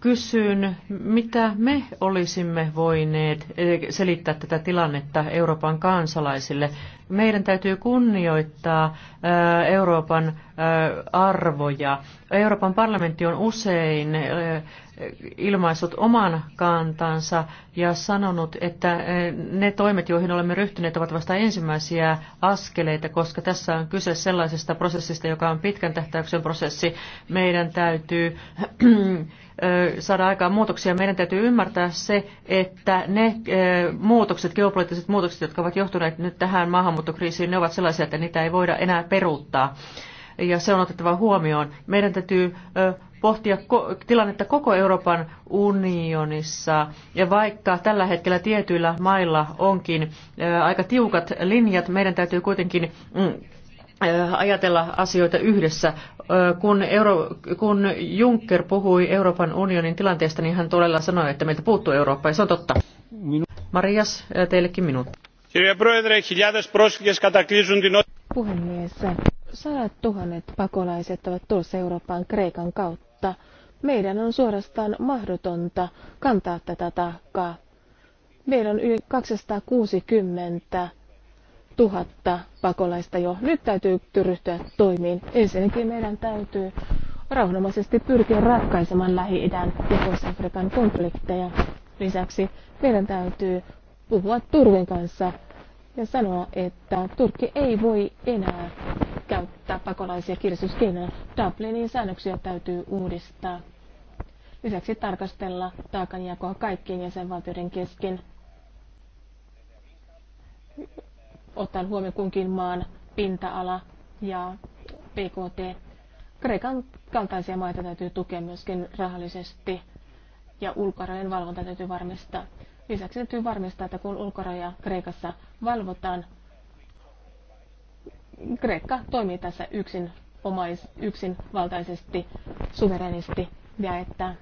kysyn, mitä me olisimme voineet e, selittää tätä tilannetta Euroopan kansalaisille. Meidän täytyy kunnioittaa Euroopan arvoja. Euroopan parlamentti on usein ilmaissut oman kantansa ja sanonut, että eh, ne toimet, joihin olemme ryhtyneet, ovat vasta ensimmäisiä askeleita, koska tässä on kyse sellaisesta prosessista, joka on pitkän tähtäyksen prosessi. Meidän täytyy eh, saada aikaan muutoksia. Meidän täytyy ymmärtää se, että ne eh, muutokset, geopoliittiset muutokset, jotka ovat johtuneet nyt tähän maahanmuuttokriisiin, ne ovat sellaisia, että niitä ei voida enää peruuttaa. Ja se on otettava huomioon. Meidän täytyy pohtia tilannetta koko Euroopan unionissa. Ja vaikka tällä hetkellä tietyillä mailla onkin aika tiukat linjat, meidän täytyy kuitenkin mm, ajatella asioita yhdessä. Kun, Euro, kun Juncker puhui Euroopan unionin tilanteesta, niin hän todella sanoi, että meiltä puuttuu Eurooppa, ja se on totta. Marias, teillekin minuutti. Puhemies, sadat tuhannet pakolaiset ovat tulossa Eurooppaan Kreikan kautta. Meidän on suorastaan mahdotonta kantaa tätä taakkaa. Meillä on yli 260 000 pakolaista jo. Nyt täytyy ryhtyä toimiin. Ensinnäkin meidän täytyy rauhanomaisesti pyrkiä ratkaisemaan Lähi-idän ja Pohjois-Afrikan konflikteja. Lisäksi meidän täytyy puhua Turkin kanssa ja sanoa, että Turkki ei voi enää käyttää pakolaisia kiristyskeinoja. Dublinin säännöksiä täytyy uudistaa. Lisäksi tarkastella taakanjakoa kaikkien jäsenvaltioiden kesken, ottaen huomioon kunkin maan pinta-ala ja PKT. Kreikan kaltaisia maita täytyy tukea myöskin rahallisesti ja ulkorajojen valvonta täytyy varmistaa. Lisäksi täytyy varmistaa, että kun ulkoraja Kreikassa valvotaan, Kreikka toimii tässä yksin, omais, yksin valtaisesti, suverenisti ja että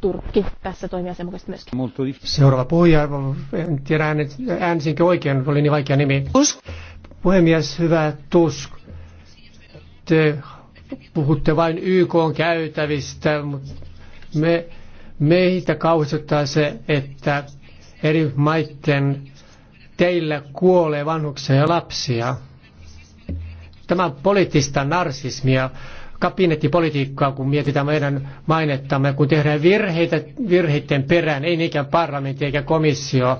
Turkki tässä toimii asianmukaisesti myöskin. Seuraava puhuja, en tiedä äänsinkö oikein, oli niin vaikea nimi. Tusk. Puhemies, hyvä Tusk. Te puhutte vain YK käytävistä, mutta me, meitä kauhistuttaa se, että eri maiden teillä kuolee vanhuksia ja lapsia. Tämä on poliittista narsismia, kabinettipolitiikkaa, kun mietitään meidän mainettamme, kun tehdään virheitä virheiden perään, ei niinkään parlamentti eikä komissio.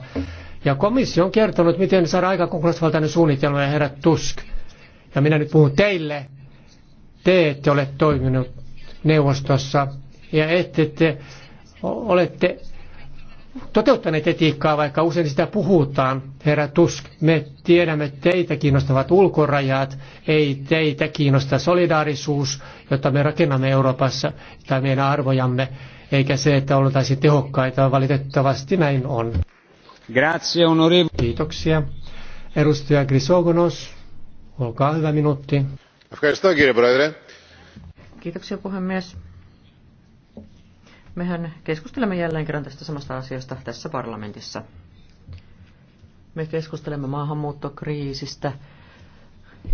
Ja komissio on kertonut, miten saada aika kokonaisvaltainen suunnitelma ja herra Tusk. Ja minä nyt puhun teille, te ette ole toiminut neuvostossa ja ette te olette toteuttaneet etiikkaa, vaikka usein sitä puhutaan. Herra Tusk, me tiedämme, että teitä kiinnostavat ulkorajat, ei teitä kiinnosta solidaarisuus, jota me rakennamme Euroopassa tai meidän arvojamme, eikä se, että oltaisiin tehokkaita. Valitettavasti näin on. Grazie, onorevole. Kiitoksia. Edustaja Grisogonos, olkaa hyvä minuutti. Kiitoksia puhemies Mehän keskustelemme jälleen kerran tästä samasta asiasta tässä parlamentissa. Me keskustelemme maahanmuuttokriisistä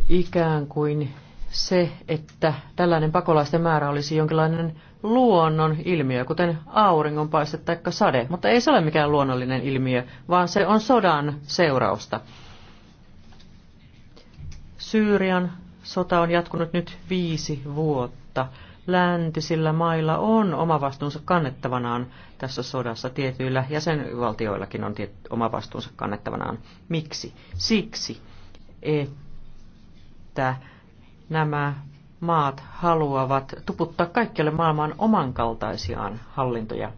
ikään kuin se, että tällainen pakolaisten määrä olisi jonkinlainen luonnon ilmiö, kuten auringonpaiste tai sade, mutta ei se ole mikään luonnollinen ilmiö, vaan se on sodan seurausta. Syyrian sota on jatkunut nyt viisi vuotta läntisillä mailla on oma vastuunsa kannettavanaan tässä sodassa. Tietyillä jäsenvaltioillakin on oma vastuunsa kannettavanaan. Miksi? Siksi, että nämä maat haluavat tuputtaa kaikkialle maailmaan omankaltaisiaan hallintoja.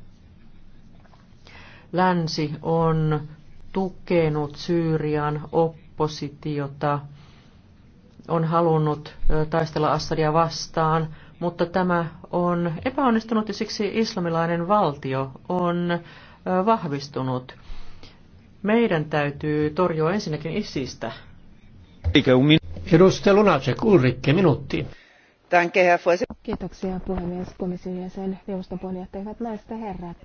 Länsi on tukenut Syyrian oppositiota, on halunnut taistella Assadia vastaan, mutta tämä on epäonnistunut ja siksi islamilainen valtio on vahvistunut. Meidän täytyy torjua ensinnäkin isistä. Edustaja Lunacek, Ulrikke, minuutti. Kiitoksia puhemies, komission jäsen, neuvoston puheenjohtaja, hyvät naiset ja herrat.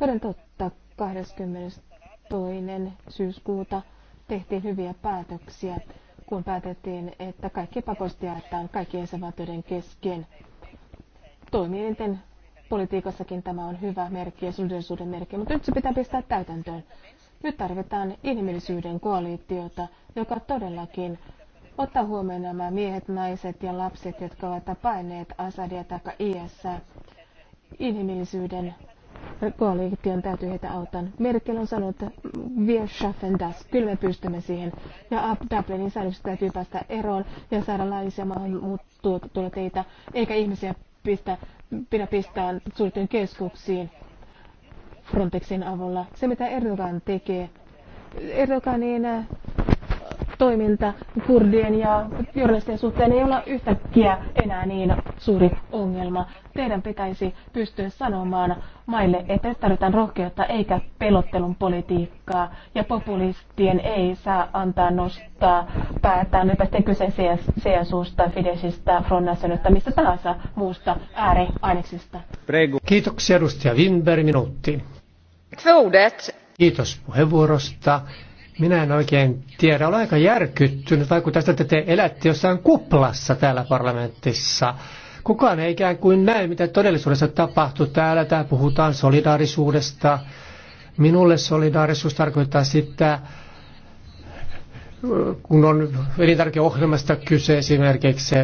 Toden totta, 22. syyskuuta tehtiin hyviä päätöksiä kun päätettiin, että kaikki pakosti jaetaan kaikki jäsenvaltioiden kesken. Toimielinten politiikassakin tämä on hyvä merkki ja solidarisuuden merkki, mutta nyt se pitää pistää täytäntöön. Nyt tarvitaan inhimillisyyden koalitiota, joka todellakin ottaa huomioon nämä miehet, naiset ja lapset, jotka ovat paineet Asadia tai IS. Inhimillisyyden koalition täytyy heitä auttaa. Merkel on sanonut, että wir schaffen das, kyllä me pystymme siihen. Ja Dublinin säännöksistä täytyy päästä eroon ja saada laillisia teitä eikä ihmisiä pistä, pidä pistää suljettujen keskuksiin Frontexin avulla. Se, mitä Erdogan tekee, Erdoganin toiminta kurdien ja journalistien suhteen ei ole yhtäkkiä enää niin suuri ongelma. Teidän pitäisi pystyä sanomaan maille, että nyt tarvitaan rohkeutta eikä pelottelun politiikkaa ja populistien ei saa antaa nostaa päätään, nyt sitten kyse CSUsta, Fidesistä, Front mistä tahansa muusta ääriaineksista. Kiitoksia edustaja Winberg, minuutti. Kiitos puheenvuorosta. Minä en oikein tiedä. Olen aika järkyttynyt, vaikka tästä, että te elätte jossain kuplassa täällä parlamentissa. Kukaan ei ikään kuin näe, mitä todellisuudessa tapahtuu täällä. Täällä puhutaan solidaarisuudesta. Minulle solidaarisuus tarkoittaa sitä, kun on elintarkeohjelmasta kyse esimerkiksi,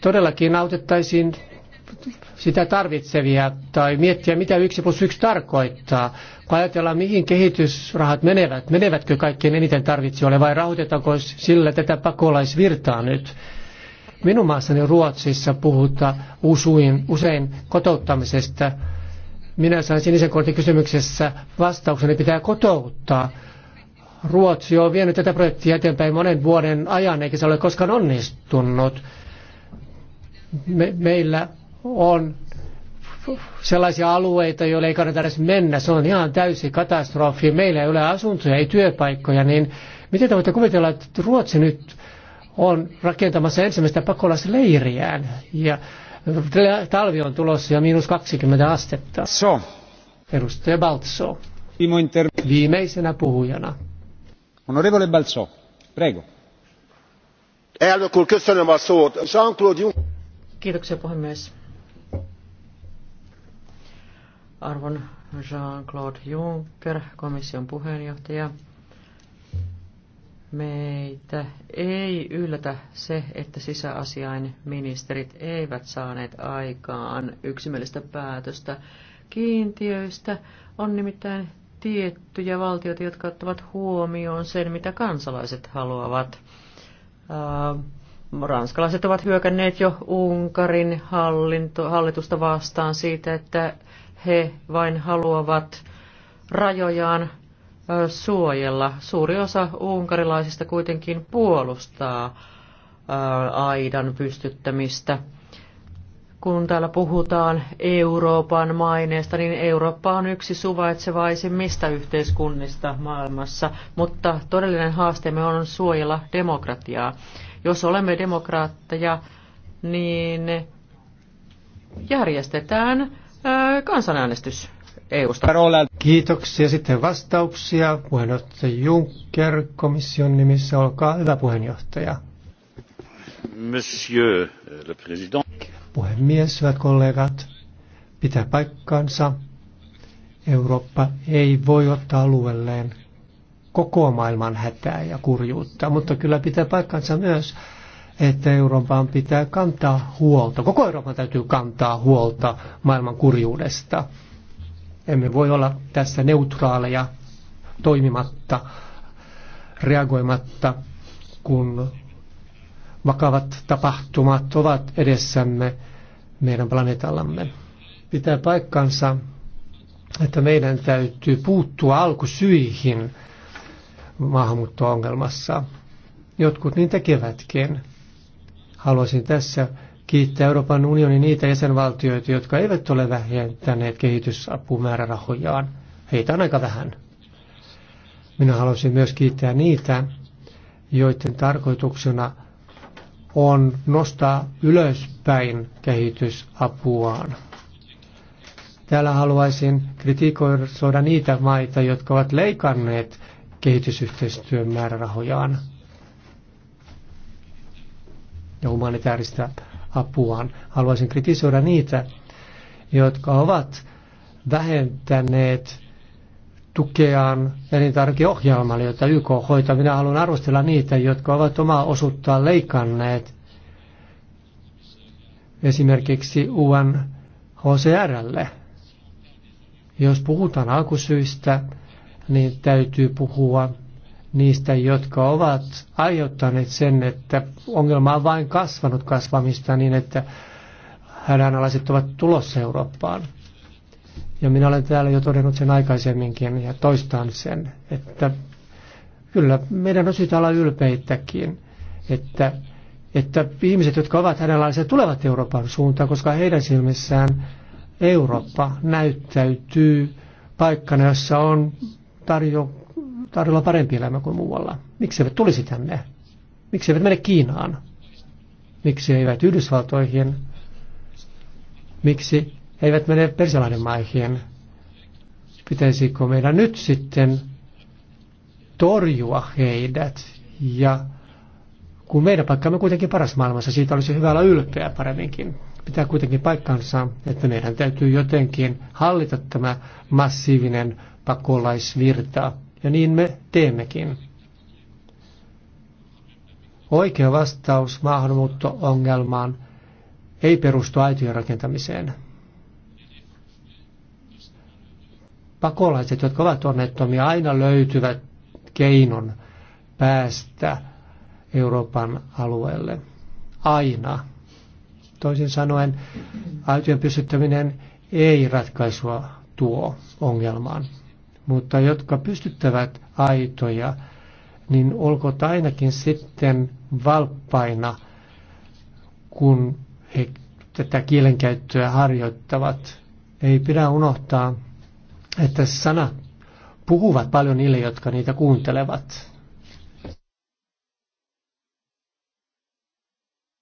todellakin autettaisiin sitä tarvitsevia tai miettiä, mitä yksi plus yksi tarkoittaa. Kun ajatellaan, mihin kehitysrahat menevät, menevätkö kaikkien eniten tarvitsijoille vai rahoitetaanko sillä tätä pakolaisvirtaa nyt? Minun maassani Ruotsissa puhutaan usuin, usein kotouttamisesta. Minä sain sinisen kortin kysymyksessä vastauksen, että pitää kotouttaa. Ruotsi on vienyt tätä projektia eteenpäin monen vuoden ajan, eikä se ole koskaan onnistunut. Me, meillä on sellaisia alueita, joille ei kannata edes mennä. Se on ihan täysi katastrofi. Meillä ei ole asuntoja, ei työpaikkoja, niin miten te voitte kuvitella, että Ruotsi nyt on rakentamassa ensimmäistä pakolaisleiriään ja talvi on tulossa ja miinus 20 astetta. So. Edustaja Baltso. Viimeisenä puhujana. Onorevole Baltso, prego. Elnök úr, köszönöm a szót. Jean-Claude Juncker. Kiitoksia puhemies arvon Jean-Claude Juncker, komission puheenjohtaja. Meitä ei yllätä se, että sisäasiain ministerit eivät saaneet aikaan yksimielistä päätöstä kiintiöistä. On nimittäin tiettyjä valtioita, jotka ottavat huomioon sen, mitä kansalaiset haluavat. Ranskalaiset ovat hyökänneet jo Unkarin hallinto, hallitusta vastaan siitä, että he vain haluavat rajojaan suojella. Suuri osa unkarilaisista kuitenkin puolustaa aidan pystyttämistä. Kun täällä puhutaan Euroopan maineesta, niin Eurooppa on yksi suvaitsevaisimmista yhteiskunnista maailmassa, mutta todellinen haasteemme on suojella demokratiaa. Jos olemme demokraatteja, niin järjestetään kansanäänestys EUsta. Kiitoksia. Sitten vastauksia. Puheenjohtaja Juncker komission nimissä. Olkaa hyvä puheenjohtaja. Monsieur le Président. Puhemies, hyvät kollegat, pitää paikkansa. Eurooppa ei voi ottaa alueelleen koko maailman hätää ja kurjuutta, mutta kyllä pitää paikkansa myös, että Euroopan pitää kantaa huolta. Koko Euroopan täytyy kantaa huolta maailman kurjuudesta. Emme voi olla tässä neutraaleja toimimatta, reagoimatta, kun vakavat tapahtumat ovat edessämme meidän planeetallamme. Pitää paikkansa, että meidän täytyy puuttua alkusyihin maahanmuutto-ongelmassa. Jotkut niin tekevätkin. Haluaisin tässä kiittää Euroopan unionin niitä jäsenvaltioita, jotka eivät ole vähentäneet kehitysapumäärärahojaan. Heitä on aika vähän. Minä haluaisin myös kiittää niitä, joiden tarkoituksena on nostaa ylöspäin kehitysapuaan. Täällä haluaisin kritikoida niitä maita, jotka ovat leikanneet kehitysyhteistyön määrärahojaan ja humanitaarista apuaan. Haluaisin kritisoida niitä, jotka ovat vähentäneet tukeaan elintarvikeohjelmalle, jota YK hoitaa. Minä haluan arvostella niitä, jotka ovat omaa osuuttaan leikanneet esimerkiksi UNHCRlle. Jos puhutaan alkusyistä, niin täytyy puhua niistä, jotka ovat aiheuttaneet sen, että ongelma on vain kasvanut kasvamista niin, että hädänalaiset ovat tulossa Eurooppaan. Ja minä olen täällä jo todennut sen aikaisemminkin ja toistan sen, että kyllä meidän on syytä olla ylpeitäkin, että, että ihmiset, jotka ovat hädänalaisia, tulevat Euroopan suuntaan, koska heidän silmissään Eurooppa näyttäytyy paikkana, jossa on tarjo tarjolla parempi elämä kuin muualla. Miksi eivät tulisi tänne? Miksi eivät mene Kiinaan? Miksi eivät Yhdysvaltoihin? Miksi eivät mene persialainen maihin? Pitäisikö meidän nyt sitten torjua heidät ja kun meidän paikkamme kuitenkin paras maailmassa, siitä olisi hyvä olla ylpeä paremminkin. Pitää kuitenkin paikkansa, että meidän täytyy jotenkin hallita tämä massiivinen pakolaisvirta. Ja niin me teemmekin. Oikea vastaus maahanmuutto-ongelmaan ei perustu aitojen rakentamiseen. Pakolaiset, jotka ovat onnettomia, aina löytyvät keinon päästä Euroopan alueelle. Aina. Toisin sanoen, aitojen pysyttäminen ei ratkaisua tuo ongelmaan mutta jotka pystyttävät aitoja, niin olkoot ainakin sitten valppaina, kun he tätä kielenkäyttöä harjoittavat. Ei pidä unohtaa, että sana puhuvat paljon niille, jotka niitä kuuntelevat.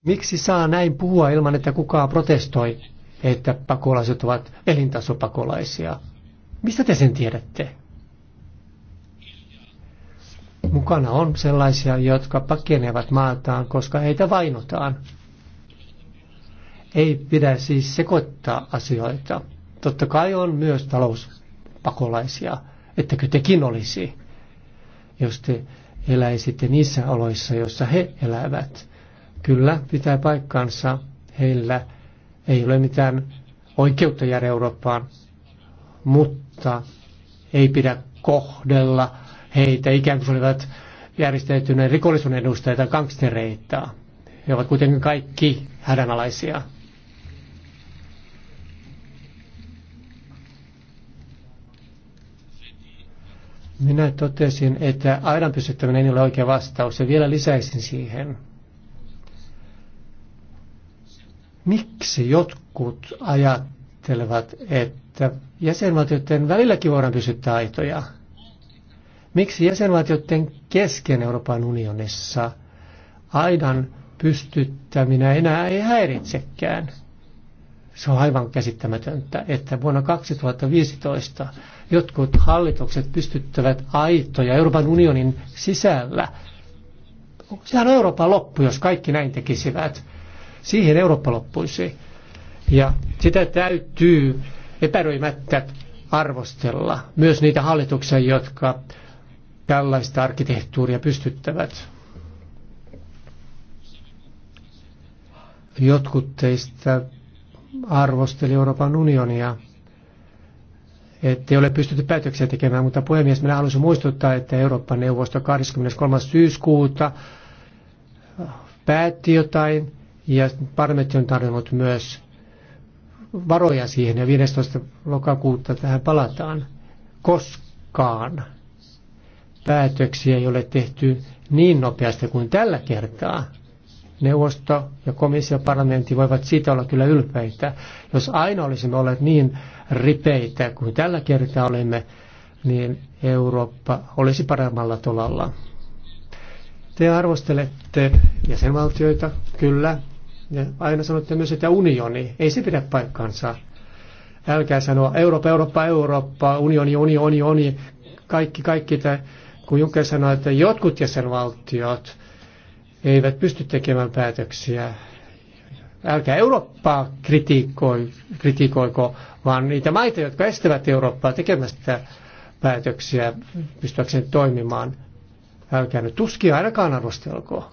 Miksi saa näin puhua ilman, että kukaan protestoi, että pakolaiset ovat elintasopakolaisia? Mistä te sen tiedätte? Mukana on sellaisia, jotka pakenevat maataan, koska heitä vainotaan. Ei pidä siis sekoittaa asioita. Totta kai on myös talouspakolaisia, ettekö tekin olisi, jos te eläisitte niissä oloissa, joissa he elävät. Kyllä, pitää paikkansa. Heillä ei ole mitään oikeutta jäädä Eurooppaan, mutta mutta ei pidä kohdella heitä ikään kuin olivat järjestäytyneen rikollisuuden edustajia tai gangstereita. He ovat kuitenkin kaikki hädänalaisia. Minä totesin, että aidan pysyttäminen ei ole oikea vastaus, ja vielä lisäisin siihen. Miksi jotkut ajattelevat, että että jäsenvaltioiden välilläkin voidaan pysyttää aitoja. Miksi jäsenvaltioiden kesken Euroopan unionissa aidan pystyttäminen enää ei häiritsekään? Se on aivan käsittämätöntä, että vuonna 2015 jotkut hallitukset pystyttävät aitoja Euroopan unionin sisällä. Sehän on Euroopan loppu, jos kaikki näin tekisivät. Siihen Eurooppa loppuisi. Ja sitä täytyy epäröimättä arvostella myös niitä hallituksia, jotka tällaista arkkitehtuuria pystyttävät. Jotkut teistä arvosteli Euroopan unionia, ettei ole pystytty päätöksiä tekemään, mutta puhemies, minä haluaisin muistuttaa, että Euroopan neuvosto 23. syyskuuta päätti jotain ja parlamentti on tarjonnut myös varoja siihen ja 15. lokakuuta tähän palataan. Koskaan päätöksiä ei ole tehty niin nopeasti kuin tällä kertaa. Neuvosto ja komissio parlamentti voivat siitä olla kyllä ylpeitä. Jos aina olisimme olleet niin ripeitä kuin tällä kertaa olemme, niin Eurooppa olisi paremmalla tolalla. Te arvostelette jäsenvaltioita, kyllä, ja aina sanotte myös, että unioni, ei se pidä paikkaansa. Älkää sanoa Eurooppa, Eurooppa, Eurooppa, unioni, unioni, unioni, kaikki, kaikki. Tämä, kun Juncker sanoi, että jotkut jäsenvaltiot eivät pysty tekemään päätöksiä. Älkää Eurooppaa kritikoi, kritikoiko, vaan niitä maita, jotka estävät Eurooppaa tekemästä päätöksiä pystyäkseen toimimaan. Älkää nyt tuskia ainakaan arvostelkoa.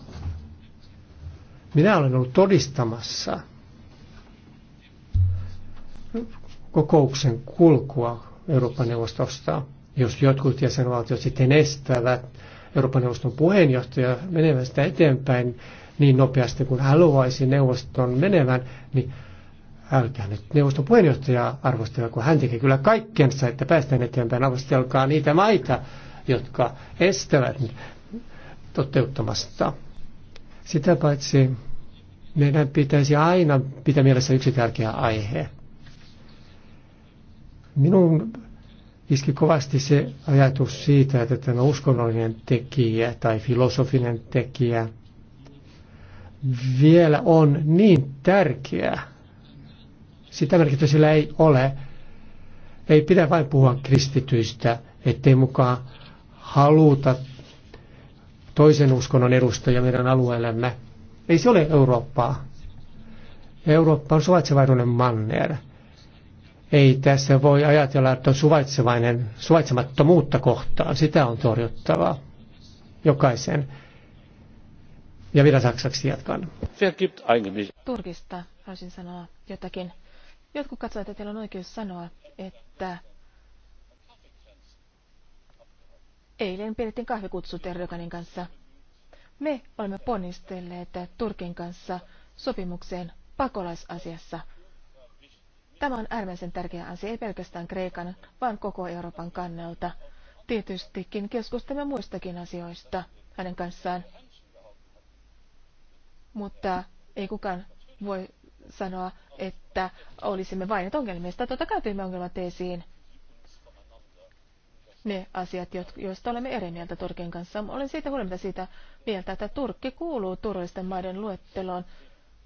Minä olen ollut todistamassa kokouksen kulkua Euroopan neuvostosta. Jos jotkut jäsenvaltiot sitten estävät Euroopan neuvoston puheenjohtaja menemästä eteenpäin niin nopeasti kuin haluaisi neuvoston menevän, niin älkää nyt neuvoston puheenjohtajaa arvostella, kun hän tekee kyllä kaikkensa, että päästään eteenpäin. Arvostelkaa niitä maita, jotka estävät toteuttamasta sitä paitsi meidän pitäisi aina pitää mielessä yksi tärkeä aihe. Minun iski kovasti se ajatus siitä, että tämä uskonnollinen tekijä tai filosofinen tekijä vielä on niin tärkeä. Sitä merkitystä sillä ei ole. Ei pidä vain puhua kristityistä, ettei mukaan haluta toisen uskonnon edustaja meidän alueellemme. Ei se ole Eurooppaa. Eurooppa on suvaitsevainen manner. Ei tässä voi ajatella, että on suvaitsevainen, suvaitsemattomuutta kohtaan. Sitä on torjuttava jokaisen. Ja vielä saksaksi jatkan. Turkista haluaisin sanoa jotakin. Jotkut katsovat, että teillä on oikeus sanoa, että Eilen pidettiin kahvikutsut Erdoganin kanssa. Me olemme ponnistelleet Turkin kanssa sopimukseen pakolaisasiassa. Tämä on äärimmäisen tärkeä asia, ei pelkästään Kreikan, vaan koko Euroopan kannalta. Tietystikin keskustelemme muistakin asioista hänen kanssaan. Mutta ei kukaan voi sanoa, että olisimme vain ongelmista. Totta kai ongelmat esiin ne asiat, joista olemme eri mieltä Turkin kanssa. Olen siitä huolimatta siitä mieltä, että Turkki kuuluu turvallisten maiden luetteloon.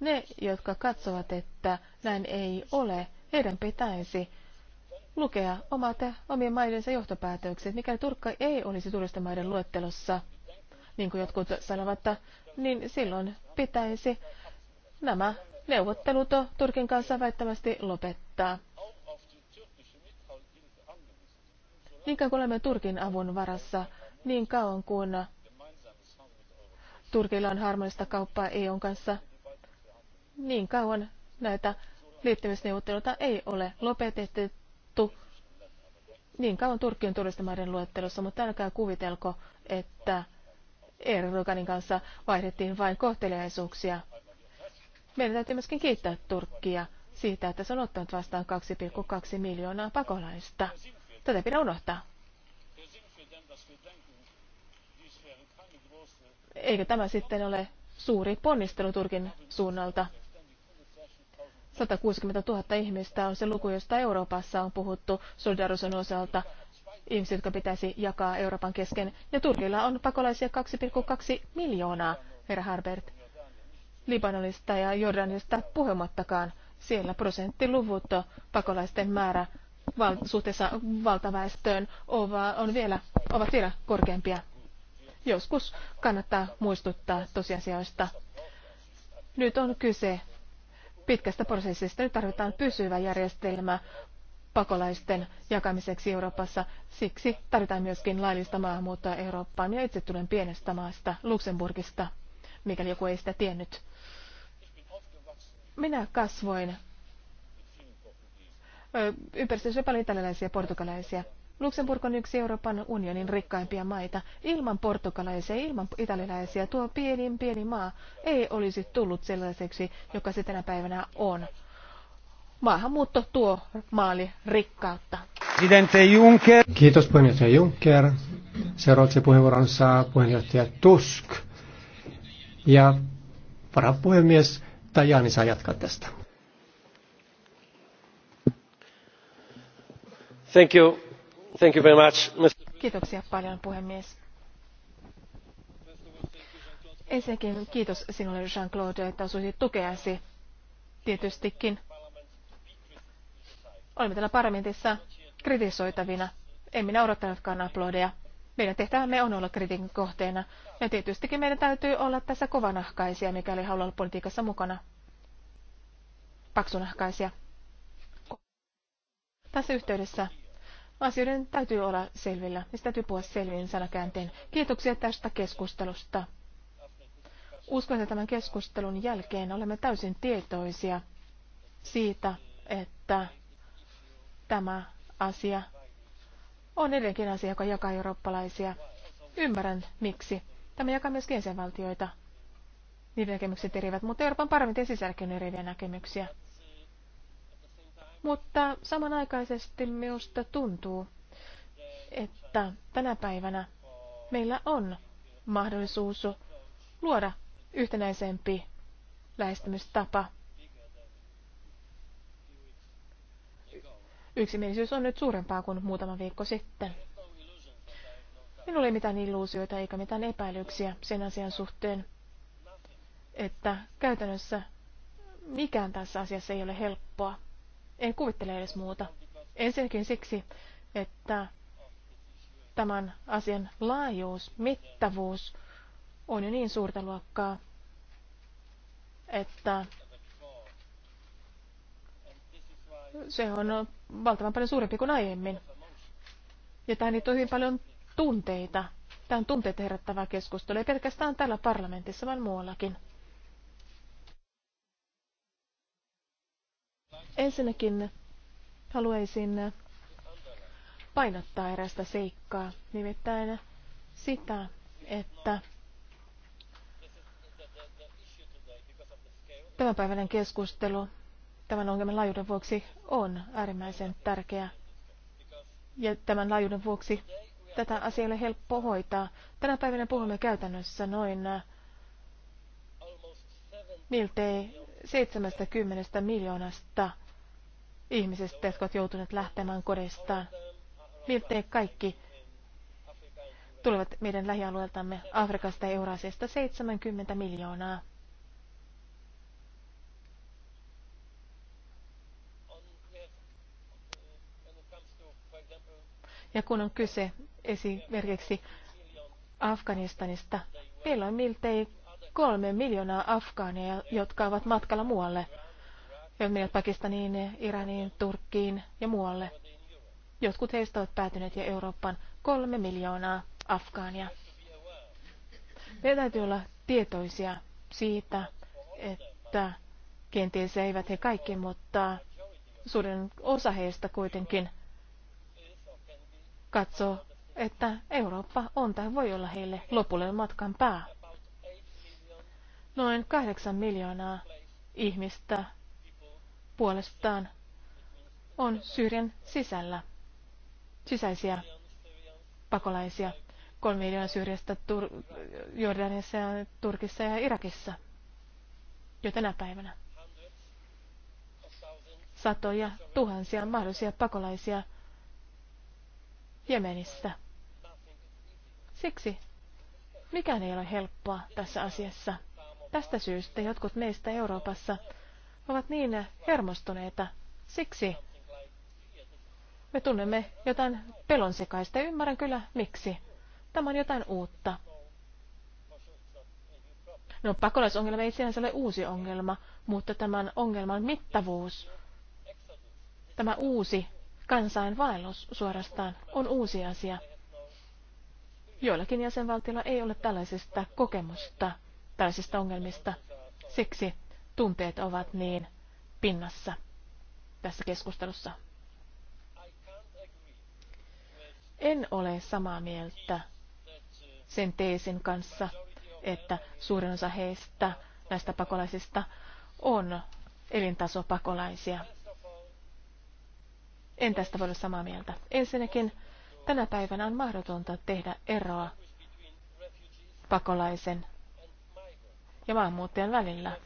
Ne, jotka katsovat, että näin ei ole, heidän pitäisi lukea omat omien maidensa johtopäätökset. Mikäli Turkka ei olisi turvallisten maiden luettelossa, niin kuin jotkut sanovat, niin silloin pitäisi nämä neuvottelut Turkin kanssa väittämästi lopettaa. kauan kuin olemme Turkin avun varassa, niin kauan kuin Turkilla on harmonista kauppaa EUn kanssa, niin kauan näitä liittymisneuvotteluita ei ole lopetettu. Niin kauan Turkki on turistamaiden luettelossa, mutta älkää kuvitelko, että Erdoganin kanssa vaihdettiin vain kohteliaisuuksia. Meidän täytyy myöskin kiittää Turkkia siitä, että se on ottanut vastaan 2,2 miljoonaa pakolaista. Tätä pidä unohtaa. Eikö tämä sitten ole suuri ponnistelu Turkin suunnalta? 160 000 ihmistä on se luku, josta Euroopassa on puhuttu solidarisuuden osalta Ihmiset, jotka pitäisi jakaa Euroopan kesken. Ja Turkilla on pakolaisia 2,2 miljoonaa, herra Harbert. Libanonista ja Jordanista puhumattakaan. Siellä prosenttiluvut pakolaisten määrä val- suhteessa valtaväestöön on vielä, ovat vielä korkeampia. Joskus kannattaa muistuttaa tosiasioista. Nyt on kyse pitkästä prosessista. Nyt tarvitaan pysyvä järjestelmä pakolaisten jakamiseksi Euroopassa. Siksi tarvitaan myöskin laillista maahanmuuttoa Eurooppaan. Ja itse tulen pienestä maasta, Luxemburgista, mikäli joku ei sitä tiennyt. Minä kasvoin ympäristössä paljon italialaisia portugalaisia. Luxemburg on yksi Euroopan unionin rikkaimpia maita. Ilman portugalaisia, ilman italialaisia tuo pieni pieni maa ei olisi tullut sellaiseksi, joka se tänä päivänä on. Maahanmuutto tuo maali rikkautta. Presidente Juncker. Kiitos puheenjohtaja Juncker. Seuraavaksi puheenvuoron saa puheenjohtaja Tusk. Ja varapuhemies Tajani saa jatkaa tästä. Kiitoksia paljon puhemies. Ensinnäkin kiitos sinulle Jean-Claude, että osoitit tukeasi tietystikin. Olemme täällä parlamentissa kritisoitavina. En minä odottanutkaan aplodeja. Meidän tehtävämme on olla kritiikin kohteena. Ja tietystikin meidän täytyy olla tässä kovanahkaisia, mikäli haluaa olla politiikassa mukana. Paksunahkaisia. Tässä yhteydessä asioiden täytyy olla selvillä, niistä täytyy puhua selvin sanakäänteen. Kiitoksia tästä keskustelusta. Uskon, että tämän keskustelun jälkeen olemme täysin tietoisia siitä, että tämä asia on edelleenkin asia, joka jakaa eurooppalaisia. Ymmärrän miksi. Tämä jakaa myös jäsenvaltioita. Niiden näkemykset erivät, mutta Euroopan parlamentin sisälläkin on eriviä näkemyksiä. Mutta samanaikaisesti minusta tuntuu, että tänä päivänä meillä on mahdollisuus luoda yhtenäisempi lähestymistapa. Yksimielisyys on nyt suurempaa kuin muutama viikko sitten. Minulla ei mitään illuusioita eikä mitään epäilyksiä sen asian suhteen, että käytännössä mikään tässä asiassa ei ole helppoa. En kuvittele edes muuta. Ensinnäkin siksi, että tämän asian laajuus, mittavuus on jo niin suurta luokkaa, että se on valtavan paljon suurempi kuin aiemmin. Ja tähän liittyy hyvin paljon tunteita. Tämä on tunteita herättävää keskustelua, ei pelkästään täällä parlamentissa, vaan muuallakin. Ensinnäkin haluaisin painottaa erästä seikkaa, nimittäin sitä, että tämänpäiväinen keskustelu tämän ongelman laajuuden vuoksi on äärimmäisen tärkeä. Ja tämän laajuuden vuoksi tätä asiaa ei ole helppo hoitaa. Tänä päivänä puhumme käytännössä noin miltei 70 miljoonasta ihmisistä, jotka ovat joutuneet lähtemään kodeistaan. Miltei kaikki tulevat meidän lähialueeltamme Afrikasta ja Eurasiasta 70 miljoonaa. Ja kun on kyse esimerkiksi Afganistanista, meillä on miltei kolme miljoonaa afgaaneja, jotka ovat matkalla muualle ja menivät Pakistaniin, Iraniin, Turkkiin ja muualle. Jotkut heistä ovat päätyneet ja Eurooppaan kolme miljoonaa afgaania. Meidän täytyy olla tietoisia siitä, että kenties eivät he kaikki, mutta suurin osa heistä kuitenkin katsoo, että Eurooppa on tai voi olla heille lopullinen matkan pää. Noin kahdeksan miljoonaa ihmistä puolestaan on Syyrian sisällä sisäisiä pakolaisia. Kolme miljoonaa Syyriasta, Tur- Jordaniassa, Turkissa ja Irakissa jo tänä päivänä. Satoja tuhansia mahdollisia pakolaisia Jemenissä. Siksi mikään ei ole helppoa tässä asiassa. Tästä syystä jotkut meistä Euroopassa ovat niin hermostuneita. Siksi me tunnemme jotain pelon sekaista. ymmärrän kyllä miksi. Tämä on jotain uutta. No, pakolaisongelma ei sinänsä ole uusi ongelma, mutta tämän ongelman mittavuus, tämä uusi kansainvaellus suorastaan, on uusi asia. Joillakin jäsenvaltioilla ei ole tällaisesta kokemusta, tällaisista ongelmista. Siksi tunteet ovat niin pinnassa tässä keskustelussa. En ole samaa mieltä sen teesin kanssa, että suurin osa heistä, näistä pakolaisista, on elintasopakolaisia. En tästä voi olla samaa mieltä. Ensinnäkin tänä päivänä on mahdotonta tehdä eroa pakolaisen ja maahanmuuttajan välillä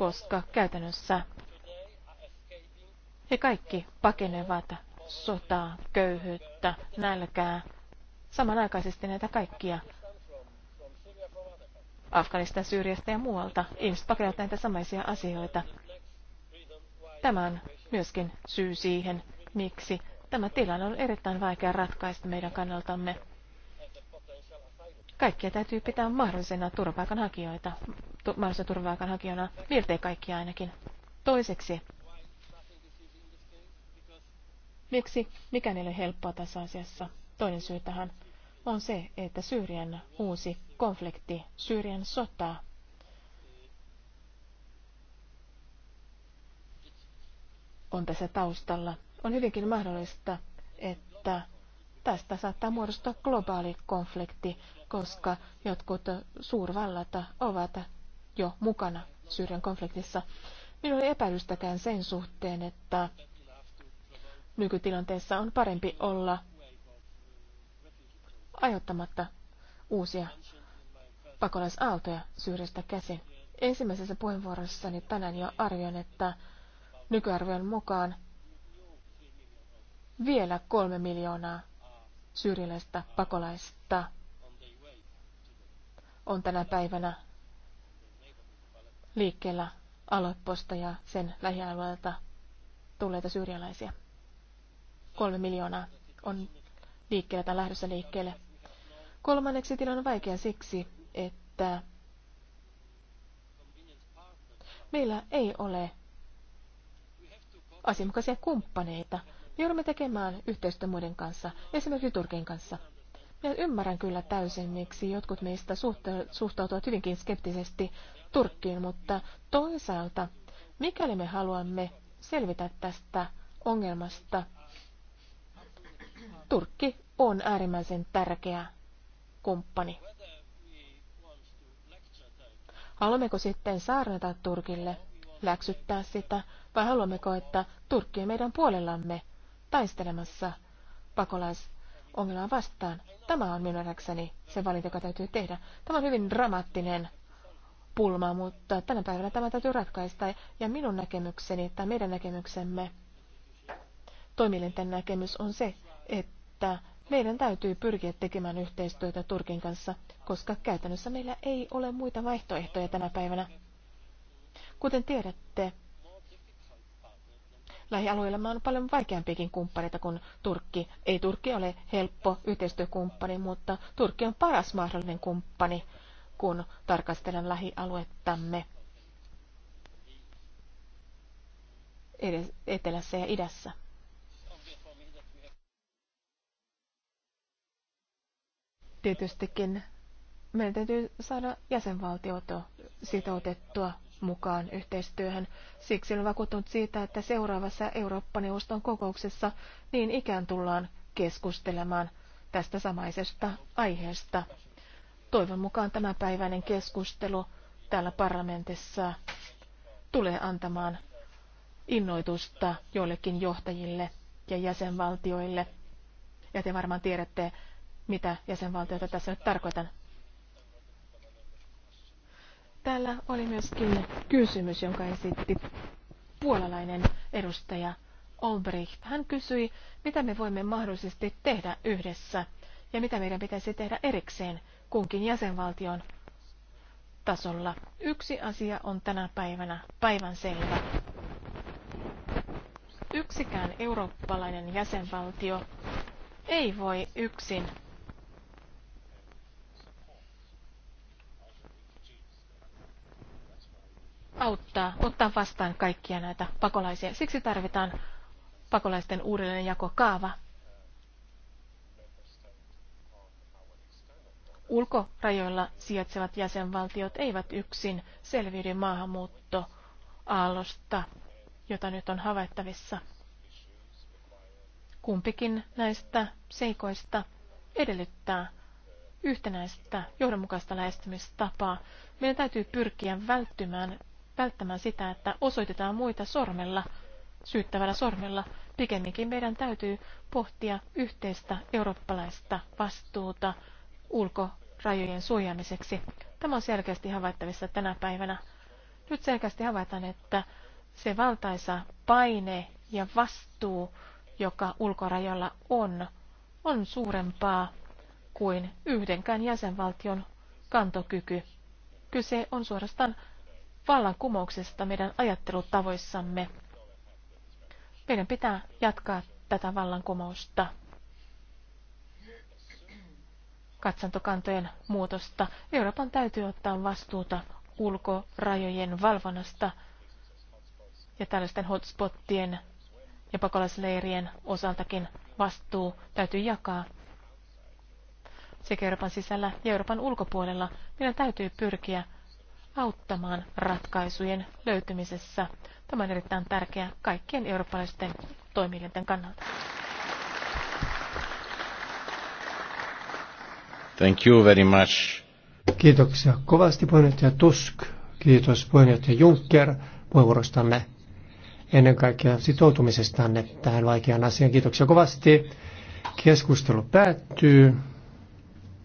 koska käytännössä he kaikki pakenevat sotaa, köyhyyttä, nälkää, samanaikaisesti näitä kaikkia Afganistan, Syyriasta ja muualta. Ihmiset pakenevat näitä samaisia asioita. Tämä on myöskin syy siihen, miksi tämä tilanne on erittäin vaikea ratkaista meidän kannaltamme. Kaikkia täytyy pitää mahdollisena turvapaikanhakijoita, tu- mahdollisena turvapaikanhakijana, miltei kaikkia ainakin. Toiseksi, miksi mikään ei ole helppoa tässä asiassa? Toinen syy tähän on se, että Syyrian uusi konflikti, Syyrian sota, on tässä taustalla. On hyvinkin mahdollista, että tästä saattaa muodostua globaali konflikti, koska jotkut suurvallat ovat jo mukana Syyrian konfliktissa. Minulla ei epäilystäkään sen suhteen, että nykytilanteessa on parempi olla ajoittamatta uusia pakolaisaaltoja Syyriasta käsin. Ensimmäisessä puheenvuorossani tänään jo arvioin, että nykyarvion mukaan vielä kolme miljoonaa syyriläistä pakolaista on tänä päivänä liikkeellä Alepposta ja sen lähialueelta tulleita syyrialaisia. Kolme miljoonaa on liikkeellä tai lähdössä liikkeelle. Kolmanneksi tilanne on vaikea siksi, että meillä ei ole asianmukaisia kumppaneita. Me joudumme tekemään yhteistyötä muiden kanssa, esimerkiksi Turkin kanssa. Ja ymmärrän kyllä täysin, miksi jotkut meistä suhtautuvat hyvinkin skeptisesti Turkkiin, mutta toisaalta, mikäli me haluamme selvitä tästä ongelmasta, Turkki on äärimmäisen tärkeä kumppani. Haluammeko sitten saarnata Turkille, läksyttää sitä, vai haluammeko, että Turkki on meidän puolellamme taistelemassa pakolais- ongelmaa vastaan. Tämä on minun nähdäkseni se valinta, joka täytyy tehdä. Tämä on hyvin dramaattinen pulma, mutta tänä päivänä tämä täytyy ratkaista. Ja minun näkemykseni tai meidän näkemyksemme, toimielinten näkemys on se, että meidän täytyy pyrkiä tekemään yhteistyötä Turkin kanssa, koska käytännössä meillä ei ole muita vaihtoehtoja tänä päivänä. Kuten tiedätte, Lähialueilla on paljon vaikeampiakin kumppaneita kuin Turkki. Ei Turkki ole helppo yhteistyökumppani, mutta Turkki on paras mahdollinen kumppani, kun tarkastelen lähialuettamme etelässä ja idässä. Tietystikin meidän täytyy saada jäsenvaltiot sitoutettua mukaan yhteistyöhön. Siksi olen vakuuttunut siitä, että seuraavassa Eurooppa-neuvoston kokouksessa niin ikään tullaan keskustelemaan tästä samaisesta aiheesta. Toivon mukaan tämänpäiväinen keskustelu täällä parlamentissa tulee antamaan innoitusta joillekin johtajille ja jäsenvaltioille. Ja te varmaan tiedätte, mitä jäsenvaltioita tässä nyt tarkoitan. Täällä oli myöskin kysymys, jonka esitti puolalainen edustaja Olbricht. Hän kysyi, mitä me voimme mahdollisesti tehdä yhdessä ja mitä meidän pitäisi tehdä erikseen kunkin jäsenvaltion tasolla. Yksi asia on tänä päivänä päivän selvä. Yksikään eurooppalainen jäsenvaltio ei voi yksin auttaa, ottaa vastaan kaikkia näitä pakolaisia. Siksi tarvitaan pakolaisten uudelleenjakokaava. Ulkorajoilla sijaitsevat jäsenvaltiot eivät yksin selviydy maahanmuuttoaallosta, jota nyt on havaittavissa. Kumpikin näistä seikoista edellyttää yhtenäistä johdonmukaista lähestymistapaa. Meidän täytyy pyrkiä välttymään välttämään sitä, että osoitetaan muita sormella, syyttävällä sormella. Pikemminkin meidän täytyy pohtia yhteistä eurooppalaista vastuuta ulkorajojen suojaamiseksi. Tämä on selkeästi havaittavissa tänä päivänä. Nyt selkeästi havaitaan, että se valtaisa paine ja vastuu, joka ulkorajalla on, on suurempaa kuin yhdenkään jäsenvaltion kantokyky. Kyse on suorastaan vallankumouksesta meidän ajattelutavoissamme. Meidän pitää jatkaa tätä vallankumousta, katsantokantojen muutosta. Euroopan täytyy ottaa vastuuta ulkorajojen valvonnasta ja tällaisten hotspottien ja pakolaisleirien osaltakin vastuu täytyy jakaa sekä Euroopan sisällä ja Euroopan ulkopuolella. Meidän täytyy pyrkiä auttamaan ratkaisujen löytymisessä. Tämä on erittäin tärkeää kaikkien eurooppalaisten toimijoiden kannalta. Thank you very much. Kiitoksia kovasti puheenjohtaja Tusk. Kiitos puheenjohtaja Juncker puheenvuorostanne ennen kaikkea sitoutumisestanne tähän vaikeaan asiaan. Kiitoksia kovasti. Keskustelu päättyy.